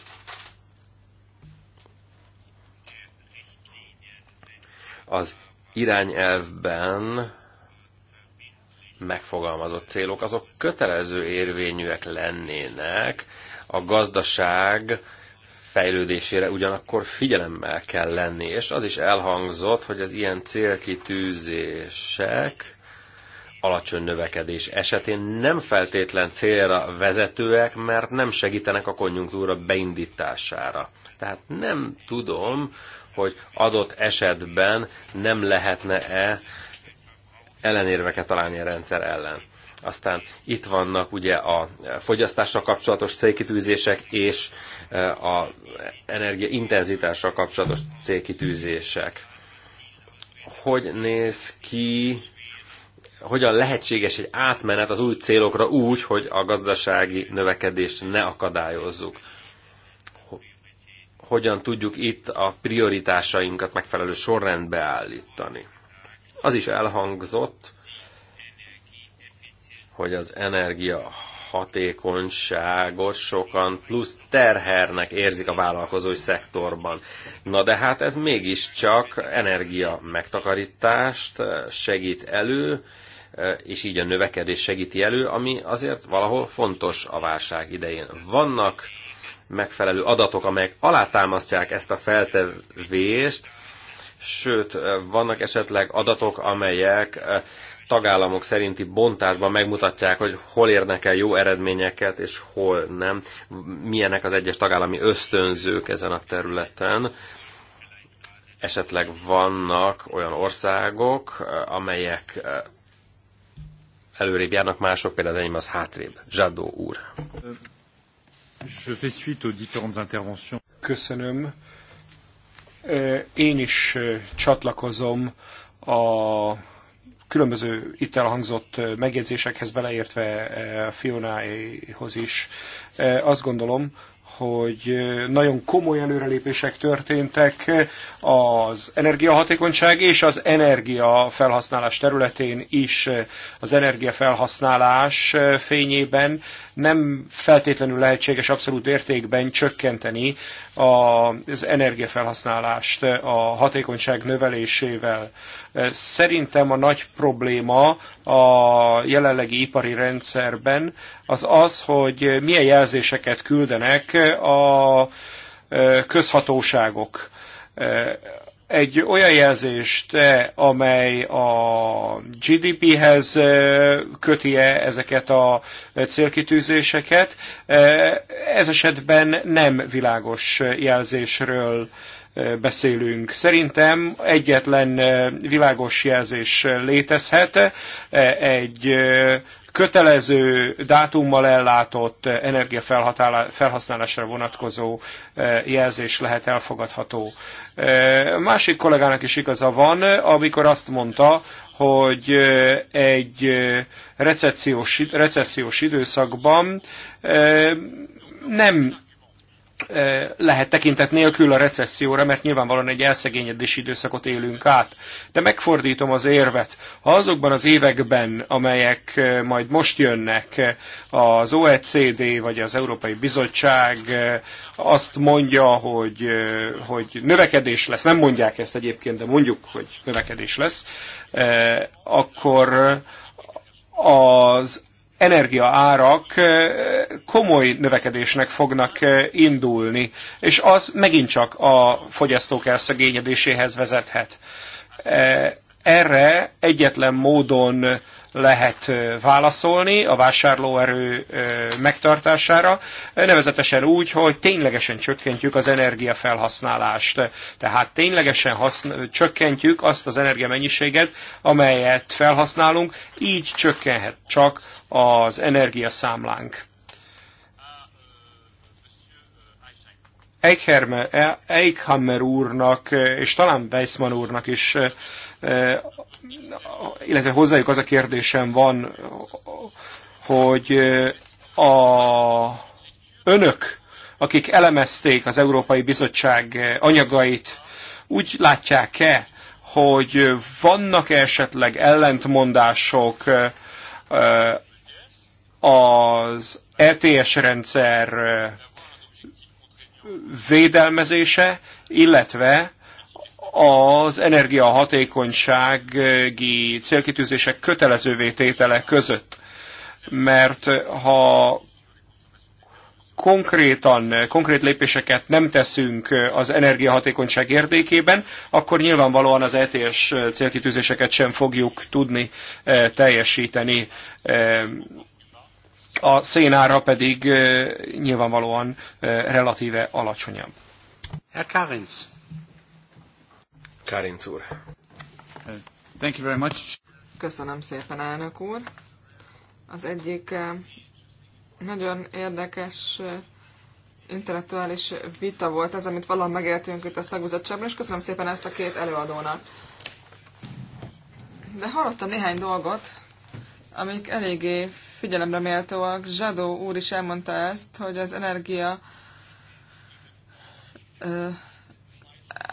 az irányelvben megfogalmazott célok, azok kötelező érvényűek lennének, a gazdaság fejlődésére ugyanakkor figyelemmel kell lenni, és az is elhangzott, hogy az ilyen célkitűzések alacsony növekedés esetén nem feltétlen célra vezetőek, mert nem segítenek a konjunktúra beindítására. Tehát nem tudom, hogy adott esetben nem lehetne-e ellenérveket találni a rendszer ellen. Aztán itt vannak ugye a fogyasztással kapcsolatos célkitűzések és e, a energiaintenzitással kapcsolatos célkitűzések. Hogy néz ki hogyan lehetséges egy átmenet az új célokra úgy, hogy a gazdasági növekedést ne akadályozzuk? Hogyan tudjuk itt a prioritásainkat megfelelő sorrendbe állítani? Az is elhangzott, hogy az energia hatékonyságos, sokan plusz terhernek érzik a vállalkozói szektorban. Na de hát ez mégiscsak energia megtakarítást eh, segít elő, eh, és így a növekedés segíti elő, ami azért valahol fontos a válság idején. Vannak megfelelő adatok, amelyek alátámasztják ezt a feltevést, sőt, vannak esetleg adatok, amelyek eh, tagállamok szerinti bontásban megmutatják, hogy hol érnek el jó eredményeket, és hol nem, milyenek az egyes tagállami ösztönzők ezen a területen. Esetleg vannak olyan országok, eh, amelyek eh, előrébb járnak mások, például az enyém az hátrébb. Zsadó úr. Köszönöm én is csatlakozom a különböző itt elhangzott megjegyzésekhez beleértve Fionáéhoz is. Azt gondolom, hogy nagyon komoly előrelépések történtek az energiahatékonyság és az energiafelhasználás területén is az energiafelhasználás fényében nem feltétlenül lehetséges abszolút értékben csökkenteni az energiafelhasználást a hatékonyság növelésével. Szerintem a nagy probléma a jelenlegi ipari rendszerben az az, hogy milyen jelzéseket küldenek a közhatóságok egy olyan jelzést, eh, amely a GDP-hez eh, köti -e ezeket a célkitűzéseket. Eh, ez esetben nem világos jelzésről beszélünk. Szerintem egyetlen világos jelzés létezhet, egy kötelező dátummal ellátott energiafelhasználásra vonatkozó eh, jelzés lehet elfogadható. Eh, másik kollégának is igaza van, amikor azt mondta, hogy eh, egy recessziós, recessziós időszakban nem lehet tekintet nélkül a recesszióra, mert nyilvánvalóan egy elszegényedési időszakot élünk át. De megfordítom az érvet. Ha azokban az években, amelyek majd most jönnek, az OECD vagy az Európai Bizottság azt mondja, hogy, hogy növekedés lesz, nem mondják ezt egyébként, de mondjuk, hogy növekedés lesz, akkor az energiaárak komoly növekedésnek fognak indulni, és az megint csak a fogyasztók elszegényedéséhez vezethet. Erre egyetlen módon lehet válaszolni a vásárlóerő megtartására, nevezetesen úgy, hogy ténylegesen csökkentjük az energiafelhasználást. Tehát ténylegesen haszn- csökkentjük azt az energiamennyiséget, amelyet felhasználunk, így csökkenhet csak az energiaszámlánk. E- Eichhammer, úrnak, és talán Weissman úrnak is, e- e- illetve hozzájuk az a kérdésem van, hogy a önök, akik elemezték az Európai Bizottság anyagait, úgy látják-e, hogy vannak -e esetleg ellentmondások az ETS rendszer védelmezése, illetve az energiahatékonysági célkitűzések kötelezővé tétele között. Mert ha konkrétan, konkrét lépéseket nem teszünk az energiahatékonyság érdekében, akkor nyilvánvalóan az ETS célkitűzéseket sem fogjuk tudni teljesíteni a szénára pedig nyilvánvalóan relatíve alacsonyabb. Herr Karinz. Karinz úr. Thank you very much. Köszönöm szépen, elnök úr. Az egyik nagyon érdekes intellektuális vita volt ez, amit valahol megértünk itt a szakbizottságban, és köszönöm szépen ezt a két előadónak. De hallottam néhány dolgot, amik eléggé figyelemre méltóak. Zsadó úr is elmondta ezt, hogy az energia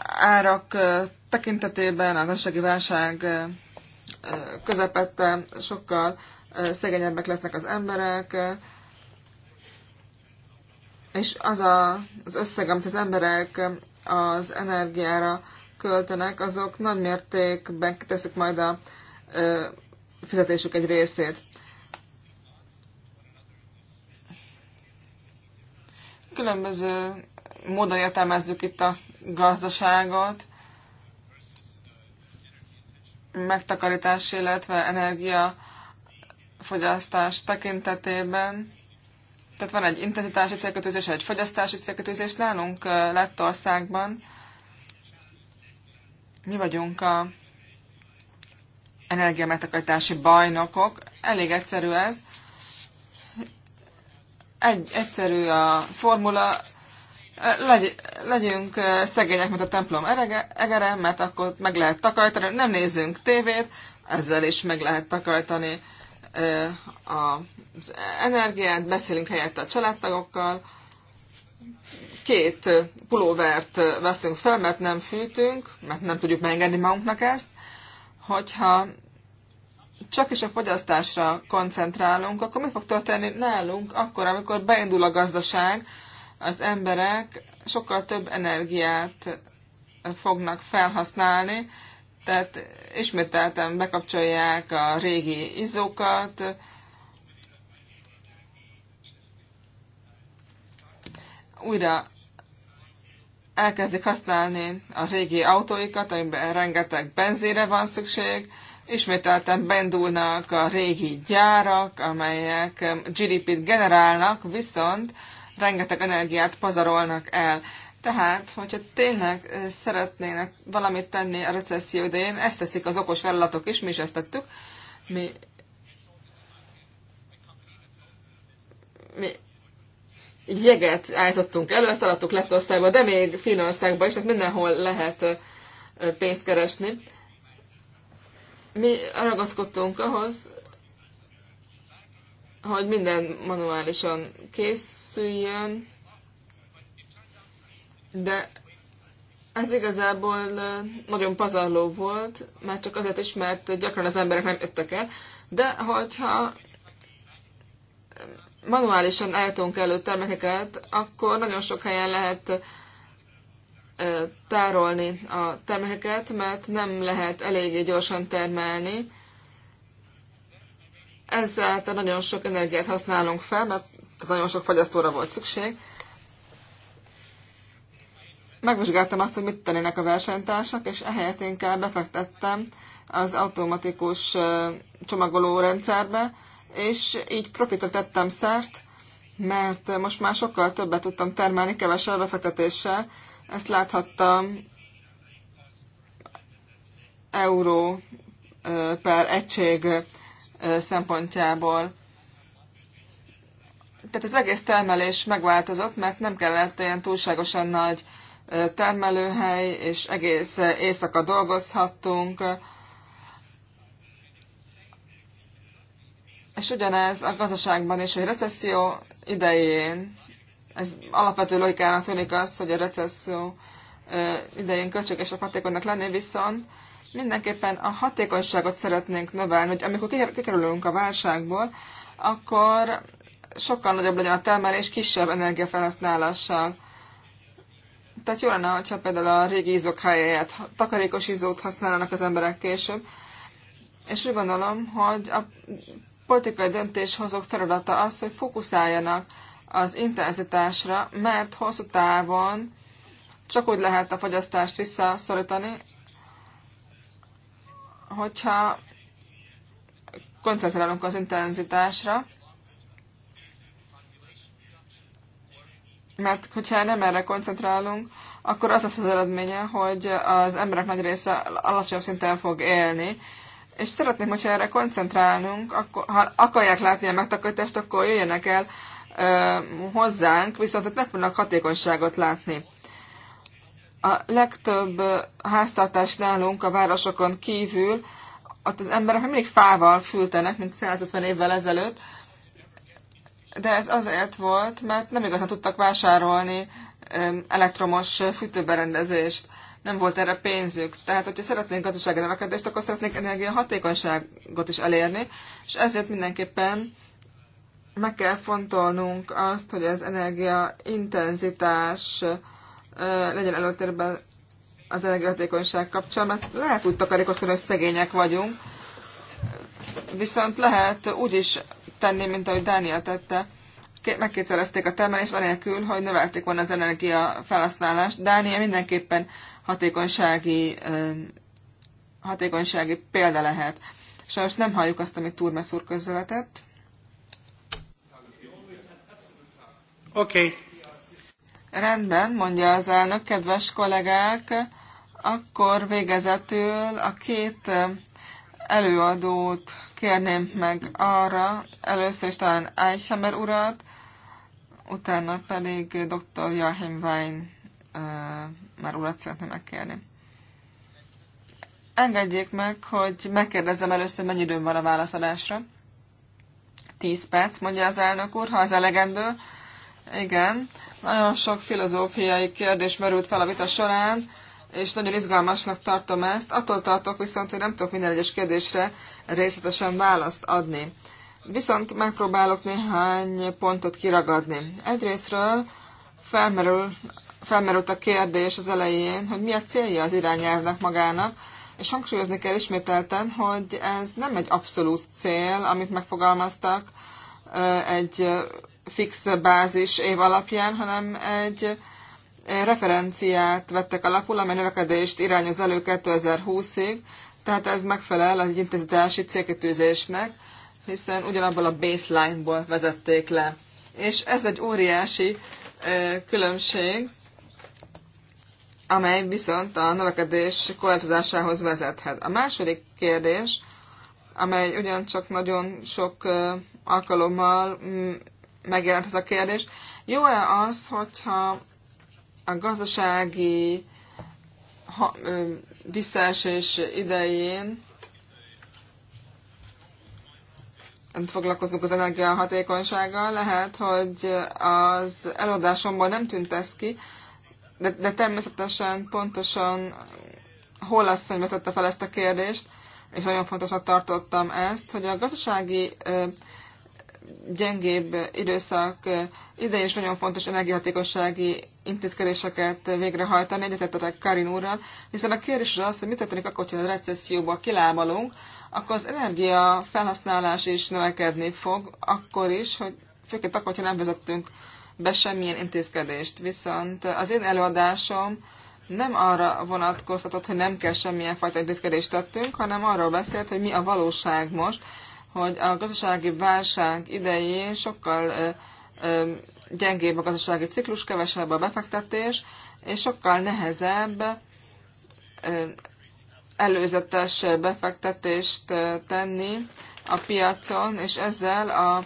árak tekintetében a gazdasági válság közepette sokkal szegényebbek lesznek az emberek, és az a, az összeg, amit az emberek az energiára költenek, azok nagy mértékben teszik majd a fizetésük egy részét. Különböző módon értelmezzük itt a gazdaságot, megtakarítás, illetve energiafogyasztás tekintetében. Tehát van egy intenzitási célkötőzés, egy fogyasztási célkötőzés nálunk Lettországban. Mi vagyunk a energiametakarítási bajnokok. Elég egyszerű ez. Egy, egyszerű a formula. Legy, legyünk eh, szegények, mint a templom egere, mert akkor meg lehet takarítani. Nem nézzünk tévét, ezzel is meg lehet takarítani eh, az energiát, beszélünk helyette a családtagokkal, két eh, pulóvert veszünk fel, mert nem fűtünk, mert nem tudjuk megengedni magunknak ezt, hogyha csak is a fogyasztásra koncentrálunk, akkor mi fog történni nálunk akkor, amikor beindul a gazdaság, az emberek sokkal több energiát fognak felhasználni, tehát ismételten bekapcsolják a régi izzókat, újra elkezdik használni a régi autóikat, amiben rengeteg benzére van szükség, ismételten bendulnak a régi gyárak, amelyek GDP-t generálnak, viszont rengeteg energiát pazarolnak el. Tehát, hogyha tényleg szeretnének valamit tenni a recesszió idején, ezt teszik az okos vállalatok is, mi is ezt tettük. Mi, mi jeget állítottunk elő, ezt eladtuk Lettországba, de még Finországba is, tehát mindenhol lehet pénzt keresni. Mi ragaszkodtunk ahhoz, hogy minden manuálisan készüljön, de ez igazából eh, nagyon pazarló volt, már csak azért is, mert gyakran az emberek nem jöttek el, de hogyha eh, manuálisan állítunk elő termékeket, akkor nagyon sok helyen lehet tárolni a termékeket, mert nem lehet eléggé gyorsan termelni. Ezáltal nagyon sok energiát használunk fel, mert nagyon sok fagyasztóra volt szükség. Megvizsgáltam azt, hogy mit tennének a versenytársak, és ehelyett inkább befektettem az automatikus csomagoló rendszerbe, és így profitot tettem szert, mert most már sokkal többet tudtam termelni kevesebb befektetéssel, ezt láthattam euró per egység szempontjából. Tehát az egész termelés megváltozott, mert nem kellett ilyen túlságosan nagy termelőhely, és egész éjszaka dolgozhattunk. És ugyanez a gazdaságban is, hogy recesszió idején ez alapvető logikának tűnik az, hogy a recesszió idején a hatékonynak lenni, viszont mindenképpen a hatékonyságot szeretnénk növelni, hogy amikor kikerülünk a válságból, akkor sokkal nagyobb legyen a termelés kisebb energiafelhasználással. Tehát jó lenne, ha például a régi ízok helyett takarékos ízót használnak az emberek később. És úgy gondolom, hogy a politikai döntéshozók feladata az, hogy fókuszáljanak az intenzitásra, mert hosszú távon csak úgy lehet a fogyasztást visszaszorítani, hogyha koncentrálunk az intenzitásra, mert hogyha nem erre koncentrálunk, akkor az lesz az eredménye, hogy az emberek nagy része alacsonyabb szinten fog élni, és szeretném, hogyha erre koncentrálnunk, akkor, ha akarják látni a megtakarítást, akkor jöjjenek el hozzánk, viszont ott nem fognak hatékonyságot látni. A legtöbb háztartás nálunk a városokon kívül, ott az emberek mindig fával fültenek, mint 150 évvel ezelőtt, de ez azért volt, mert nem igazán tudtak vásárolni elektromos fűtőberendezést. Nem volt erre pénzük. Tehát, hogyha szeretnénk gazdasági növekedést, akkor szeretnénk energiahatékonyságot is elérni, és ezért mindenképpen meg kell fontolnunk azt, hogy az energia intenzitás legyen előtérben az energiahatékonyság kapcsán, mert lehet úgy takarékoskodni, hogy szegények vagyunk, viszont lehet úgy is tenni, mint ahogy Dániel tette, megkétszerezték a termelést anélkül, hogy növelték volna az energia felhasználást. Dániel mindenképpen hatékonysági, hatékonysági példa lehet. Sajnos nem halljuk azt, amit Turmes úr közöltett. Oké. Okay. Rendben, mondja az elnök, kedves kollégák, akkor végezetül a két előadót kérném meg arra, először is talán Eichemer urat, utána pedig dr. Joachim Wein már urat szeretném megkérni. Engedjék meg, hogy megkérdezzem először, mennyi időm van a válaszadásra. Tíz perc, mondja az elnök úr, ha az elegendő, igen, nagyon sok filozófiai kérdés merült fel a vita során, és nagyon izgalmasnak tartom ezt. Attól tartok viszont, hogy nem tudok minden egyes kérdésre részletesen választ adni. Viszont megpróbálok néhány pontot kiragadni. Egyrésztről felmerül, felmerült a kérdés az elején, hogy mi a célja az irányelvnek magának, és hangsúlyozni kell ismételten, hogy ez nem egy abszolút cél, amit megfogalmaztak egy fix bázis év alapján, hanem egy eh, referenciát vettek alapul, amely növekedést irányoz elő 2020-ig, tehát ez megfelel az intenzitási célkitűzésnek, hiszen ugyanabból a baseline-ból vezették le. És ez egy óriási eh, különbség, amely viszont a növekedés korlátozásához vezethet. A második kérdés, amely ugyancsak nagyon sok eh, alkalommal mm, megjelent ez a kérdés. Jó-e az, hogyha a gazdasági ha, ö, visszaesés idején foglalkozunk az energiahatékonysággal, lehet, hogy az eladásomból nem tűnt ez ki, de, de természetesen pontosan hol hogy vetette fel ezt a kérdést, és nagyon fontosnak tartottam ezt, hogy a gazdasági ö, gyengébb időszak ide is nagyon fontos energiahatékossági intézkedéseket végrehajtani, egyetettetek Karin úrral, hiszen a kérdés az az, hogy mit történik akkor, hogyha a recesszióba kilábalunk, akkor az energia felhasználás is növekedni fog, akkor is, hogy főként akkor, hogyha nem vezettünk be semmilyen intézkedést. Viszont az én előadásom nem arra vonatkoztatott, hogy nem kell semmilyen fajta intézkedést tettünk, hanem arról beszélt, hogy mi a valóság most, hogy a gazdasági válság idején sokkal gyengébb a gazdasági ciklus, kevesebb a befektetés, és sokkal nehezebb előzetes befektetést tenni a piacon, és ezzel a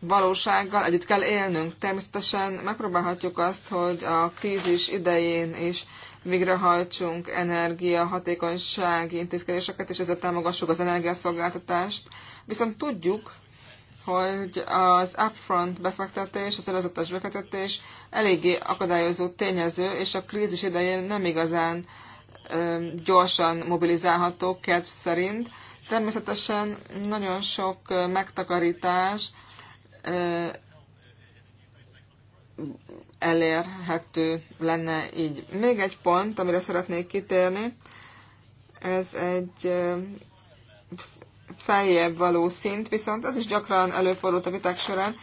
valósággal együtt kell élnünk. Természetesen megpróbálhatjuk azt, hogy a krízis idején is végrehajtsunk energiahatékonysági intézkedéseket, és ezzel támogassuk az energiaszolgáltatást, Viszont tudjuk, hogy az upfront befektetés, az előzetes befektetés eléggé akadályozó tényező, és a krízis idején nem igazán ö, gyorsan mobilizálható kedv szerint. Természetesen nagyon sok megtakarítás ö, elérhető lenne így. Még egy pont, amire szeretnék kitérni, ez egy feljebb való szint, viszont az is gyakran előfordult a viták során,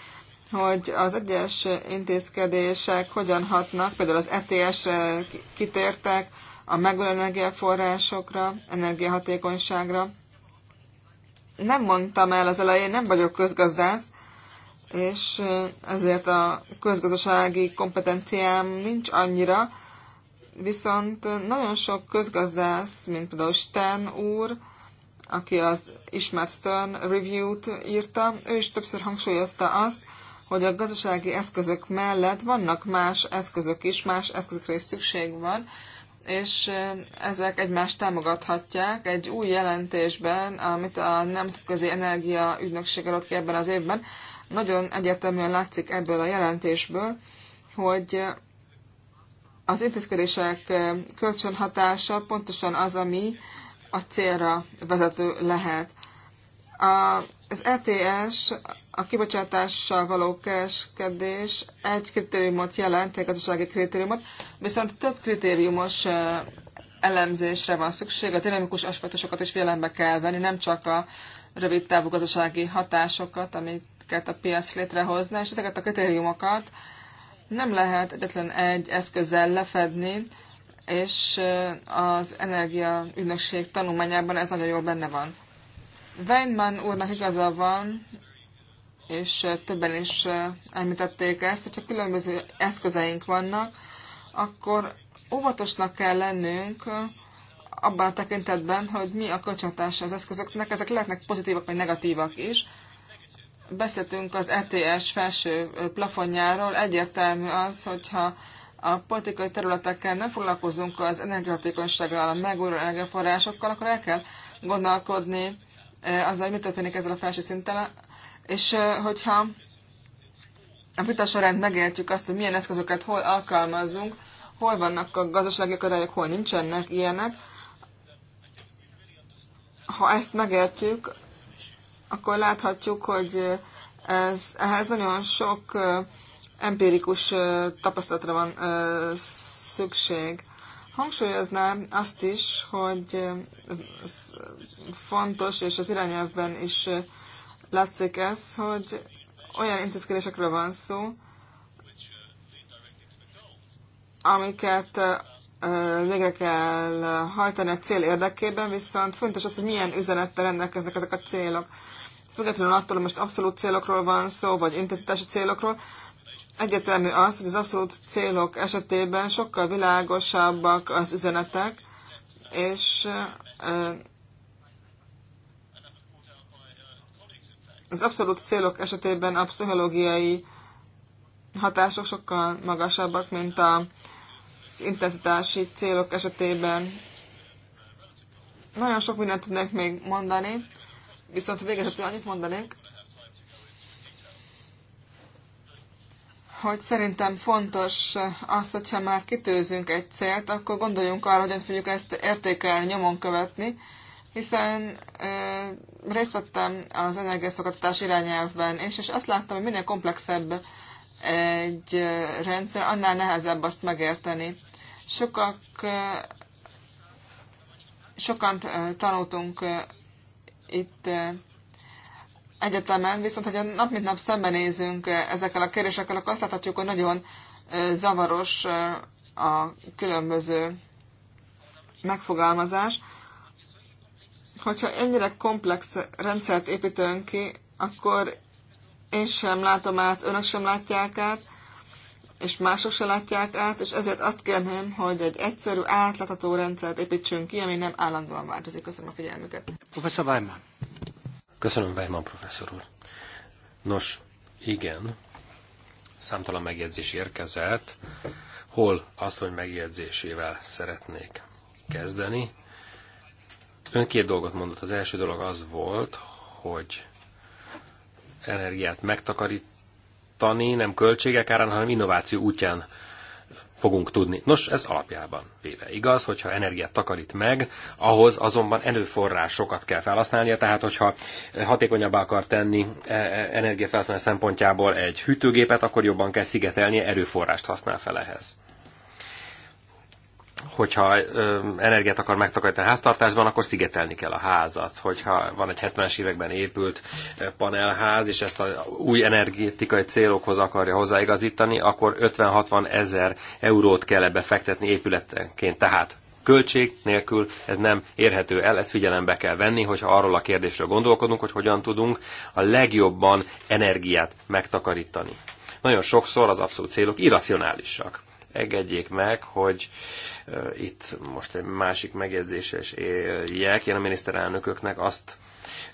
hogy az egyes intézkedések hogyan hatnak, például az ETS-re kitértek, a megújuló energiaforrásokra, energiahatékonyságra. Nem mondtam el az elején, nem vagyok közgazdász, és ezért a közgazdasági kompetenciám nincs annyira, viszont nagyon sok közgazdász, mint például Sten úr, aki az Matt Stern Review-t írta, ő is többször hangsúlyozta azt, hogy a gazdasági eszközök mellett vannak más eszközök is, más eszközökre is szükség van, és ezek egymást támogathatják. Egy új jelentésben, amit a Nemzetközi Energia Ügynökség adott ki ebben az évben, nagyon egyértelműen látszik ebből a jelentésből, hogy az intézkedések kölcsönhatása pontosan az, ami a célra vezető lehet. A, az ETS, a kibocsátással való kereskedés egy kritériumot jelent, egy gazdasági kritériumot, viszont több kritériumos elemzésre van szükség, a dinamikus aspektusokat is figyelembe kell venni, nem csak a rövid távú gazdasági hatásokat, amiket a piac létrehozna, és ezeket a kritériumokat nem lehet egyetlen egy eszközzel lefedni, és az energiaügynökség tanulmányában ez nagyon jól benne van. Weinmann úrnak igaza van, és többen is említették ezt, hogyha különböző eszközeink vannak, akkor óvatosnak kell lennünk abban a tekintetben, hogy mi a kocsatás az eszközöknek, ezek lehetnek pozitívak vagy negatívak is. Beszéltünk az ETS felső plafonjáról, egyértelmű az, hogyha a politikai területeken nem foglalkozunk az energiahatékonysággal, a megújuló energiaforrásokkal, akkor el kell gondolkodni Eh, azzal, hogy mi történik ezzel a felső szinttel, és eh, hogyha a vita során megértjük azt, hogy milyen eszközöket hol alkalmazzunk, hol vannak a gazdasági akadályok, hol nincsenek ilyenek, ha ezt megértjük, akkor láthatjuk, hogy ez, ehhez nagyon sok eh, empirikus tapasztalatra van szükség. Hangsúlyoznám azt is, hogy eh, ez fontos, és az irányelvben is eh, látszik ez, hogy olyan intézkedésekről van szó, amiket eh, végre kell hajtani a cél érdekében, viszont fontos az, hogy milyen üzenettel rendelkeznek ezek a célok. Függetlenül attól, hogy most abszolút célokról van szó, vagy intenzitási célokról, egyetemű az, hogy az abszolút célok esetében sokkal világosabbak az üzenetek, és az abszolút célok esetében a pszichológiai hatások sokkal magasabbak, mint a, az intenzitási célok esetében. Nagyon sok mindent tudnék még mondani, viszont végezetül annyit mondanék, hogy szerintem fontos az, hogyha már kitűzünk egy célt, akkor gondoljunk arra, hogyan fogjuk ezt értékelni, nyomon követni, hiszen e, részt vettem az energiaszokatás irányelvben, és, és azt láttam, hogy minél komplexebb egy rendszer, annál nehezebb azt megérteni. Sokak, sokan tanultunk itt egyetemen, viszont hogyha nap mint nap szembenézünk eh, ezekkel a kérdésekkel, akkor azt láthatjuk, hogy nagyon eh, zavaros eh, a különböző megfogalmazás. Hogyha ennyire komplex rendszert építünk ki, akkor én sem látom át, önök sem látják át, és mások sem látják át, és ezért azt kérném, hogy egy egyszerű, átlátható rendszert építsünk ki, ami nem állandóan változik. Köszönöm a figyelmüket. Professor Weimann. Köszönöm, Weimann professzor úr. Nos, igen, számtalan megjegyzés érkezett. Hol azt hogy megjegyzésével szeretnék kezdeni. Ön két dolgot mondott. Az első dolog az volt, hogy energiát megtakarítani, nem költségek árán, hanem innováció útján fogunk tudni. Nos, ez alapjában véve igaz, hogyha energiát takarít meg, ahhoz azonban előforrásokat kell felhasználnia, tehát hogyha hatékonyabbá akar tenni e, e, energiafelhasználás szempontjából egy hűtőgépet, akkor jobban kell szigetelnie, erőforrást használ fel ehhez hogyha energiát akar megtakarítani a háztartásban, akkor szigetelni kell a házat. Hogyha van egy 70-es években épült panelház, és ezt a új energetikai célokhoz akarja hozzáigazítani, akkor 50-60 ezer eurót kell ebbe fektetni épületenként. Tehát költség nélkül ez nem érhető el, ezt figyelembe kell venni, hogyha arról a kérdésről gondolkodunk, hogy hogyan tudunk a legjobban energiát megtakarítani. Nagyon sokszor az abszolút célok irracionálisak egedjék meg, hogy itt most egy másik megjegyzés is éljek. Én a miniszterelnököknek azt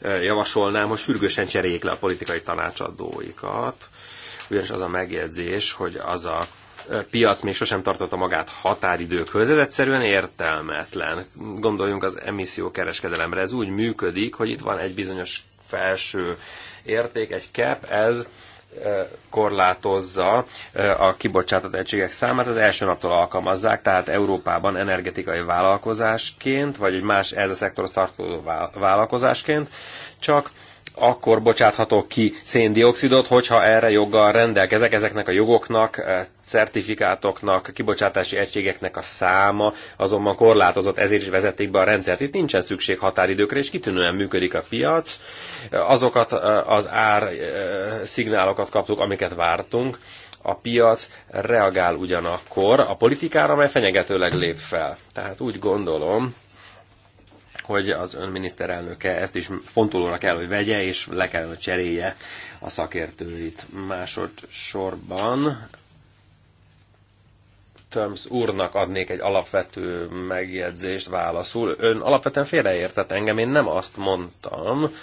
javasolnám, hogy sürgősen cseréljék le a politikai tanácsadóikat, ugyanis az a megjegyzés, hogy az a piac még sosem tartotta magát határidőkhöz, ez egyszerűen értelmetlen. Gondoljunk az kereskedelemre, ez úgy működik, hogy itt van egy bizonyos felső érték, egy cap, ez korlátozza a kibocsátott egységek számát, az első naptól alkalmazzák, tehát Európában energetikai vállalkozásként, vagy egy más ez a szektorhoz tartozó vállalkozásként, csak akkor bocsáthatok ki széndiokszidot, hogyha erre joggal rendelkezek. Ezeknek a jogoknak, eh, certifikátoknak, kibocsátási egységeknek a száma azonban korlátozott, ezért is vezették be a rendszert. Itt nincsen szükség határidőkre, és kitűnően működik a piac. Azokat eh, az ár eh, szignálokat kaptuk, amiket vártunk. A piac reagál ugyanakkor a politikára, mely fenyegetőleg lép fel. Tehát úgy gondolom, hogy az ön miniszterelnöke ezt is fontolóra kell, hogy vegye, és le kell, hogy cserélje a szakértőit másodszorban. Töms úrnak adnék egy alapvető megjegyzést válaszul. Ön alapvetően félreértett engem, én nem azt mondtam,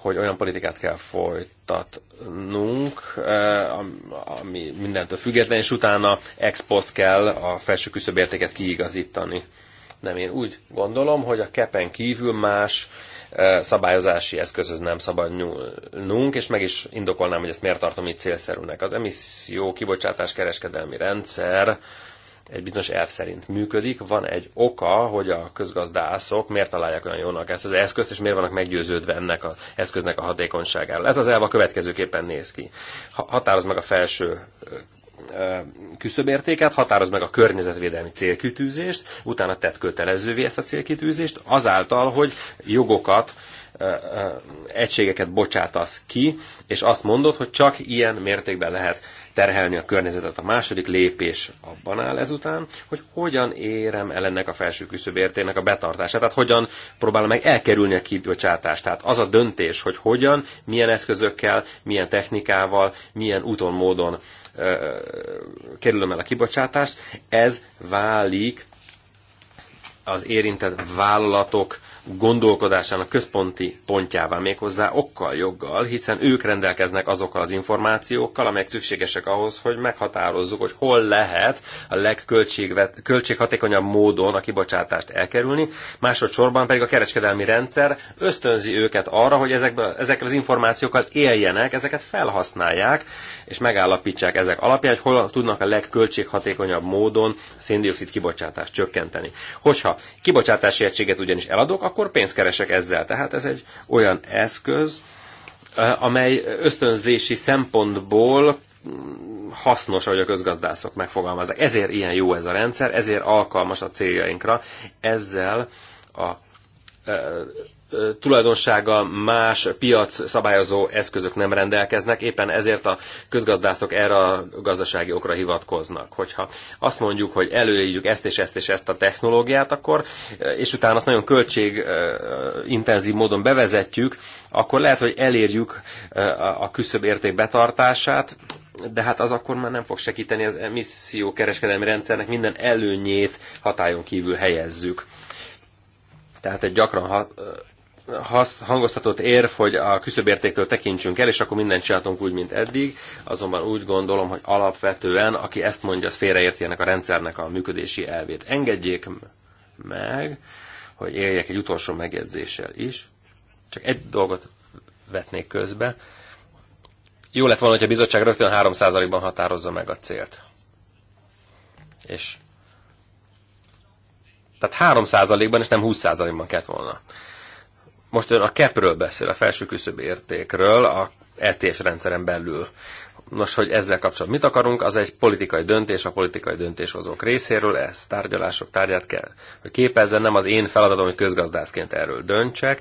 hogy olyan politikát kell folytatnunk, eh, ami mindentől független, és utána ex post kell a felső küszöbértéket kiigazítani. Nem, én úgy gondolom, hogy a kepen kívül más e, szabályozási eszközhöz nem szabad nyúlnunk, és meg is indokolnám, hogy ezt miért tartom így célszerűnek. Az emisszió kibocsátás kereskedelmi rendszer egy bizonyos elv szerint működik. Van egy oka, hogy a közgazdászok miért találják olyan jónak ezt az eszközt, és miért vannak meggyőződve ennek az eszköznek a hatékonyságáról. Ez az elv a következőképpen néz ki. Határoz meg a felső küszöbértéket, határoz meg a környezetvédelmi célkitűzést, utána tett kötelezővé ezt a célkitűzést, azáltal, hogy jogokat, egységeket bocsátasz ki, és azt mondod, hogy csak ilyen mértékben lehet terhelni a környezetet. A második lépés abban áll ezután, hogy hogyan érem el ennek a felső küszöbértének a betartását, tehát hogyan próbálom meg elkerülni a kibocsátást. Tehát az a döntés, hogy hogyan, milyen eszközökkel, milyen technikával, milyen úton, módon kerülöm el a kibocsátást, ez válik az érintett vállalatok gondolkodásának központi pontjává méghozzá okkal, joggal, hiszen ők rendelkeznek azokkal az információkkal, amelyek szükségesek ahhoz, hogy meghatározzuk, hogy hol lehet a legköltséghatékonyabb módon a kibocsátást elkerülni, másodszorban pedig a kereskedelmi rendszer ösztönzi őket arra, hogy ezekből, ezekkel az információkkal éljenek, ezeket felhasználják, és megállapítsák ezek alapján, hogy hol tudnak a legköltséghatékonyabb módon széndiokszid kibocsátást csökkenteni. Hogyha kibocsátási egységet ugyanis eladok, akkor akkor pénzt keresek ezzel. Tehát ez egy olyan eszköz, amely ösztönzési szempontból hasznos, ahogy a közgazdászok megfogalmazzák. Ezért ilyen jó ez a rendszer, ezért alkalmas a céljainkra. Ezzel a tulajdonsága más piac szabályozó eszközök nem rendelkeznek, éppen ezért a közgazdászok erre a gazdasági okra hivatkoznak. Hogyha azt mondjuk, hogy előírjuk ezt és ezt és ezt a technológiát, akkor, és utána azt nagyon költségintenzív módon bevezetjük, akkor lehet, hogy elérjük a küszöbb érték betartását, de hát az akkor már nem fog segíteni az emisszió kereskedelmi rendszernek minden előnyét hatályon kívül helyezzük. Tehát egy gyakran hangoztatott érv, hogy a küszöbértéktől tekintsünk el, és akkor mindent csináltunk úgy, mint eddig. Azonban úgy gondolom, hogy alapvetően, aki ezt mondja, az félreérti ennek a rendszernek a működési elvét. Engedjék meg, hogy éljek egy utolsó megjegyzéssel is. Csak egy dolgot vetnék közbe. Jó lett volna, hogy a bizottság rögtön 3%-ban határozza meg a célt. És tehát 3%-ban és nem 20%-ban kellett volna. Most ön a kepről beszél, a felső küszöb értékről, a ETS rendszeren belül. Nos, hogy ezzel kapcsolatban mit akarunk, az egy politikai döntés a politikai döntéshozók részéről, ez tárgyalások tárgyát kell, hogy képezzen, nem az én feladatom, hogy közgazdászként erről döntsek.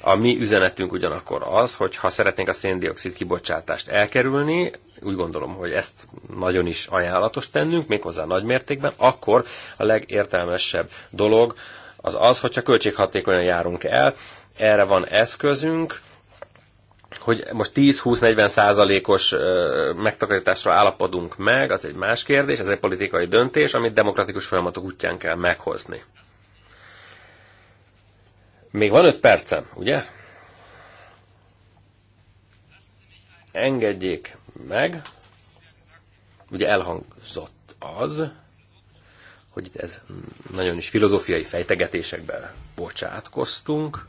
A mi üzenetünk ugyanakkor az, hogy ha szeretnénk a széndiokszid kibocsátást elkerülni, úgy gondolom, hogy ezt nagyon is ajánlatos tennünk, méghozzá nagy mértékben, akkor a legértelmesebb dolog az az, hogyha költséghatékonyan járunk el, erre van eszközünk, hogy most 10-20-40 százalékos megtakarításra állapodunk meg, az egy más kérdés, ez egy politikai döntés, amit demokratikus folyamatok útján kell meghozni. Még van 5 percem, ugye? Engedjék meg. Ugye elhangzott az, hogy ez nagyon is filozófiai fejtegetésekbe bocsátkoztunk.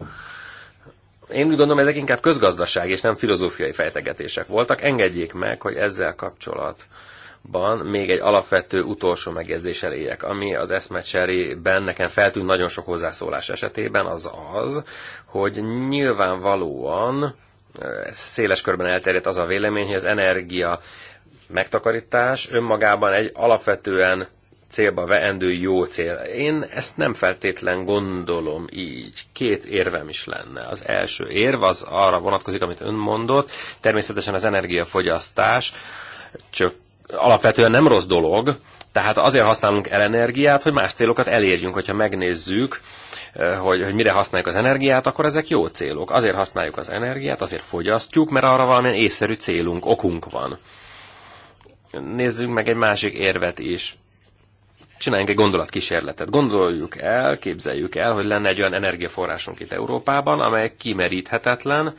Én úgy gondolom, ezek inkább közgazdaság és nem filozófiai fejtegetések voltak. Engedjék meg, hogy ezzel kapcsolatban még egy alapvető utolsó megjegyzéssel éljek, ami az eszmecseriben nekem feltűnt nagyon sok hozzászólás esetében, az az, hogy nyilvánvalóan eh, széles körben elterjedt az a vélemény, hogy az energia megtakarítás önmagában egy alapvetően célba veendő jó cél. Én ezt nem feltétlen gondolom így. Két érvem is lenne. Az első érv az arra vonatkozik, amit ön mondott. Természetesen az energiafogyasztás csak alapvetően nem rossz dolog, tehát azért használunk el energiát, hogy más célokat elérjünk. Hogyha megnézzük, eh, hogy, hogy mire használjuk az energiát, akkor ezek jó célok. Azért használjuk az energiát, azért fogyasztjuk, mert arra valamilyen észszerű célunk, okunk van. Nézzük meg egy másik érvet is csináljunk egy gondolatkísérletet. Gondoljuk el, képzeljük el, hogy lenne egy olyan energiaforrásunk itt Európában, amely kimeríthetetlen,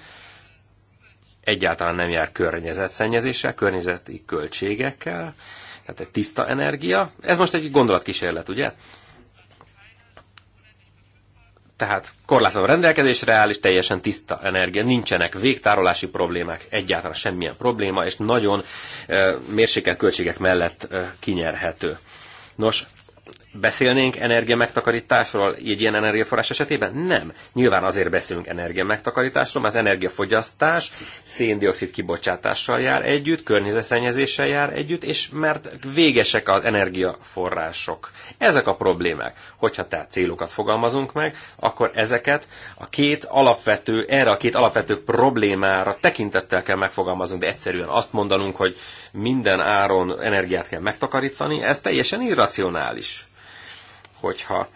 egyáltalán nem jár környezetszennyezéssel, környezeti költségekkel, tehát egy tiszta energia. Ez most egy gondolatkísérlet, ugye? Tehát korlátlan rendelkezésre áll, és teljesen tiszta energia, nincsenek végtárolási problémák, egyáltalán semmilyen probléma, és nagyon e, mérsékelt költségek mellett e, kinyerhető. Nos, beszélnénk energiamegtakarításról egy ilyen energiaforrás esetében? Nem. Nyilván azért beszélünk energiamegtakarításról, mert az energiafogyasztás széndiokszid kibocsátással jár együtt, környezetszennyezéssel jár együtt, és mert végesek az energiaforrások. Ezek a problémák. Hogyha tehát célokat fogalmazunk meg, akkor ezeket a két alapvető, erre a két alapvető problémára tekintettel kell megfogalmaznunk, de egyszerűen azt mondanunk, hogy minden áron energiát kell megtakarítani, ez teljesen irracionális. Hogyha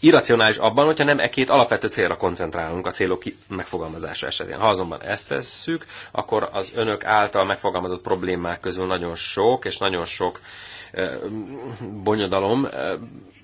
irracionális abban, hogyha nem e két alapvető célra koncentrálunk a célok megfogalmazása esetén. Ha azonban ezt tesszük, akkor az önök által megfogalmazott problémák közül nagyon sok, és nagyon sok bonyodalom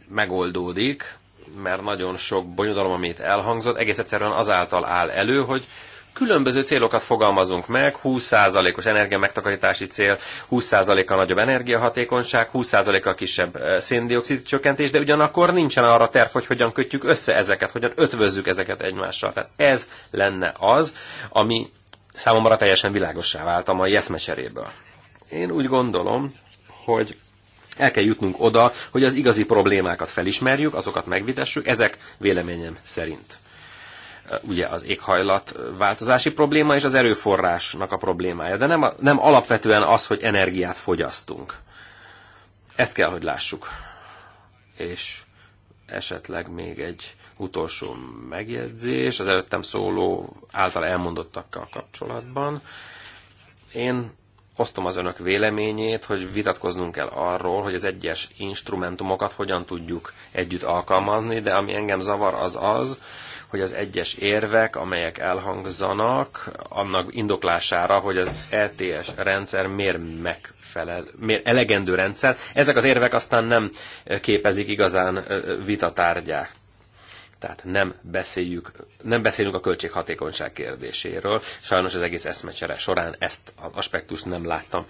megoldódik, mert nagyon sok bonyodalom, amit elhangzott, egész egyszerűen azáltal áll elő, hogy különböző célokat fogalmazunk meg, 20%-os energia megtakarítási cél, 20%-a nagyobb energiahatékonyság, 20%-a kisebb széndiokszid csökkentés, de ugyanakkor nincsen arra terv, hogy hogyan kötjük össze ezeket, hogyan ötvözzük ezeket egymással. Tehát ez lenne az, ami számomra teljesen világossá vált a mai eszmecseréből. Én úgy gondolom, hogy el kell jutnunk oda, hogy az igazi problémákat felismerjük, azokat megvitessük, ezek véleményem szerint ugye az éghajlatváltozási probléma és az erőforrásnak a problémája, de nem, nem alapvetően az, hogy energiát fogyasztunk. Ezt kell, hogy lássuk. És esetleg még egy utolsó megjegyzés az előttem szóló által elmondottakkal kapcsolatban. Én osztom az önök véleményét, hogy vitatkoznunk kell arról, hogy az egyes instrumentumokat hogyan tudjuk együtt alkalmazni, de ami engem zavar az az, hogy az egyes érvek, amelyek elhangzanak, annak indoklására, hogy az ETS rendszer miért megfelel, miért elegendő rendszer, ezek az érvek aztán nem képezik igazán vitatárgyát. Tehát nem, beszéljük, nem beszélünk a költséghatékonyság kérdéséről. Sajnos az egész eszmecsere során ezt az aspektust nem láttam.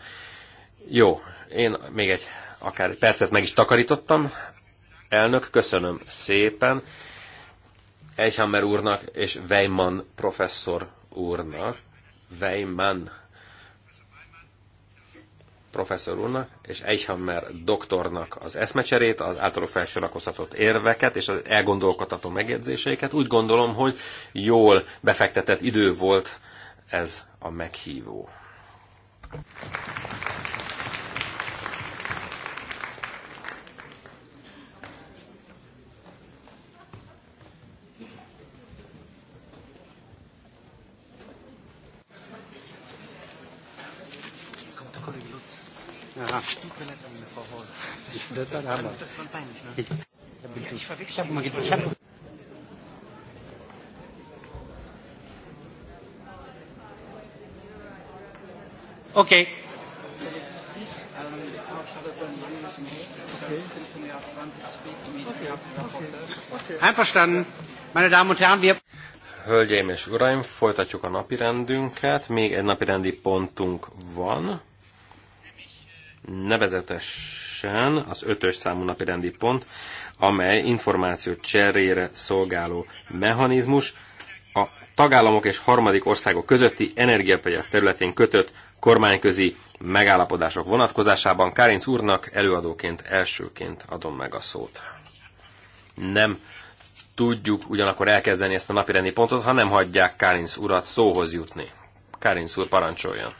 Jó, én még egy akár egy percet meg is takarítottam. Elnök, köszönöm szépen. Eichhammer úrnak és Weimann professzor úrnak, Weimann professzor úrnak és Eichhammer doktornak az eszmecserét, az általuk felsorakozhatott érveket és az elgondolkodható megjegyzéseiket. Úgy gondolom, hogy jól befektetett idő volt ez a meghívó. Okay. Einverstanden. Meine Damen und Herren, wir... Hölgyeim és uraim, folytatjuk a napi rendünket. Még egy napi rendi pontunk van nevezetesen az ötös számú napi rendi pont, amely információ cserére szolgáló mechanizmus a tagállamok és harmadik országok közötti energiapegyek területén kötött kormányközi megállapodások vonatkozásában Kárinc úrnak előadóként elsőként adom meg a szót. Nem tudjuk ugyanakkor elkezdeni ezt a napirendi pontot, ha nem hagyják Kárinc urat szóhoz jutni. Kárinc úr parancsoljon!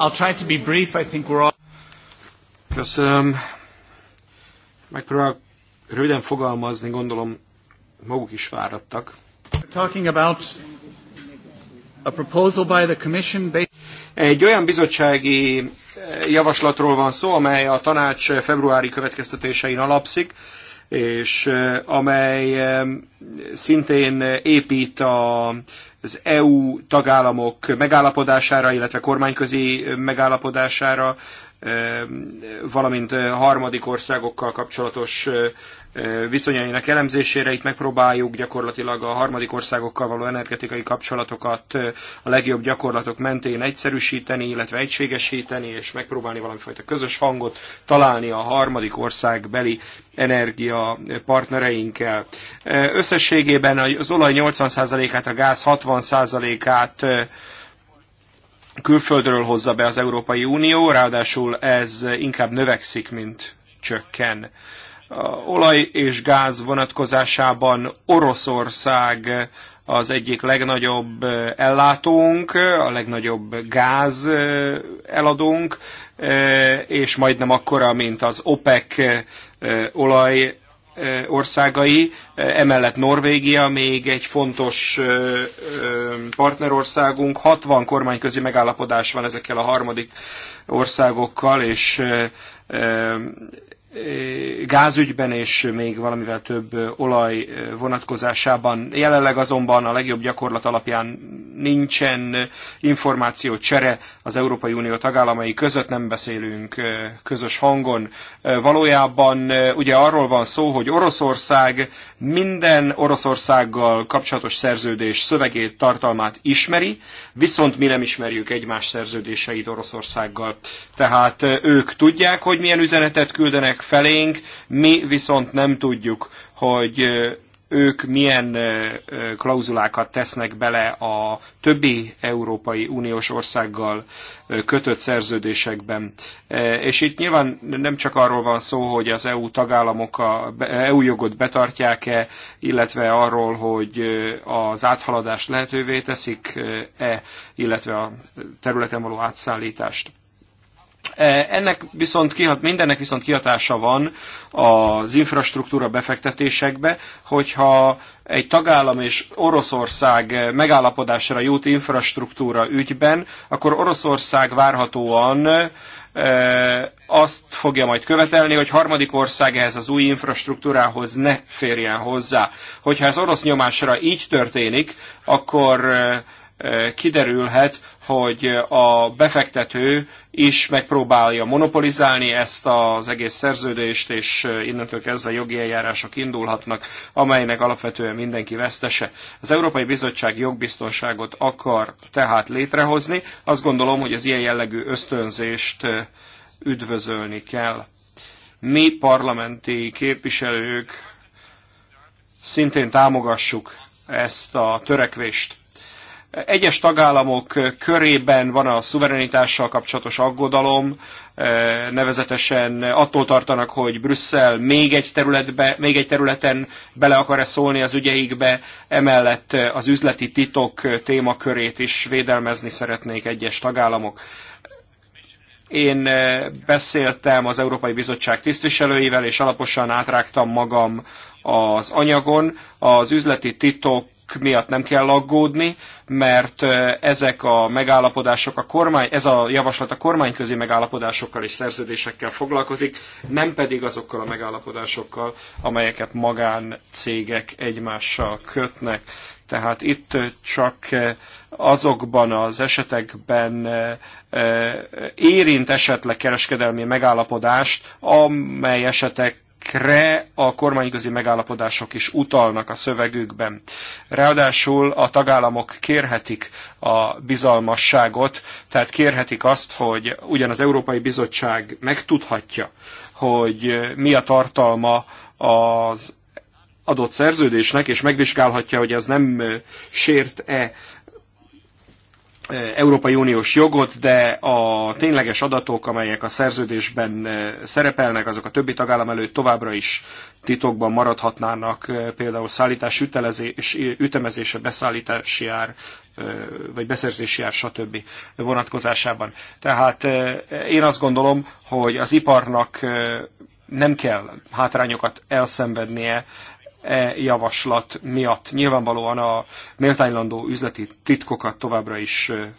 I'll try to be brief. I think we're all... Köszönöm. Megpróbálok röviden fogalmazni, gondolom maguk is fáradtak. Talking about a proposal by the commission based... Egy olyan bizottsági eh, javaslatról van szó, amely a tanács februári következtetésein alapszik, és eh, amely eh, szintén épít a az EU tagállamok megállapodására, illetve kormányközi megállapodására valamint harmadik országokkal kapcsolatos viszonyainak elemzésére. Itt megpróbáljuk gyakorlatilag a harmadik országokkal való energetikai kapcsolatokat a legjobb gyakorlatok mentén egyszerűsíteni, illetve egységesíteni, és megpróbálni valamifajta közös hangot találni a harmadik ország beli energia partnereinkkel. Összességében az olaj 80%-át, a gáz 60%-át külföldről hozza be az Európai Unió, ráadásul ez inkább növekszik, mint csökken. A olaj és gáz vonatkozásában Oroszország az egyik legnagyobb ellátónk, a legnagyobb gáz eladónk, és majdnem akkora, mint az OPEC olaj országai, emellett Norvégia még egy fontos partnerországunk, 60 kormányközi megállapodás van ezekkel a harmadik országokkal, és gázügyben és még valamivel több olaj vonatkozásában. Jelenleg azonban a legjobb gyakorlat alapján nincsen információ csere az Európai Unió tagállamai között, nem beszélünk közös hangon. Valójában ugye arról van szó, hogy Oroszország minden Oroszországgal kapcsolatos szerződés szövegét, tartalmát ismeri, viszont mi nem ismerjük egymás szerződéseit Oroszországgal. Tehát ők tudják, hogy milyen üzenetet küldenek jönnek felénk, mi viszont nem tudjuk, hogy ők milyen klauzulákat tesznek bele a többi Európai Uniós országgal kötött szerződésekben. És itt nyilván nem csak arról van szó, hogy az EU tagállamok a EU e jogot betartják-e, illetve arról, hogy az áthaladást lehetővé teszik-e, illetve a területen való átszállítást. E, ennek viszont kihat, mindennek viszont kihatása van az infrastruktúra befektetésekbe, hogyha egy tagállam és Oroszország megállapodásra jut infrastruktúra ügyben, akkor Oroszország várhatóan e, azt fogja majd követelni, hogy harmadik ország ehhez az új infrastruktúrához ne férjen hozzá. Hogyha ez orosz nyomásra így történik, akkor e, kiderülhet, hogy a befektető is megpróbálja monopolizálni ezt az egész szerződést, és innentől kezdve jogi eljárások indulhatnak, amelynek alapvetően mindenki vesztese. Az Európai Bizottság jogbiztonságot akar tehát létrehozni. Azt gondolom, hogy az ilyen jellegű ösztönzést üdvözölni kell. Mi parlamenti képviselők szintén támogassuk ezt a törekvést egyes tagállamok körében van a szuverenitással kapcsolatos aggodalom, eh, nevezetesen attól tartanak, hogy Brüsszel még egy, területbe, még egy területen bele akar-e szólni az ügyeikbe, emellett az üzleti titok témakörét is védelmezni szeretnék egyes tagállamok. Én eh, beszéltem az Európai Bizottság tisztviselőivel, és alaposan átrágtam magam az anyagon. Az üzleti titok miatt nem kell aggódni, mert ezek a megállapodások a kormány, ez a javaslat a kormányközi megállapodásokkal és szerződésekkel foglalkozik, nem pedig azokkal a megállapodásokkal, amelyeket magáncégek egymással kötnek. Tehát itt csak azokban az esetekben érint esetleg kereskedelmi megállapodást, amely esetek kre a kormányközi megállapodások is utalnak a szövegükben. Ráadásul a tagállamok kérhetik a bizalmasságot, tehát kérhetik azt, hogy ugyan az Európai Bizottság megtudhatja, hogy mi a tartalma az adott szerződésnek, és megvizsgálhatja, hogy ez nem sért-e Európai Uniós jogot, de a tényleges adatok, amelyek a szerződésben szerepelnek, azok a többi tagállam előtt továbbra is titokban maradhatnának, például szállítás ütelezés, ütemezése, beszállítási ár, vagy beszerzési ár, stb. vonatkozásában. Tehát én azt gondolom, hogy az iparnak nem kell hátrányokat elszenvednie e javaslat miatt. Nyilvánvalóan a méltánylandó üzleti titkokat továbbra is e, e,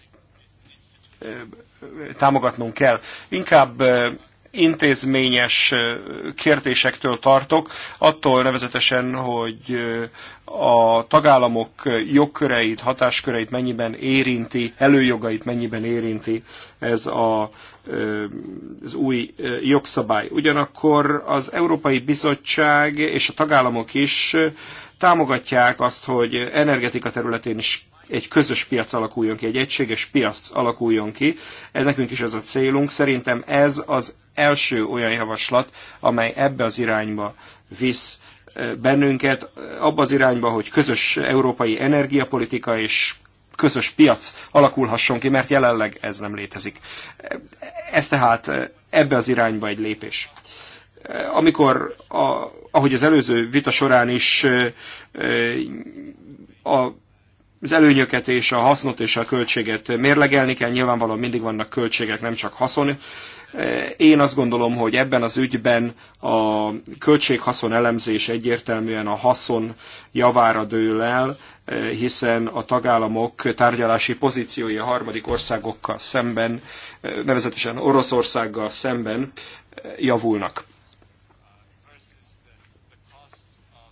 támogatnunk kell. Inkább e, intézményes kérdésektől tartok, attól nevezetesen, hogy a tagállamok jogköreit, hatásköreit mennyiben érinti, előjogait mennyiben érinti ez a az új jogszabály. Ugyanakkor az Európai Bizottság és a tagállamok is támogatják azt, hogy energetika területén is egy közös piac alakuljon ki, egy egységes piac alakuljon ki. Ez nekünk is ez a célunk. Szerintem ez az első olyan javaslat, amely ebbe az irányba visz bennünket, abba az irányba, hogy közös európai energiapolitika és közös piac alakulhasson ki, mert jelenleg ez nem létezik. Ez tehát eh, ebbe az irányba egy lépés. Eh, amikor, a, ahogy az előző vita során is eh, a az előnyöket és a hasznot és a költséget mérlegelni kell. Nyilvánvalóan mindig vannak költségek, nem csak haszon én azt gondolom, hogy ebben az ügyben a költséghaszon elemzés egyértelműen a haszon javára dől el, hiszen a tagállamok tárgyalási pozíciója harmadik országokkal szemben, nevezetesen Oroszországgal szemben javulnak.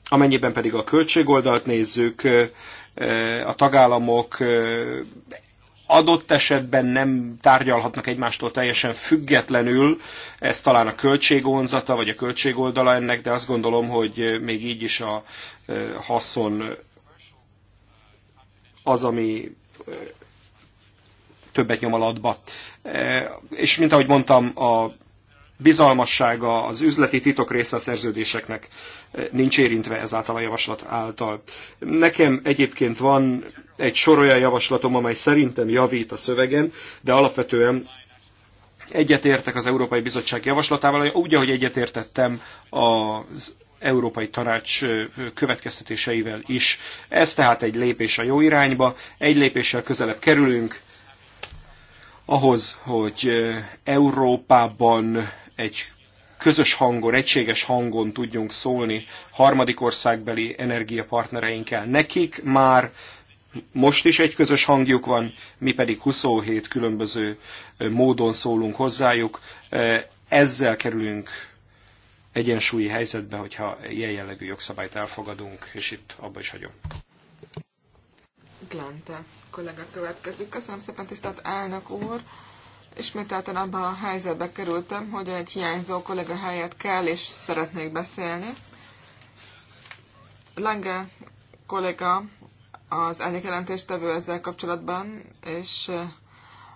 Amennyiben pedig a költségoldalt nézzük, a tagállamok adott esetben nem tárgyalhatnak egymástól teljesen függetlenül, ez talán a költségvonzata, vagy a költségoldala ennek, de azt gondolom, hogy még így is a haszon az, ami többet nyom alatba. És mint ahogy mondtam, a bizalmassága, az üzleti titok része a szerződéseknek eh, nincs érintve ezáltal a javaslat által. Nekem egyébként van egy sor olyan javaslatom, amely szerintem javít a szövegen, de alapvetően egyetértek az Európai Bizottság javaslatával, úgy, ahogy egyetértettem az Európai Tanács eh, következtetéseivel is. Ez tehát egy lépés a jó irányba, egy lépéssel közelebb kerülünk ahhoz, hogy eh, Európában egy közös hangon, egységes hangon tudjunk szólni harmadik országbeli energiapartnereinkkel. Nekik már most is egy közös hangjuk van, mi pedig 27 különböző módon szólunk hozzájuk. Ezzel kerülünk egyensúlyi helyzetbe, hogyha ilyen jellegű jogszabályt elfogadunk, és itt abba is hagyom. Glante kollega következik. Köszönöm szépen, tisztelt elnök úr! ismételten abba a helyzetbe kerültem, hogy egy hiányzó kollega helyett kell és szeretnék beszélni. Lange kollega az elnökjelentéstevő ezzel kapcsolatban, és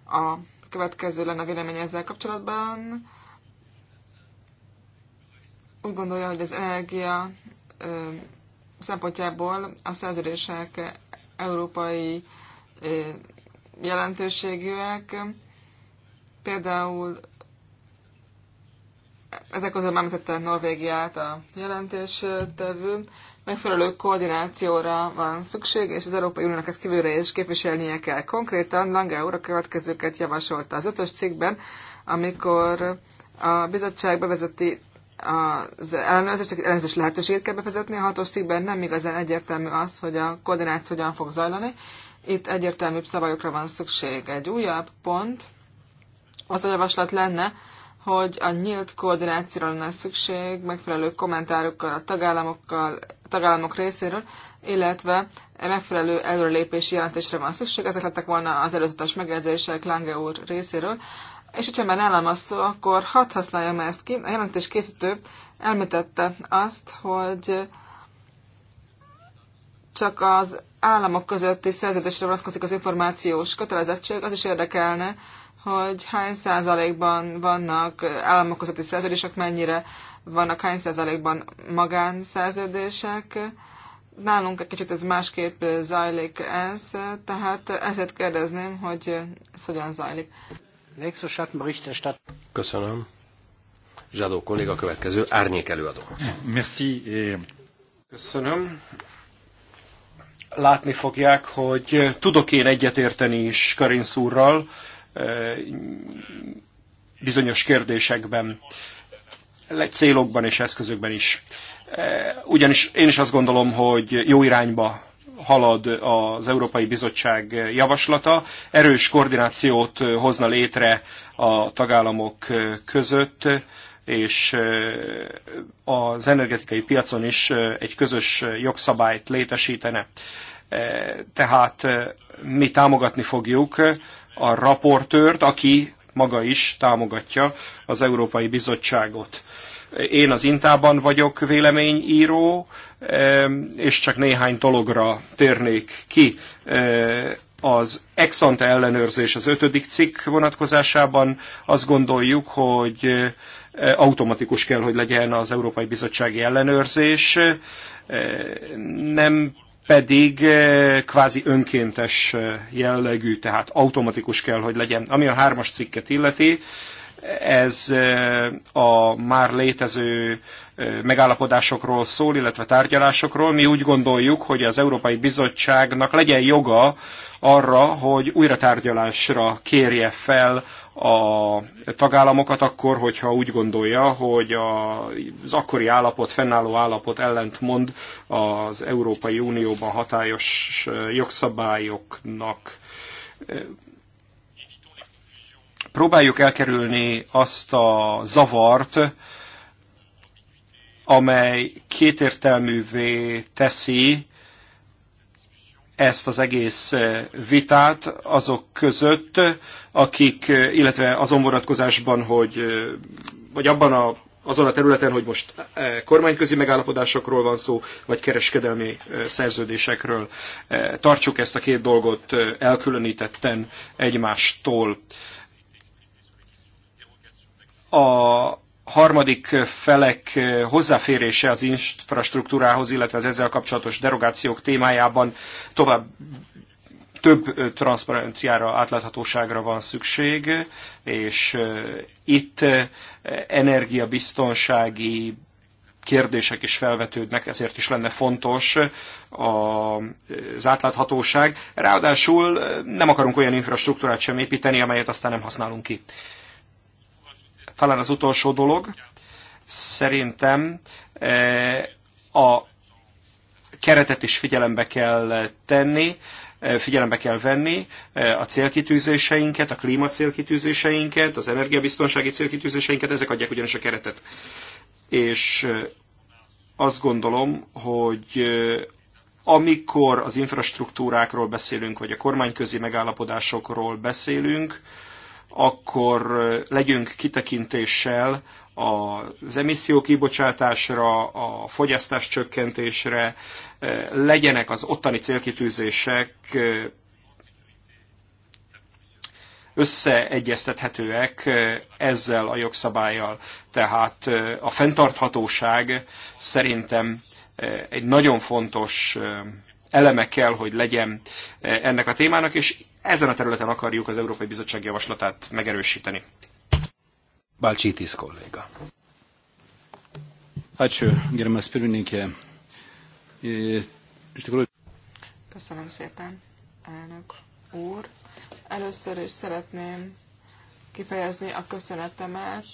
a következő lenne a vélemény ezzel kapcsolatban. Úgy gondolja, hogy az energia szempontjából a szerződések európai jelentőségűek, Például ezek közül már mutatta Norvégiát a jelentéstevő, megfelelő koordinációra van szükség, és az Európai Uniónak ezt kívülre is képviselnie kell. Konkrétan Lange úr a következőket javasolta az ötös cikkben, amikor a bizottság bevezeti az ellenőrzést, csak ellenőrzés lehetőséget kell bevezetni. A hatos cikkben nem igazán egyértelmű az, hogy a koordináció hogyan fog zajlani. Itt egyértelműbb szabályokra van szükség. Egy újabb pont, az a javaslat lenne, hogy a nyílt koordinációra lenne szükség, megfelelő kommentárokkal a tagállamokkal, a tagállamok részéről, illetve megfelelő előrelépési jelentésre van szükség. Ezek lettek volna az előzetes megjegyzések Lange úr részéről. És hogyha már nálam az szó, akkor hadd használjam ezt ki. A jelentés készítő elmítette azt, hogy csak az államok közötti szerződésre vonatkozik az információs kötelezettség, az is érdekelne, hogy hány százalékban vannak államokozati szerződések, mennyire vannak hány százalékban magánszerződések. Nálunk egy kicsit ez másképp zajlik ez, tehát ezért kérdezném, hogy ez hogyan zajlik. Köszönöm. Zsadó kolléga következő árnyék előadó. Merci. Eh. Köszönöm. Látni fogják, hogy tudok én egyetérteni is Karinsz úrral, bizonyos kérdésekben, célokban és eszközökben is. Ugyanis én is azt gondolom, hogy jó irányba halad az Európai Bizottság javaslata, erős koordinációt hozna létre a tagállamok között, és az energetikai piacon is egy közös jogszabályt létesítene. Tehát mi támogatni fogjuk a raportőrt, aki maga is támogatja az Európai Bizottságot. Én az Intában vagyok véleményíró, és csak néhány dologra térnék ki. Az exante ellenőrzés az ötödik cikk vonatkozásában azt gondoljuk, hogy eh, automatikus kell, hogy legyen az Európai Bizottsági ellenőrzés. Nem pedig eh, kvázi önkéntes eh, jellegű, tehát automatikus kell, hogy legyen. Ami a hármas cikket illeti, ez a már létező megállapodásokról szól, illetve tárgyalásokról. Mi úgy gondoljuk, hogy az Európai Bizottságnak legyen joga arra, hogy újra tárgyalásra kérje fel a tagállamokat akkor, hogyha úgy gondolja, hogy az akkori állapot, fennálló állapot ellentmond az Európai Unióban hatályos jogszabályoknak. Próbáljuk elkerülni azt a zavart, amely kétértelművé teszi ezt az egész vitát azok között, akik, illetve azon vonatkozásban, hogy vagy abban a, azon a területen, hogy most e, kormányközi megállapodásokról van szó, vagy kereskedelmi e, szerződésekről. E, tartsuk ezt a két dolgot elkülönítetten egymástól a harmadik felek hozzáférése az infrastruktúrához, illetve az ezzel kapcsolatos derogációk témájában tovább több transzparenciára, átláthatóságra van szükség, és eh, itt eh, energiabiztonsági kérdések is felvetődnek, ezért is lenne fontos eh, az átláthatóság. Ráadásul nem akarunk olyan infrastruktúrát sem építeni, amelyet aztán nem használunk ki. Talán az utolsó dolog, szerintem eh, a keretet is figyelembe kell tenni, eh, figyelembe kell venni eh, a célkitűzéseinket, a klíma célkitűzéseinket, az energiabiztonsági célkitűzéseinket, ezek adják ugyanis a keretet. És azt gondolom, hogy amikor az infrastruktúrákról beszélünk, vagy a kormányközi megállapodásokról beszélünk, akkor legyünk kitekintéssel az emisszió kibocsátásra, a fogyasztás csökkentésre, legyenek az ottani célkitűzések összeegyeztethetőek ezzel a jogszabályjal. Tehát a fenntarthatóság szerintem egy nagyon fontos eleme kell, hogy legyen e, ennek a témának, és ezen a területen akarjuk az Európai Bizottság javaslatát megerősíteni. Balcsitis kolléga. Ačiū, gerbiamas pirmininkė. E, Köszönöm szépen, elnök úr. Először is szeretném kifejezni a köszönetemet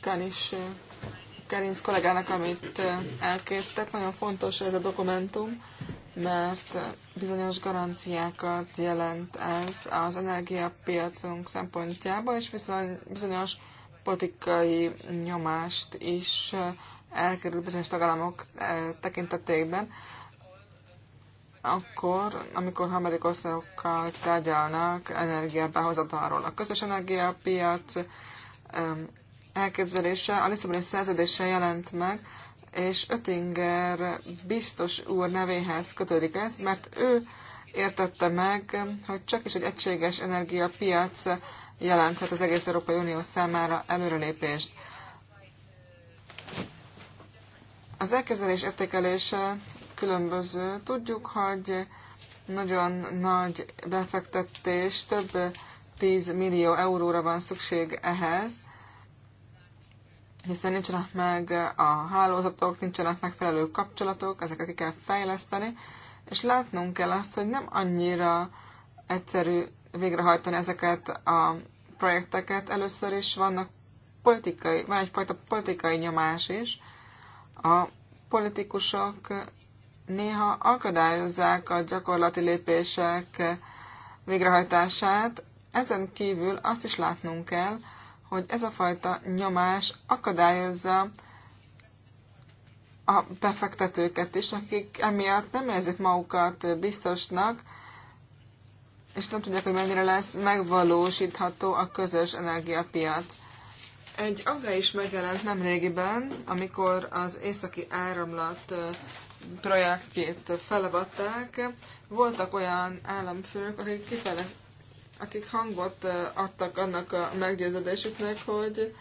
Kanis, Kerinc kollégának, amit elkészített. Nagyon fontos ez a dokumentum, mert bizonyos garanciákat jelent ez az energiapiacunk szempontjából, és viszont bizonyos politikai nyomást is elkerül bizonyos tagállamok eh, tekintetében, akkor, amikor harmadik országokkal tárgyalnak energiabehozatalról. A közös energiapiac elképzelése a Lisszaboni szerződése jelent meg, és Öttinger biztos úr nevéhez kötődik ez, mert ő értette meg, hogy csak is egy egységes energiapiac jelenthet az egész Európai Unió számára előrelépést. Az elképzelés értékelése különböző. Tudjuk, hogy nagyon nagy befektetés, több 10 millió euróra van szükség ehhez, hiszen nincsenek meg a hálózatok, nincsenek megfelelő kapcsolatok, ezeket ki kell fejleszteni, és látnunk kell azt, hogy nem annyira egyszerű végrehajtani ezeket a projekteket. Először is vannak politikai, van egyfajta politikai nyomás is. A politikusok néha akadályozzák a gyakorlati lépések végrehajtását. Ezen kívül azt is látnunk kell, hogy ez a fajta nyomás akadályozza a befektetőket is, akik emiatt nem érzik magukat biztosnak, és nem tudják, hogy mennyire lesz megvalósítható a közös energiapiac. Egy aga is megjelent nem régiben, amikor az északi áramlat projektjét felavatták. Voltak olyan államfők, akik akik hangot adtak annak a meggyőződésüknek, hogy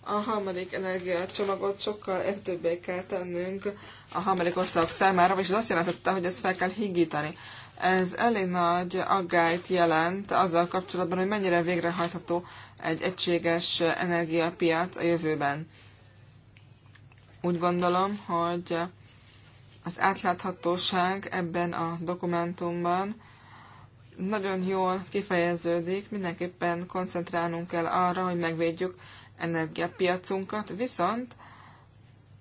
a harmadik energiacsomagot sokkal értőbbé kell tennünk a harmadik országok számára, és ez azt jelentette, hogy ezt fel kell higítani. Ez elég nagy aggályt jelent azzal kapcsolatban, hogy mennyire végrehajtható egy egységes energiapiac a jövőben. Úgy gondolom, hogy az átláthatóság ebben a dokumentumban nagyon jól kifejeződik, mindenképpen koncentrálnunk kell arra, hogy megvédjük energiapiacunkat, viszont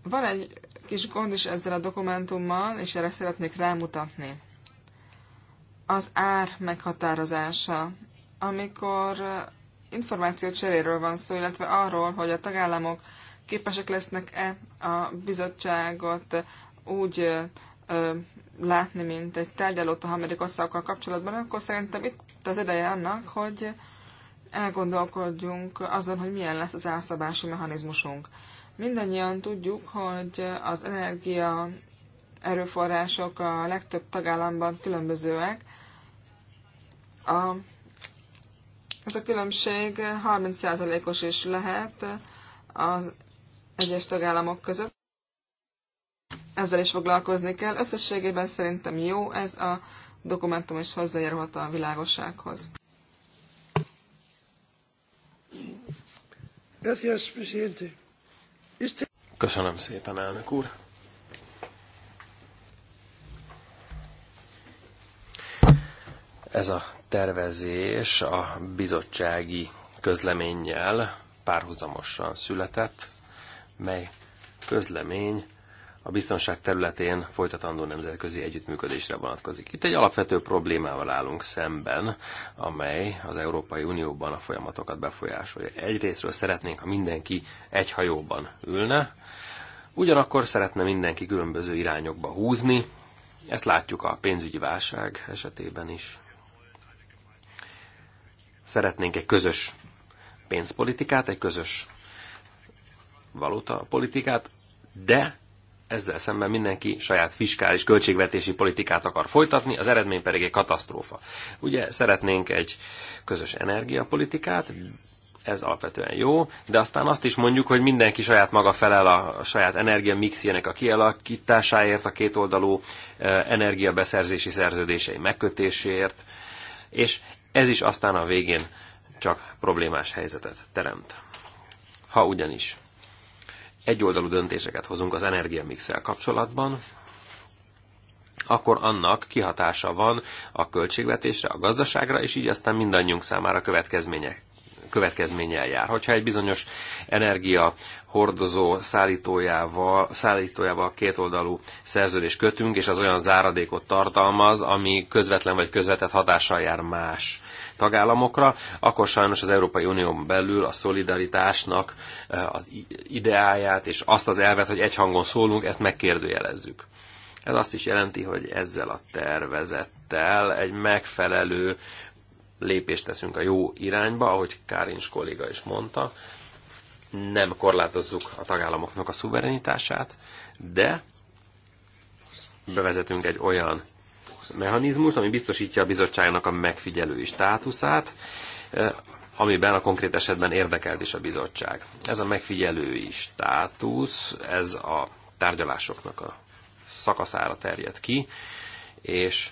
van egy kis gond is ezzel a dokumentummal, és erre szeretnék rámutatni. Az ár meghatározása. Amikor információ cseréről van szó, illetve arról, hogy a tagállamok képesek lesznek-e a bizottságot úgy látni, mint egy tárgyalót a harmadik országokkal kapcsolatban, akkor szerintem itt az ideje annak, hogy elgondolkodjunk azon, hogy milyen lesz az elszabási mechanizmusunk. Mindannyian tudjuk, hogy az energia erőforrások a legtöbb tagállamban különbözőek. A, ez a különbség 30%-os is lehet az egyes tagállamok között ezzel is foglalkozni kell. Összességében szerintem jó, ez a dokumentum is hozzájárulhat a világossághoz. Köszönöm szépen, elnök úr. Ez a tervezés a bizottsági közleménnyel párhuzamosan született, mely közlemény a biztonság területén folytatandó nemzetközi együttműködésre vonatkozik. Itt egy alapvető problémával állunk szemben, amely az Európai Unióban a folyamatokat befolyásolja. Egyrésztről szeretnénk, ha mindenki egy hajóban ülne, ugyanakkor szeretne mindenki különböző irányokba húzni, ezt látjuk a pénzügyi válság esetében is. Szeretnénk egy közös pénzpolitikát, egy közös politikát, de ezzel szemben mindenki saját fiskális költségvetési politikát akar folytatni, az eredmény pedig egy katasztrófa. Ugye szeretnénk egy közös energiapolitikát, ez alapvetően jó, de aztán azt is mondjuk, hogy mindenki saját maga felel a, saját energia mixjének a kialakításáért, a kétoldalú energiabeszerzési szerződései megkötéséért, és ez is aztán a végén csak problémás helyzetet teremt. Ha ugyanis egyoldalú döntéseket hozunk az energiamixel kapcsolatban, akkor annak kihatása van a költségvetésre, a gazdaságra, és így aztán mindannyiunk számára következmények következménnyel jár. Hogyha egy bizonyos energia hordozó szállítójával, szállítójával kétoldalú szerződés kötünk, és az olyan záradékot tartalmaz, ami közvetlen vagy közvetett hatással jár más tagállamokra, akkor sajnos az Európai Unión belül a szolidaritásnak eh, az ideáját és azt az elvet, hogy egy hangon szólunk, ezt megkérdőjelezzük. Ez azt is jelenti, hogy ezzel a tervezettel egy megfelelő lépést teszünk a jó irányba, ahogy Kárincs kolléga is mondta, nem korlátozzuk a tagállamoknak a szuverenitását, de bevezetünk egy olyan mechanizmust, ami biztosítja a bizottságnak a megfigyelői státuszát, eh, amiben a konkrét esetben érdekelt is a bizottság. Ez a megfigyelői státusz, ez a tárgyalásoknak a szakaszára terjed ki, és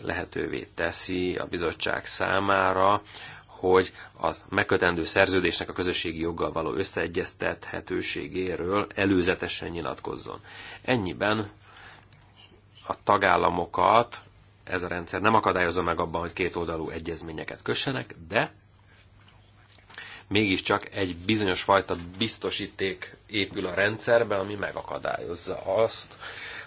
lehetővé teszi a bizottság számára, hogy a megkötendő szerződésnek a közösségi joggal való összeegyeztethetőségéről előzetesen nyilatkozzon. Ennyiben a tagállamokat ez a rendszer nem akadályozza meg abban, hogy kétoldalú egyezményeket kössenek, de mégiscsak egy bizonyos fajta biztosíték épül a rendszerbe, ami megakadályozza azt,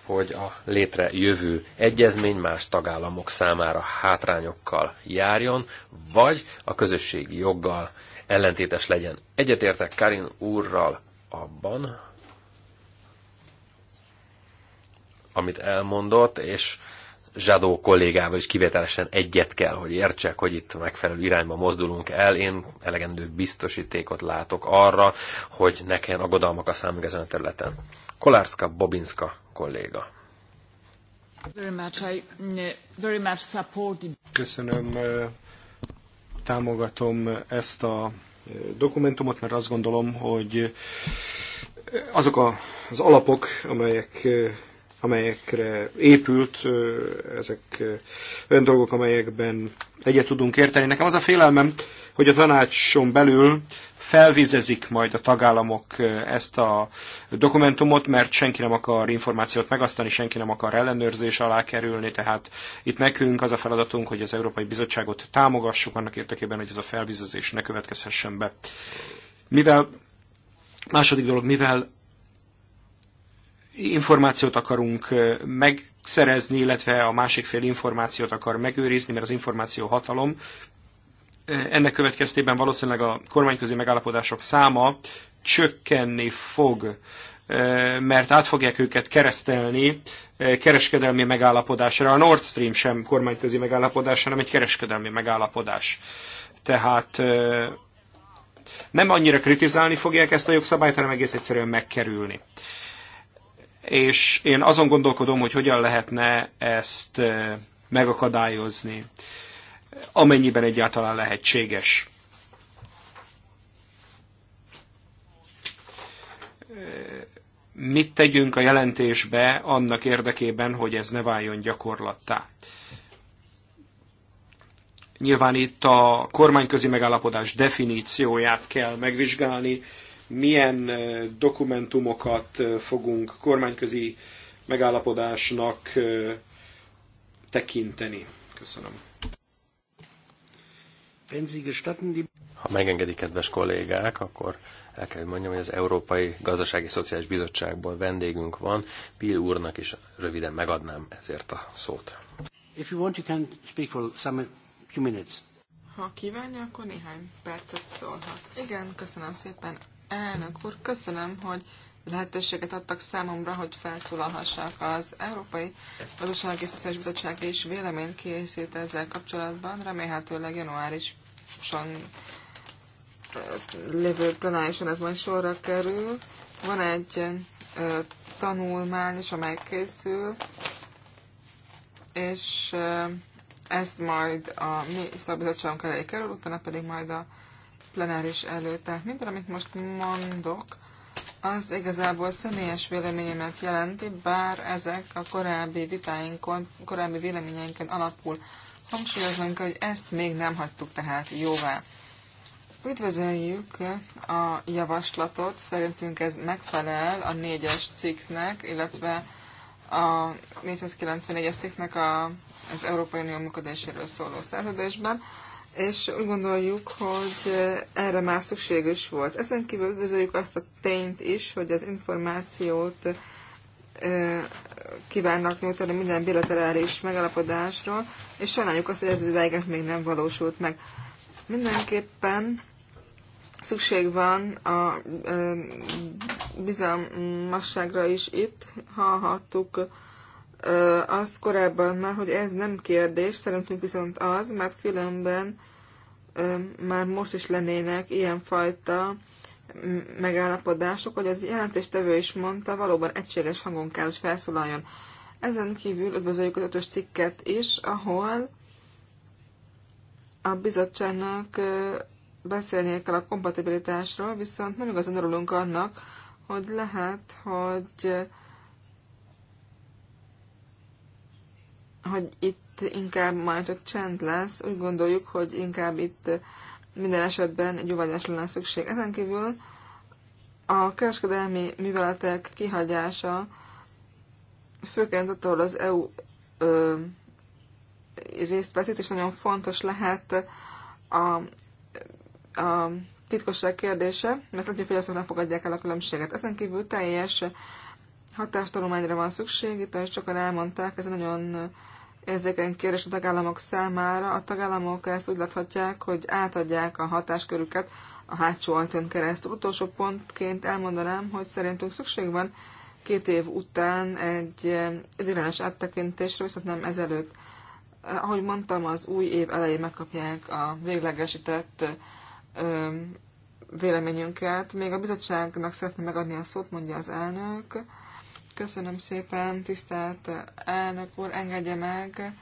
hogy a létrejövő egyezmény más tagállamok számára hátrányokkal járjon, vagy a közösségi joggal ellentétes legyen. Egyetértek Karin úrral abban, amit elmondott, és Zsadó kollégával is kivételesen egyet kell, hogy értsek, hogy itt megfelelő irányba mozdulunk el. Én elegendő biztosítékot látok arra, hogy nekem aggodalmak a számunk ezen a területen. Kolárska Bobinska kolléga. Mm, Köszönöm, támogatom ezt a dokumentumot, mert azt gondolom, hogy azok az alapok, amelyek amelyekre épült, ezek olyan dolgok, amelyekben egyet tudunk érteni. Nekem az a félelmem, hogy a tanácson belül felvizezik majd a tagállamok ezt a dokumentumot, mert senki nem akar információt megasztani, senki nem akar ellenőrzés alá kerülni, tehát itt nekünk az a feladatunk, hogy az Európai Bizottságot támogassuk annak érdekében, hogy ez a felvizezés ne következhessen be. Mivel, második dolog, mivel információt akarunk megszerezni, illetve a másik fél információt akar megőrizni, mert az információ hatalom, ennek következtében valószínűleg a kormányközi megállapodások száma csökkenni fog, e, mert át fogják őket keresztelni e, kereskedelmi megállapodásra. A Nord Stream sem kormányközi megállapodás, hanem egy kereskedelmi megállapodás. Tehát e, nem annyira kritizálni fogják ezt a jogszabályt, hanem egész egyszerűen megkerülni. És én azon gondolkodom, hogy hogyan lehetne ezt megakadályozni amennyiben egyáltalán lehetséges. Mit tegyünk a jelentésbe annak érdekében, hogy ez ne váljon gyakorlattá? Nyilván itt a kormányközi megállapodás definícióját kell megvizsgálni, milyen dokumentumokat fogunk kormányközi megállapodásnak tekinteni. Köszönöm. Ha megengedik, kedves kollégák, akkor el kell mondjam, hogy az Európai Gazdasági Szociális Bizottságból vendégünk van. Pil úrnak is röviden megadnám ezért a szót. If you want, you can speak for some few minutes. Ha kívánja, akkor néhány percet szólhat. Igen, köszönöm szépen, elnök úr. Köszönöm, hogy lehetőséget adtak számomra, hogy felszólalhassak. Az Európai Gazdasági és Szociális Bizottság is véleményt készít ezzel kapcsolatban, remélhetőleg januárison lévő plenárison ez majd sorra kerül. Van egy tanulmány is, amely készül, és ezt majd a mi szabizottságunk elé kerül, utána pedig majd a plenáris előtt. Tehát minden, amit most mondok, az igazából személyes véleményemet jelenti, bár ezek a korábbi vitáinkon, korábbi véleményeinken alapul hangsúlyoznunk, hogy ezt még nem hagytuk tehát jóvá. Üdvözöljük a javaslatot, szerintünk ez megfelel a 4-es cikknek, illetve a 494-es cikknek a, az Európai Unió működéséről szóló szerződésben és úgy gondoljuk, hogy erre már szükség is volt. Ezen kívül üdvözöljük azt a tényt is, hogy az információt kívánnak nyújtani minden bilaterális megalapodásról, és sajnáljuk azt, hogy ez az ez még nem valósult meg. Mindenképpen szükség van a bizalmasságra is itt. Hallhattuk azt korábban már, hogy ez nem kérdés, szerintünk viszont az, mert különben már most is lennének ilyenfajta megállapodások, hogy az jelentéstevő is mondta, valóban egységes hangon kell, hogy felszólaljon. Ezen kívül üdvözöljük az ötös cikket is, ahol a bizottságnak beszélnie kell a kompatibilitásról, viszont nem igazán örülünk annak, hogy lehet, hogy hogy itt itt inkább majd csak csend lesz. Úgy gondoljuk, hogy inkább itt minden esetben egy óvadásra lenne szükség. Ezen kívül a kereskedelmi műveletek kihagyása főként ott, ahol az EU ö, részt vett, és nagyon fontos lehet a, a titkosság kérdése, mert nagyon hogy nem fogadják el a különbséget. Ezen kívül teljes hatástalományra van szükség, itt ahogy sokan elmondták, ez nagyon érzékeny kérdés a tagállamok számára. A tagállamok ezt úgy láthatják, hogy átadják a hatáskörüket a hátsó ajtón keresztül. Utolsó pontként elmondanám, hogy szerintünk szükség van két év után egy ideiglenes áttekintésre, viszont nem ezelőtt. Ahogy mondtam, az új év elején megkapják a véglegesített véleményünket. Még a bizottságnak szeretném megadni a szót, mondja az elnök. Köszönöm szépen, tisztelt elnök úr, engedje meg,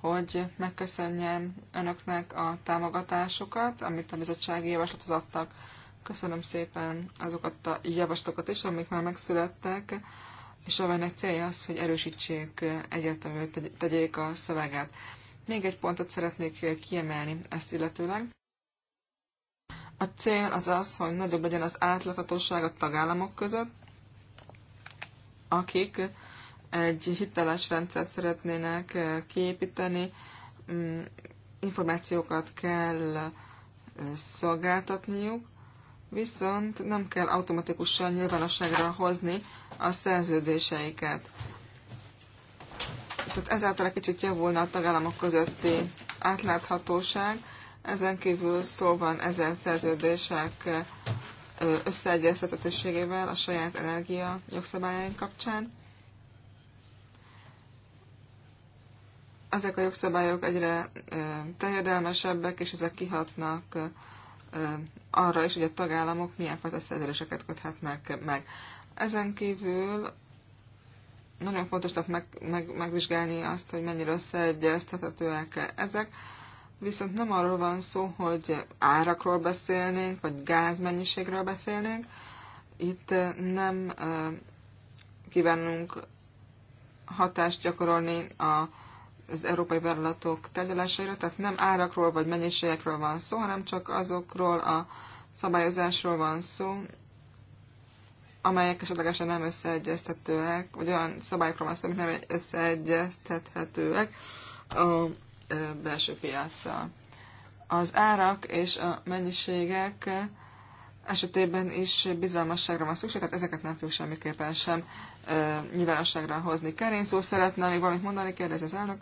hogy megköszönjem önöknek a támogatásokat, amit a bizottsági javaslathoz adtak. Köszönöm szépen azokat a javaslatokat is, amik már megszülettek, és amelynek célja az, hogy erősítsék, egyértelmű tegyék a szöveget. Még egy pontot szeretnék kiemelni ezt illetőleg. A cél az az, hogy nagyobb legyen az átláthatóság a tagállamok között, akik egy hiteles rendszert szeretnének eh, kiépíteni, mm, információkat kell eh, szolgáltatniuk, viszont nem kell automatikusan nyilvánosságra hozni a szerződéseiket. Tehát ezáltal egy kicsit javulna a tagállamok közötti átláthatóság, ezen kívül szó van ezen szerződések eh, összeegyeztetőségével a saját energia jogszabályaink kapcsán. Ezek a jogszabályok egyre terjedelmesebbek, és ezek kihatnak arra is, hogy a tagállamok milyen fajta szerződéseket köthetnek meg. Ezen kívül nagyon fontosnak meg, meg, megvizsgálni azt, hogy mennyire összeegyeztethetőek ezek viszont nem arról van szó, hogy árakról beszélnénk, vagy gázmennyiségről beszélnénk. Itt nem kívánunk hatást gyakorolni a, az európai vállalatok tárgyalásaira, tehát nem árakról vagy mennyiségekről van szó, hanem csak azokról a szabályozásról van szó, amelyek esetlegesen nem összeegyeztetőek, vagy olyan szabályokról van szó, amik nem összeegyeztethetőek a belső piaccal. Az árak és a mennyiségek esetében is bizalmasságra van szükség, tehát ezeket nem fogjuk semmiképpen sem ö, nyilvánosságra hozni. Kerén szó szeretne még valamit mondani, kérdez az elnök.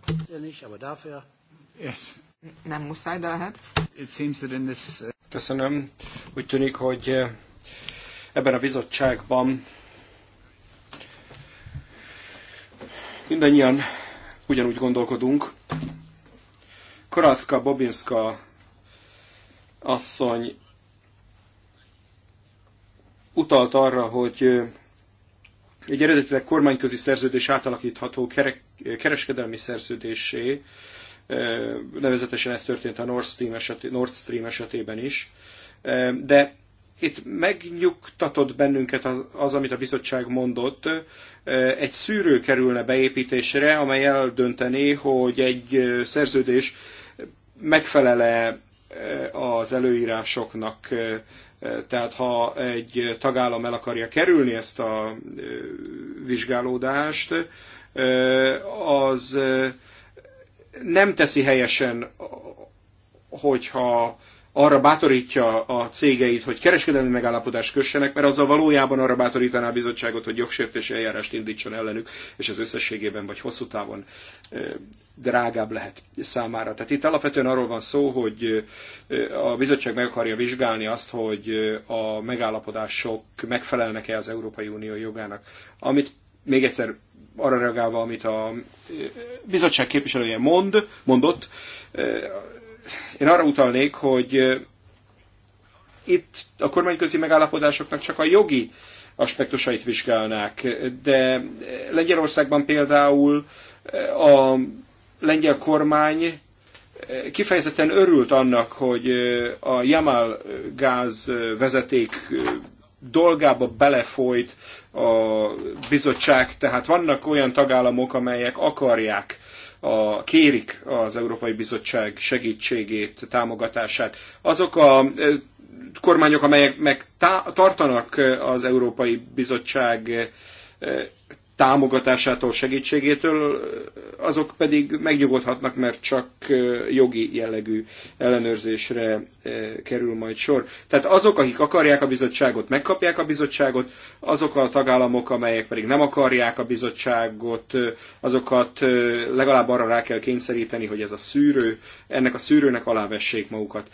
Yes. Nem muszáj, de lehet. It seems that in this... Uh, Köszönöm. Úgy tűnik, hogy ebben a bizottságban mindannyian ugyanúgy gondolkodunk, Koraszka Bobinska asszony utalt arra, hogy egy eredetileg kormányközi szerződés átalakítható kereskedelmi szerződésé, nevezetesen ez történt a Nord Stream, eseté, Nord Stream esetében is, de itt megnyugtatott bennünket az, az, amit a bizottság mondott. Egy szűrő kerülne beépítésre, amely eldöntené, hogy egy szerződés megfelele eh, az előírásoknak, eh, eh, tehát ha egy tagállam el akarja kerülni ezt a vizsgálódást, az nem teszi helyesen, hogyha arra bátorítja a cégeit, hogy kereskedelmi megállapodást kössenek, mert azzal valójában arra bátorítaná a bizottságot, hogy jogsértési eljárást indítson ellenük, és ez összességében vagy hosszú távon drágább lehet számára. Tehát itt alapvetően arról van szó, hogy a bizottság meg akarja vizsgálni azt, hogy a megállapodások megfelelnek-e az Európai Unió jogának. Amit még egyszer arra reagálva, amit a bizottság képviselője mond, mondott, én arra utalnék, hogy itt a kormányközi megállapodásoknak csak a jogi aspektusait vizsgálnák, de Lengyelországban például a lengyel kormány kifejezetten örült annak, hogy a Jamal gáz vezeték dolgába belefolyt a bizottság, tehát vannak olyan tagállamok, amelyek akarják a, kérik az Európai Bizottság segítségét, támogatását. Azok a kormányok, amelyek meg tartanak az Európai Bizottság támogatásától, segítségétől, azok pedig megnyugodhatnak, mert csak jogi jellegű ellenőrzésre kerül majd sor. Tehát azok, akik akarják a bizottságot, megkapják a bizottságot, azok a tagállamok, amelyek pedig nem akarják a bizottságot, azokat legalább arra rá kell kényszeríteni, hogy ez a szűrő, ennek a szűrőnek alávessék magukat,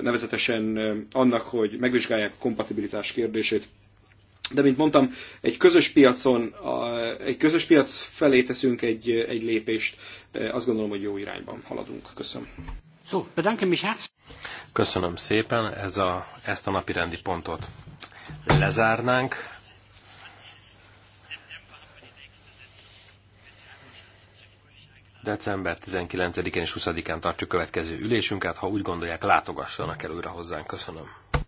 nevezetesen annak, hogy megvizsgálják a kompatibilitás kérdését de, mint mondtam, egy közös piacon, egy közös piac felé teszünk egy, egy lépést. Azt gondolom, hogy jó irányban haladunk. Köszönöm. So, bedanke mich Köszönöm szépen. Ez a, ezt a napi rendi pontot lezárnánk. December 19-én és 20-án tartjuk következő ülésünket. Ha úgy gondolják, látogassanak el újra hozzánk. Köszönöm.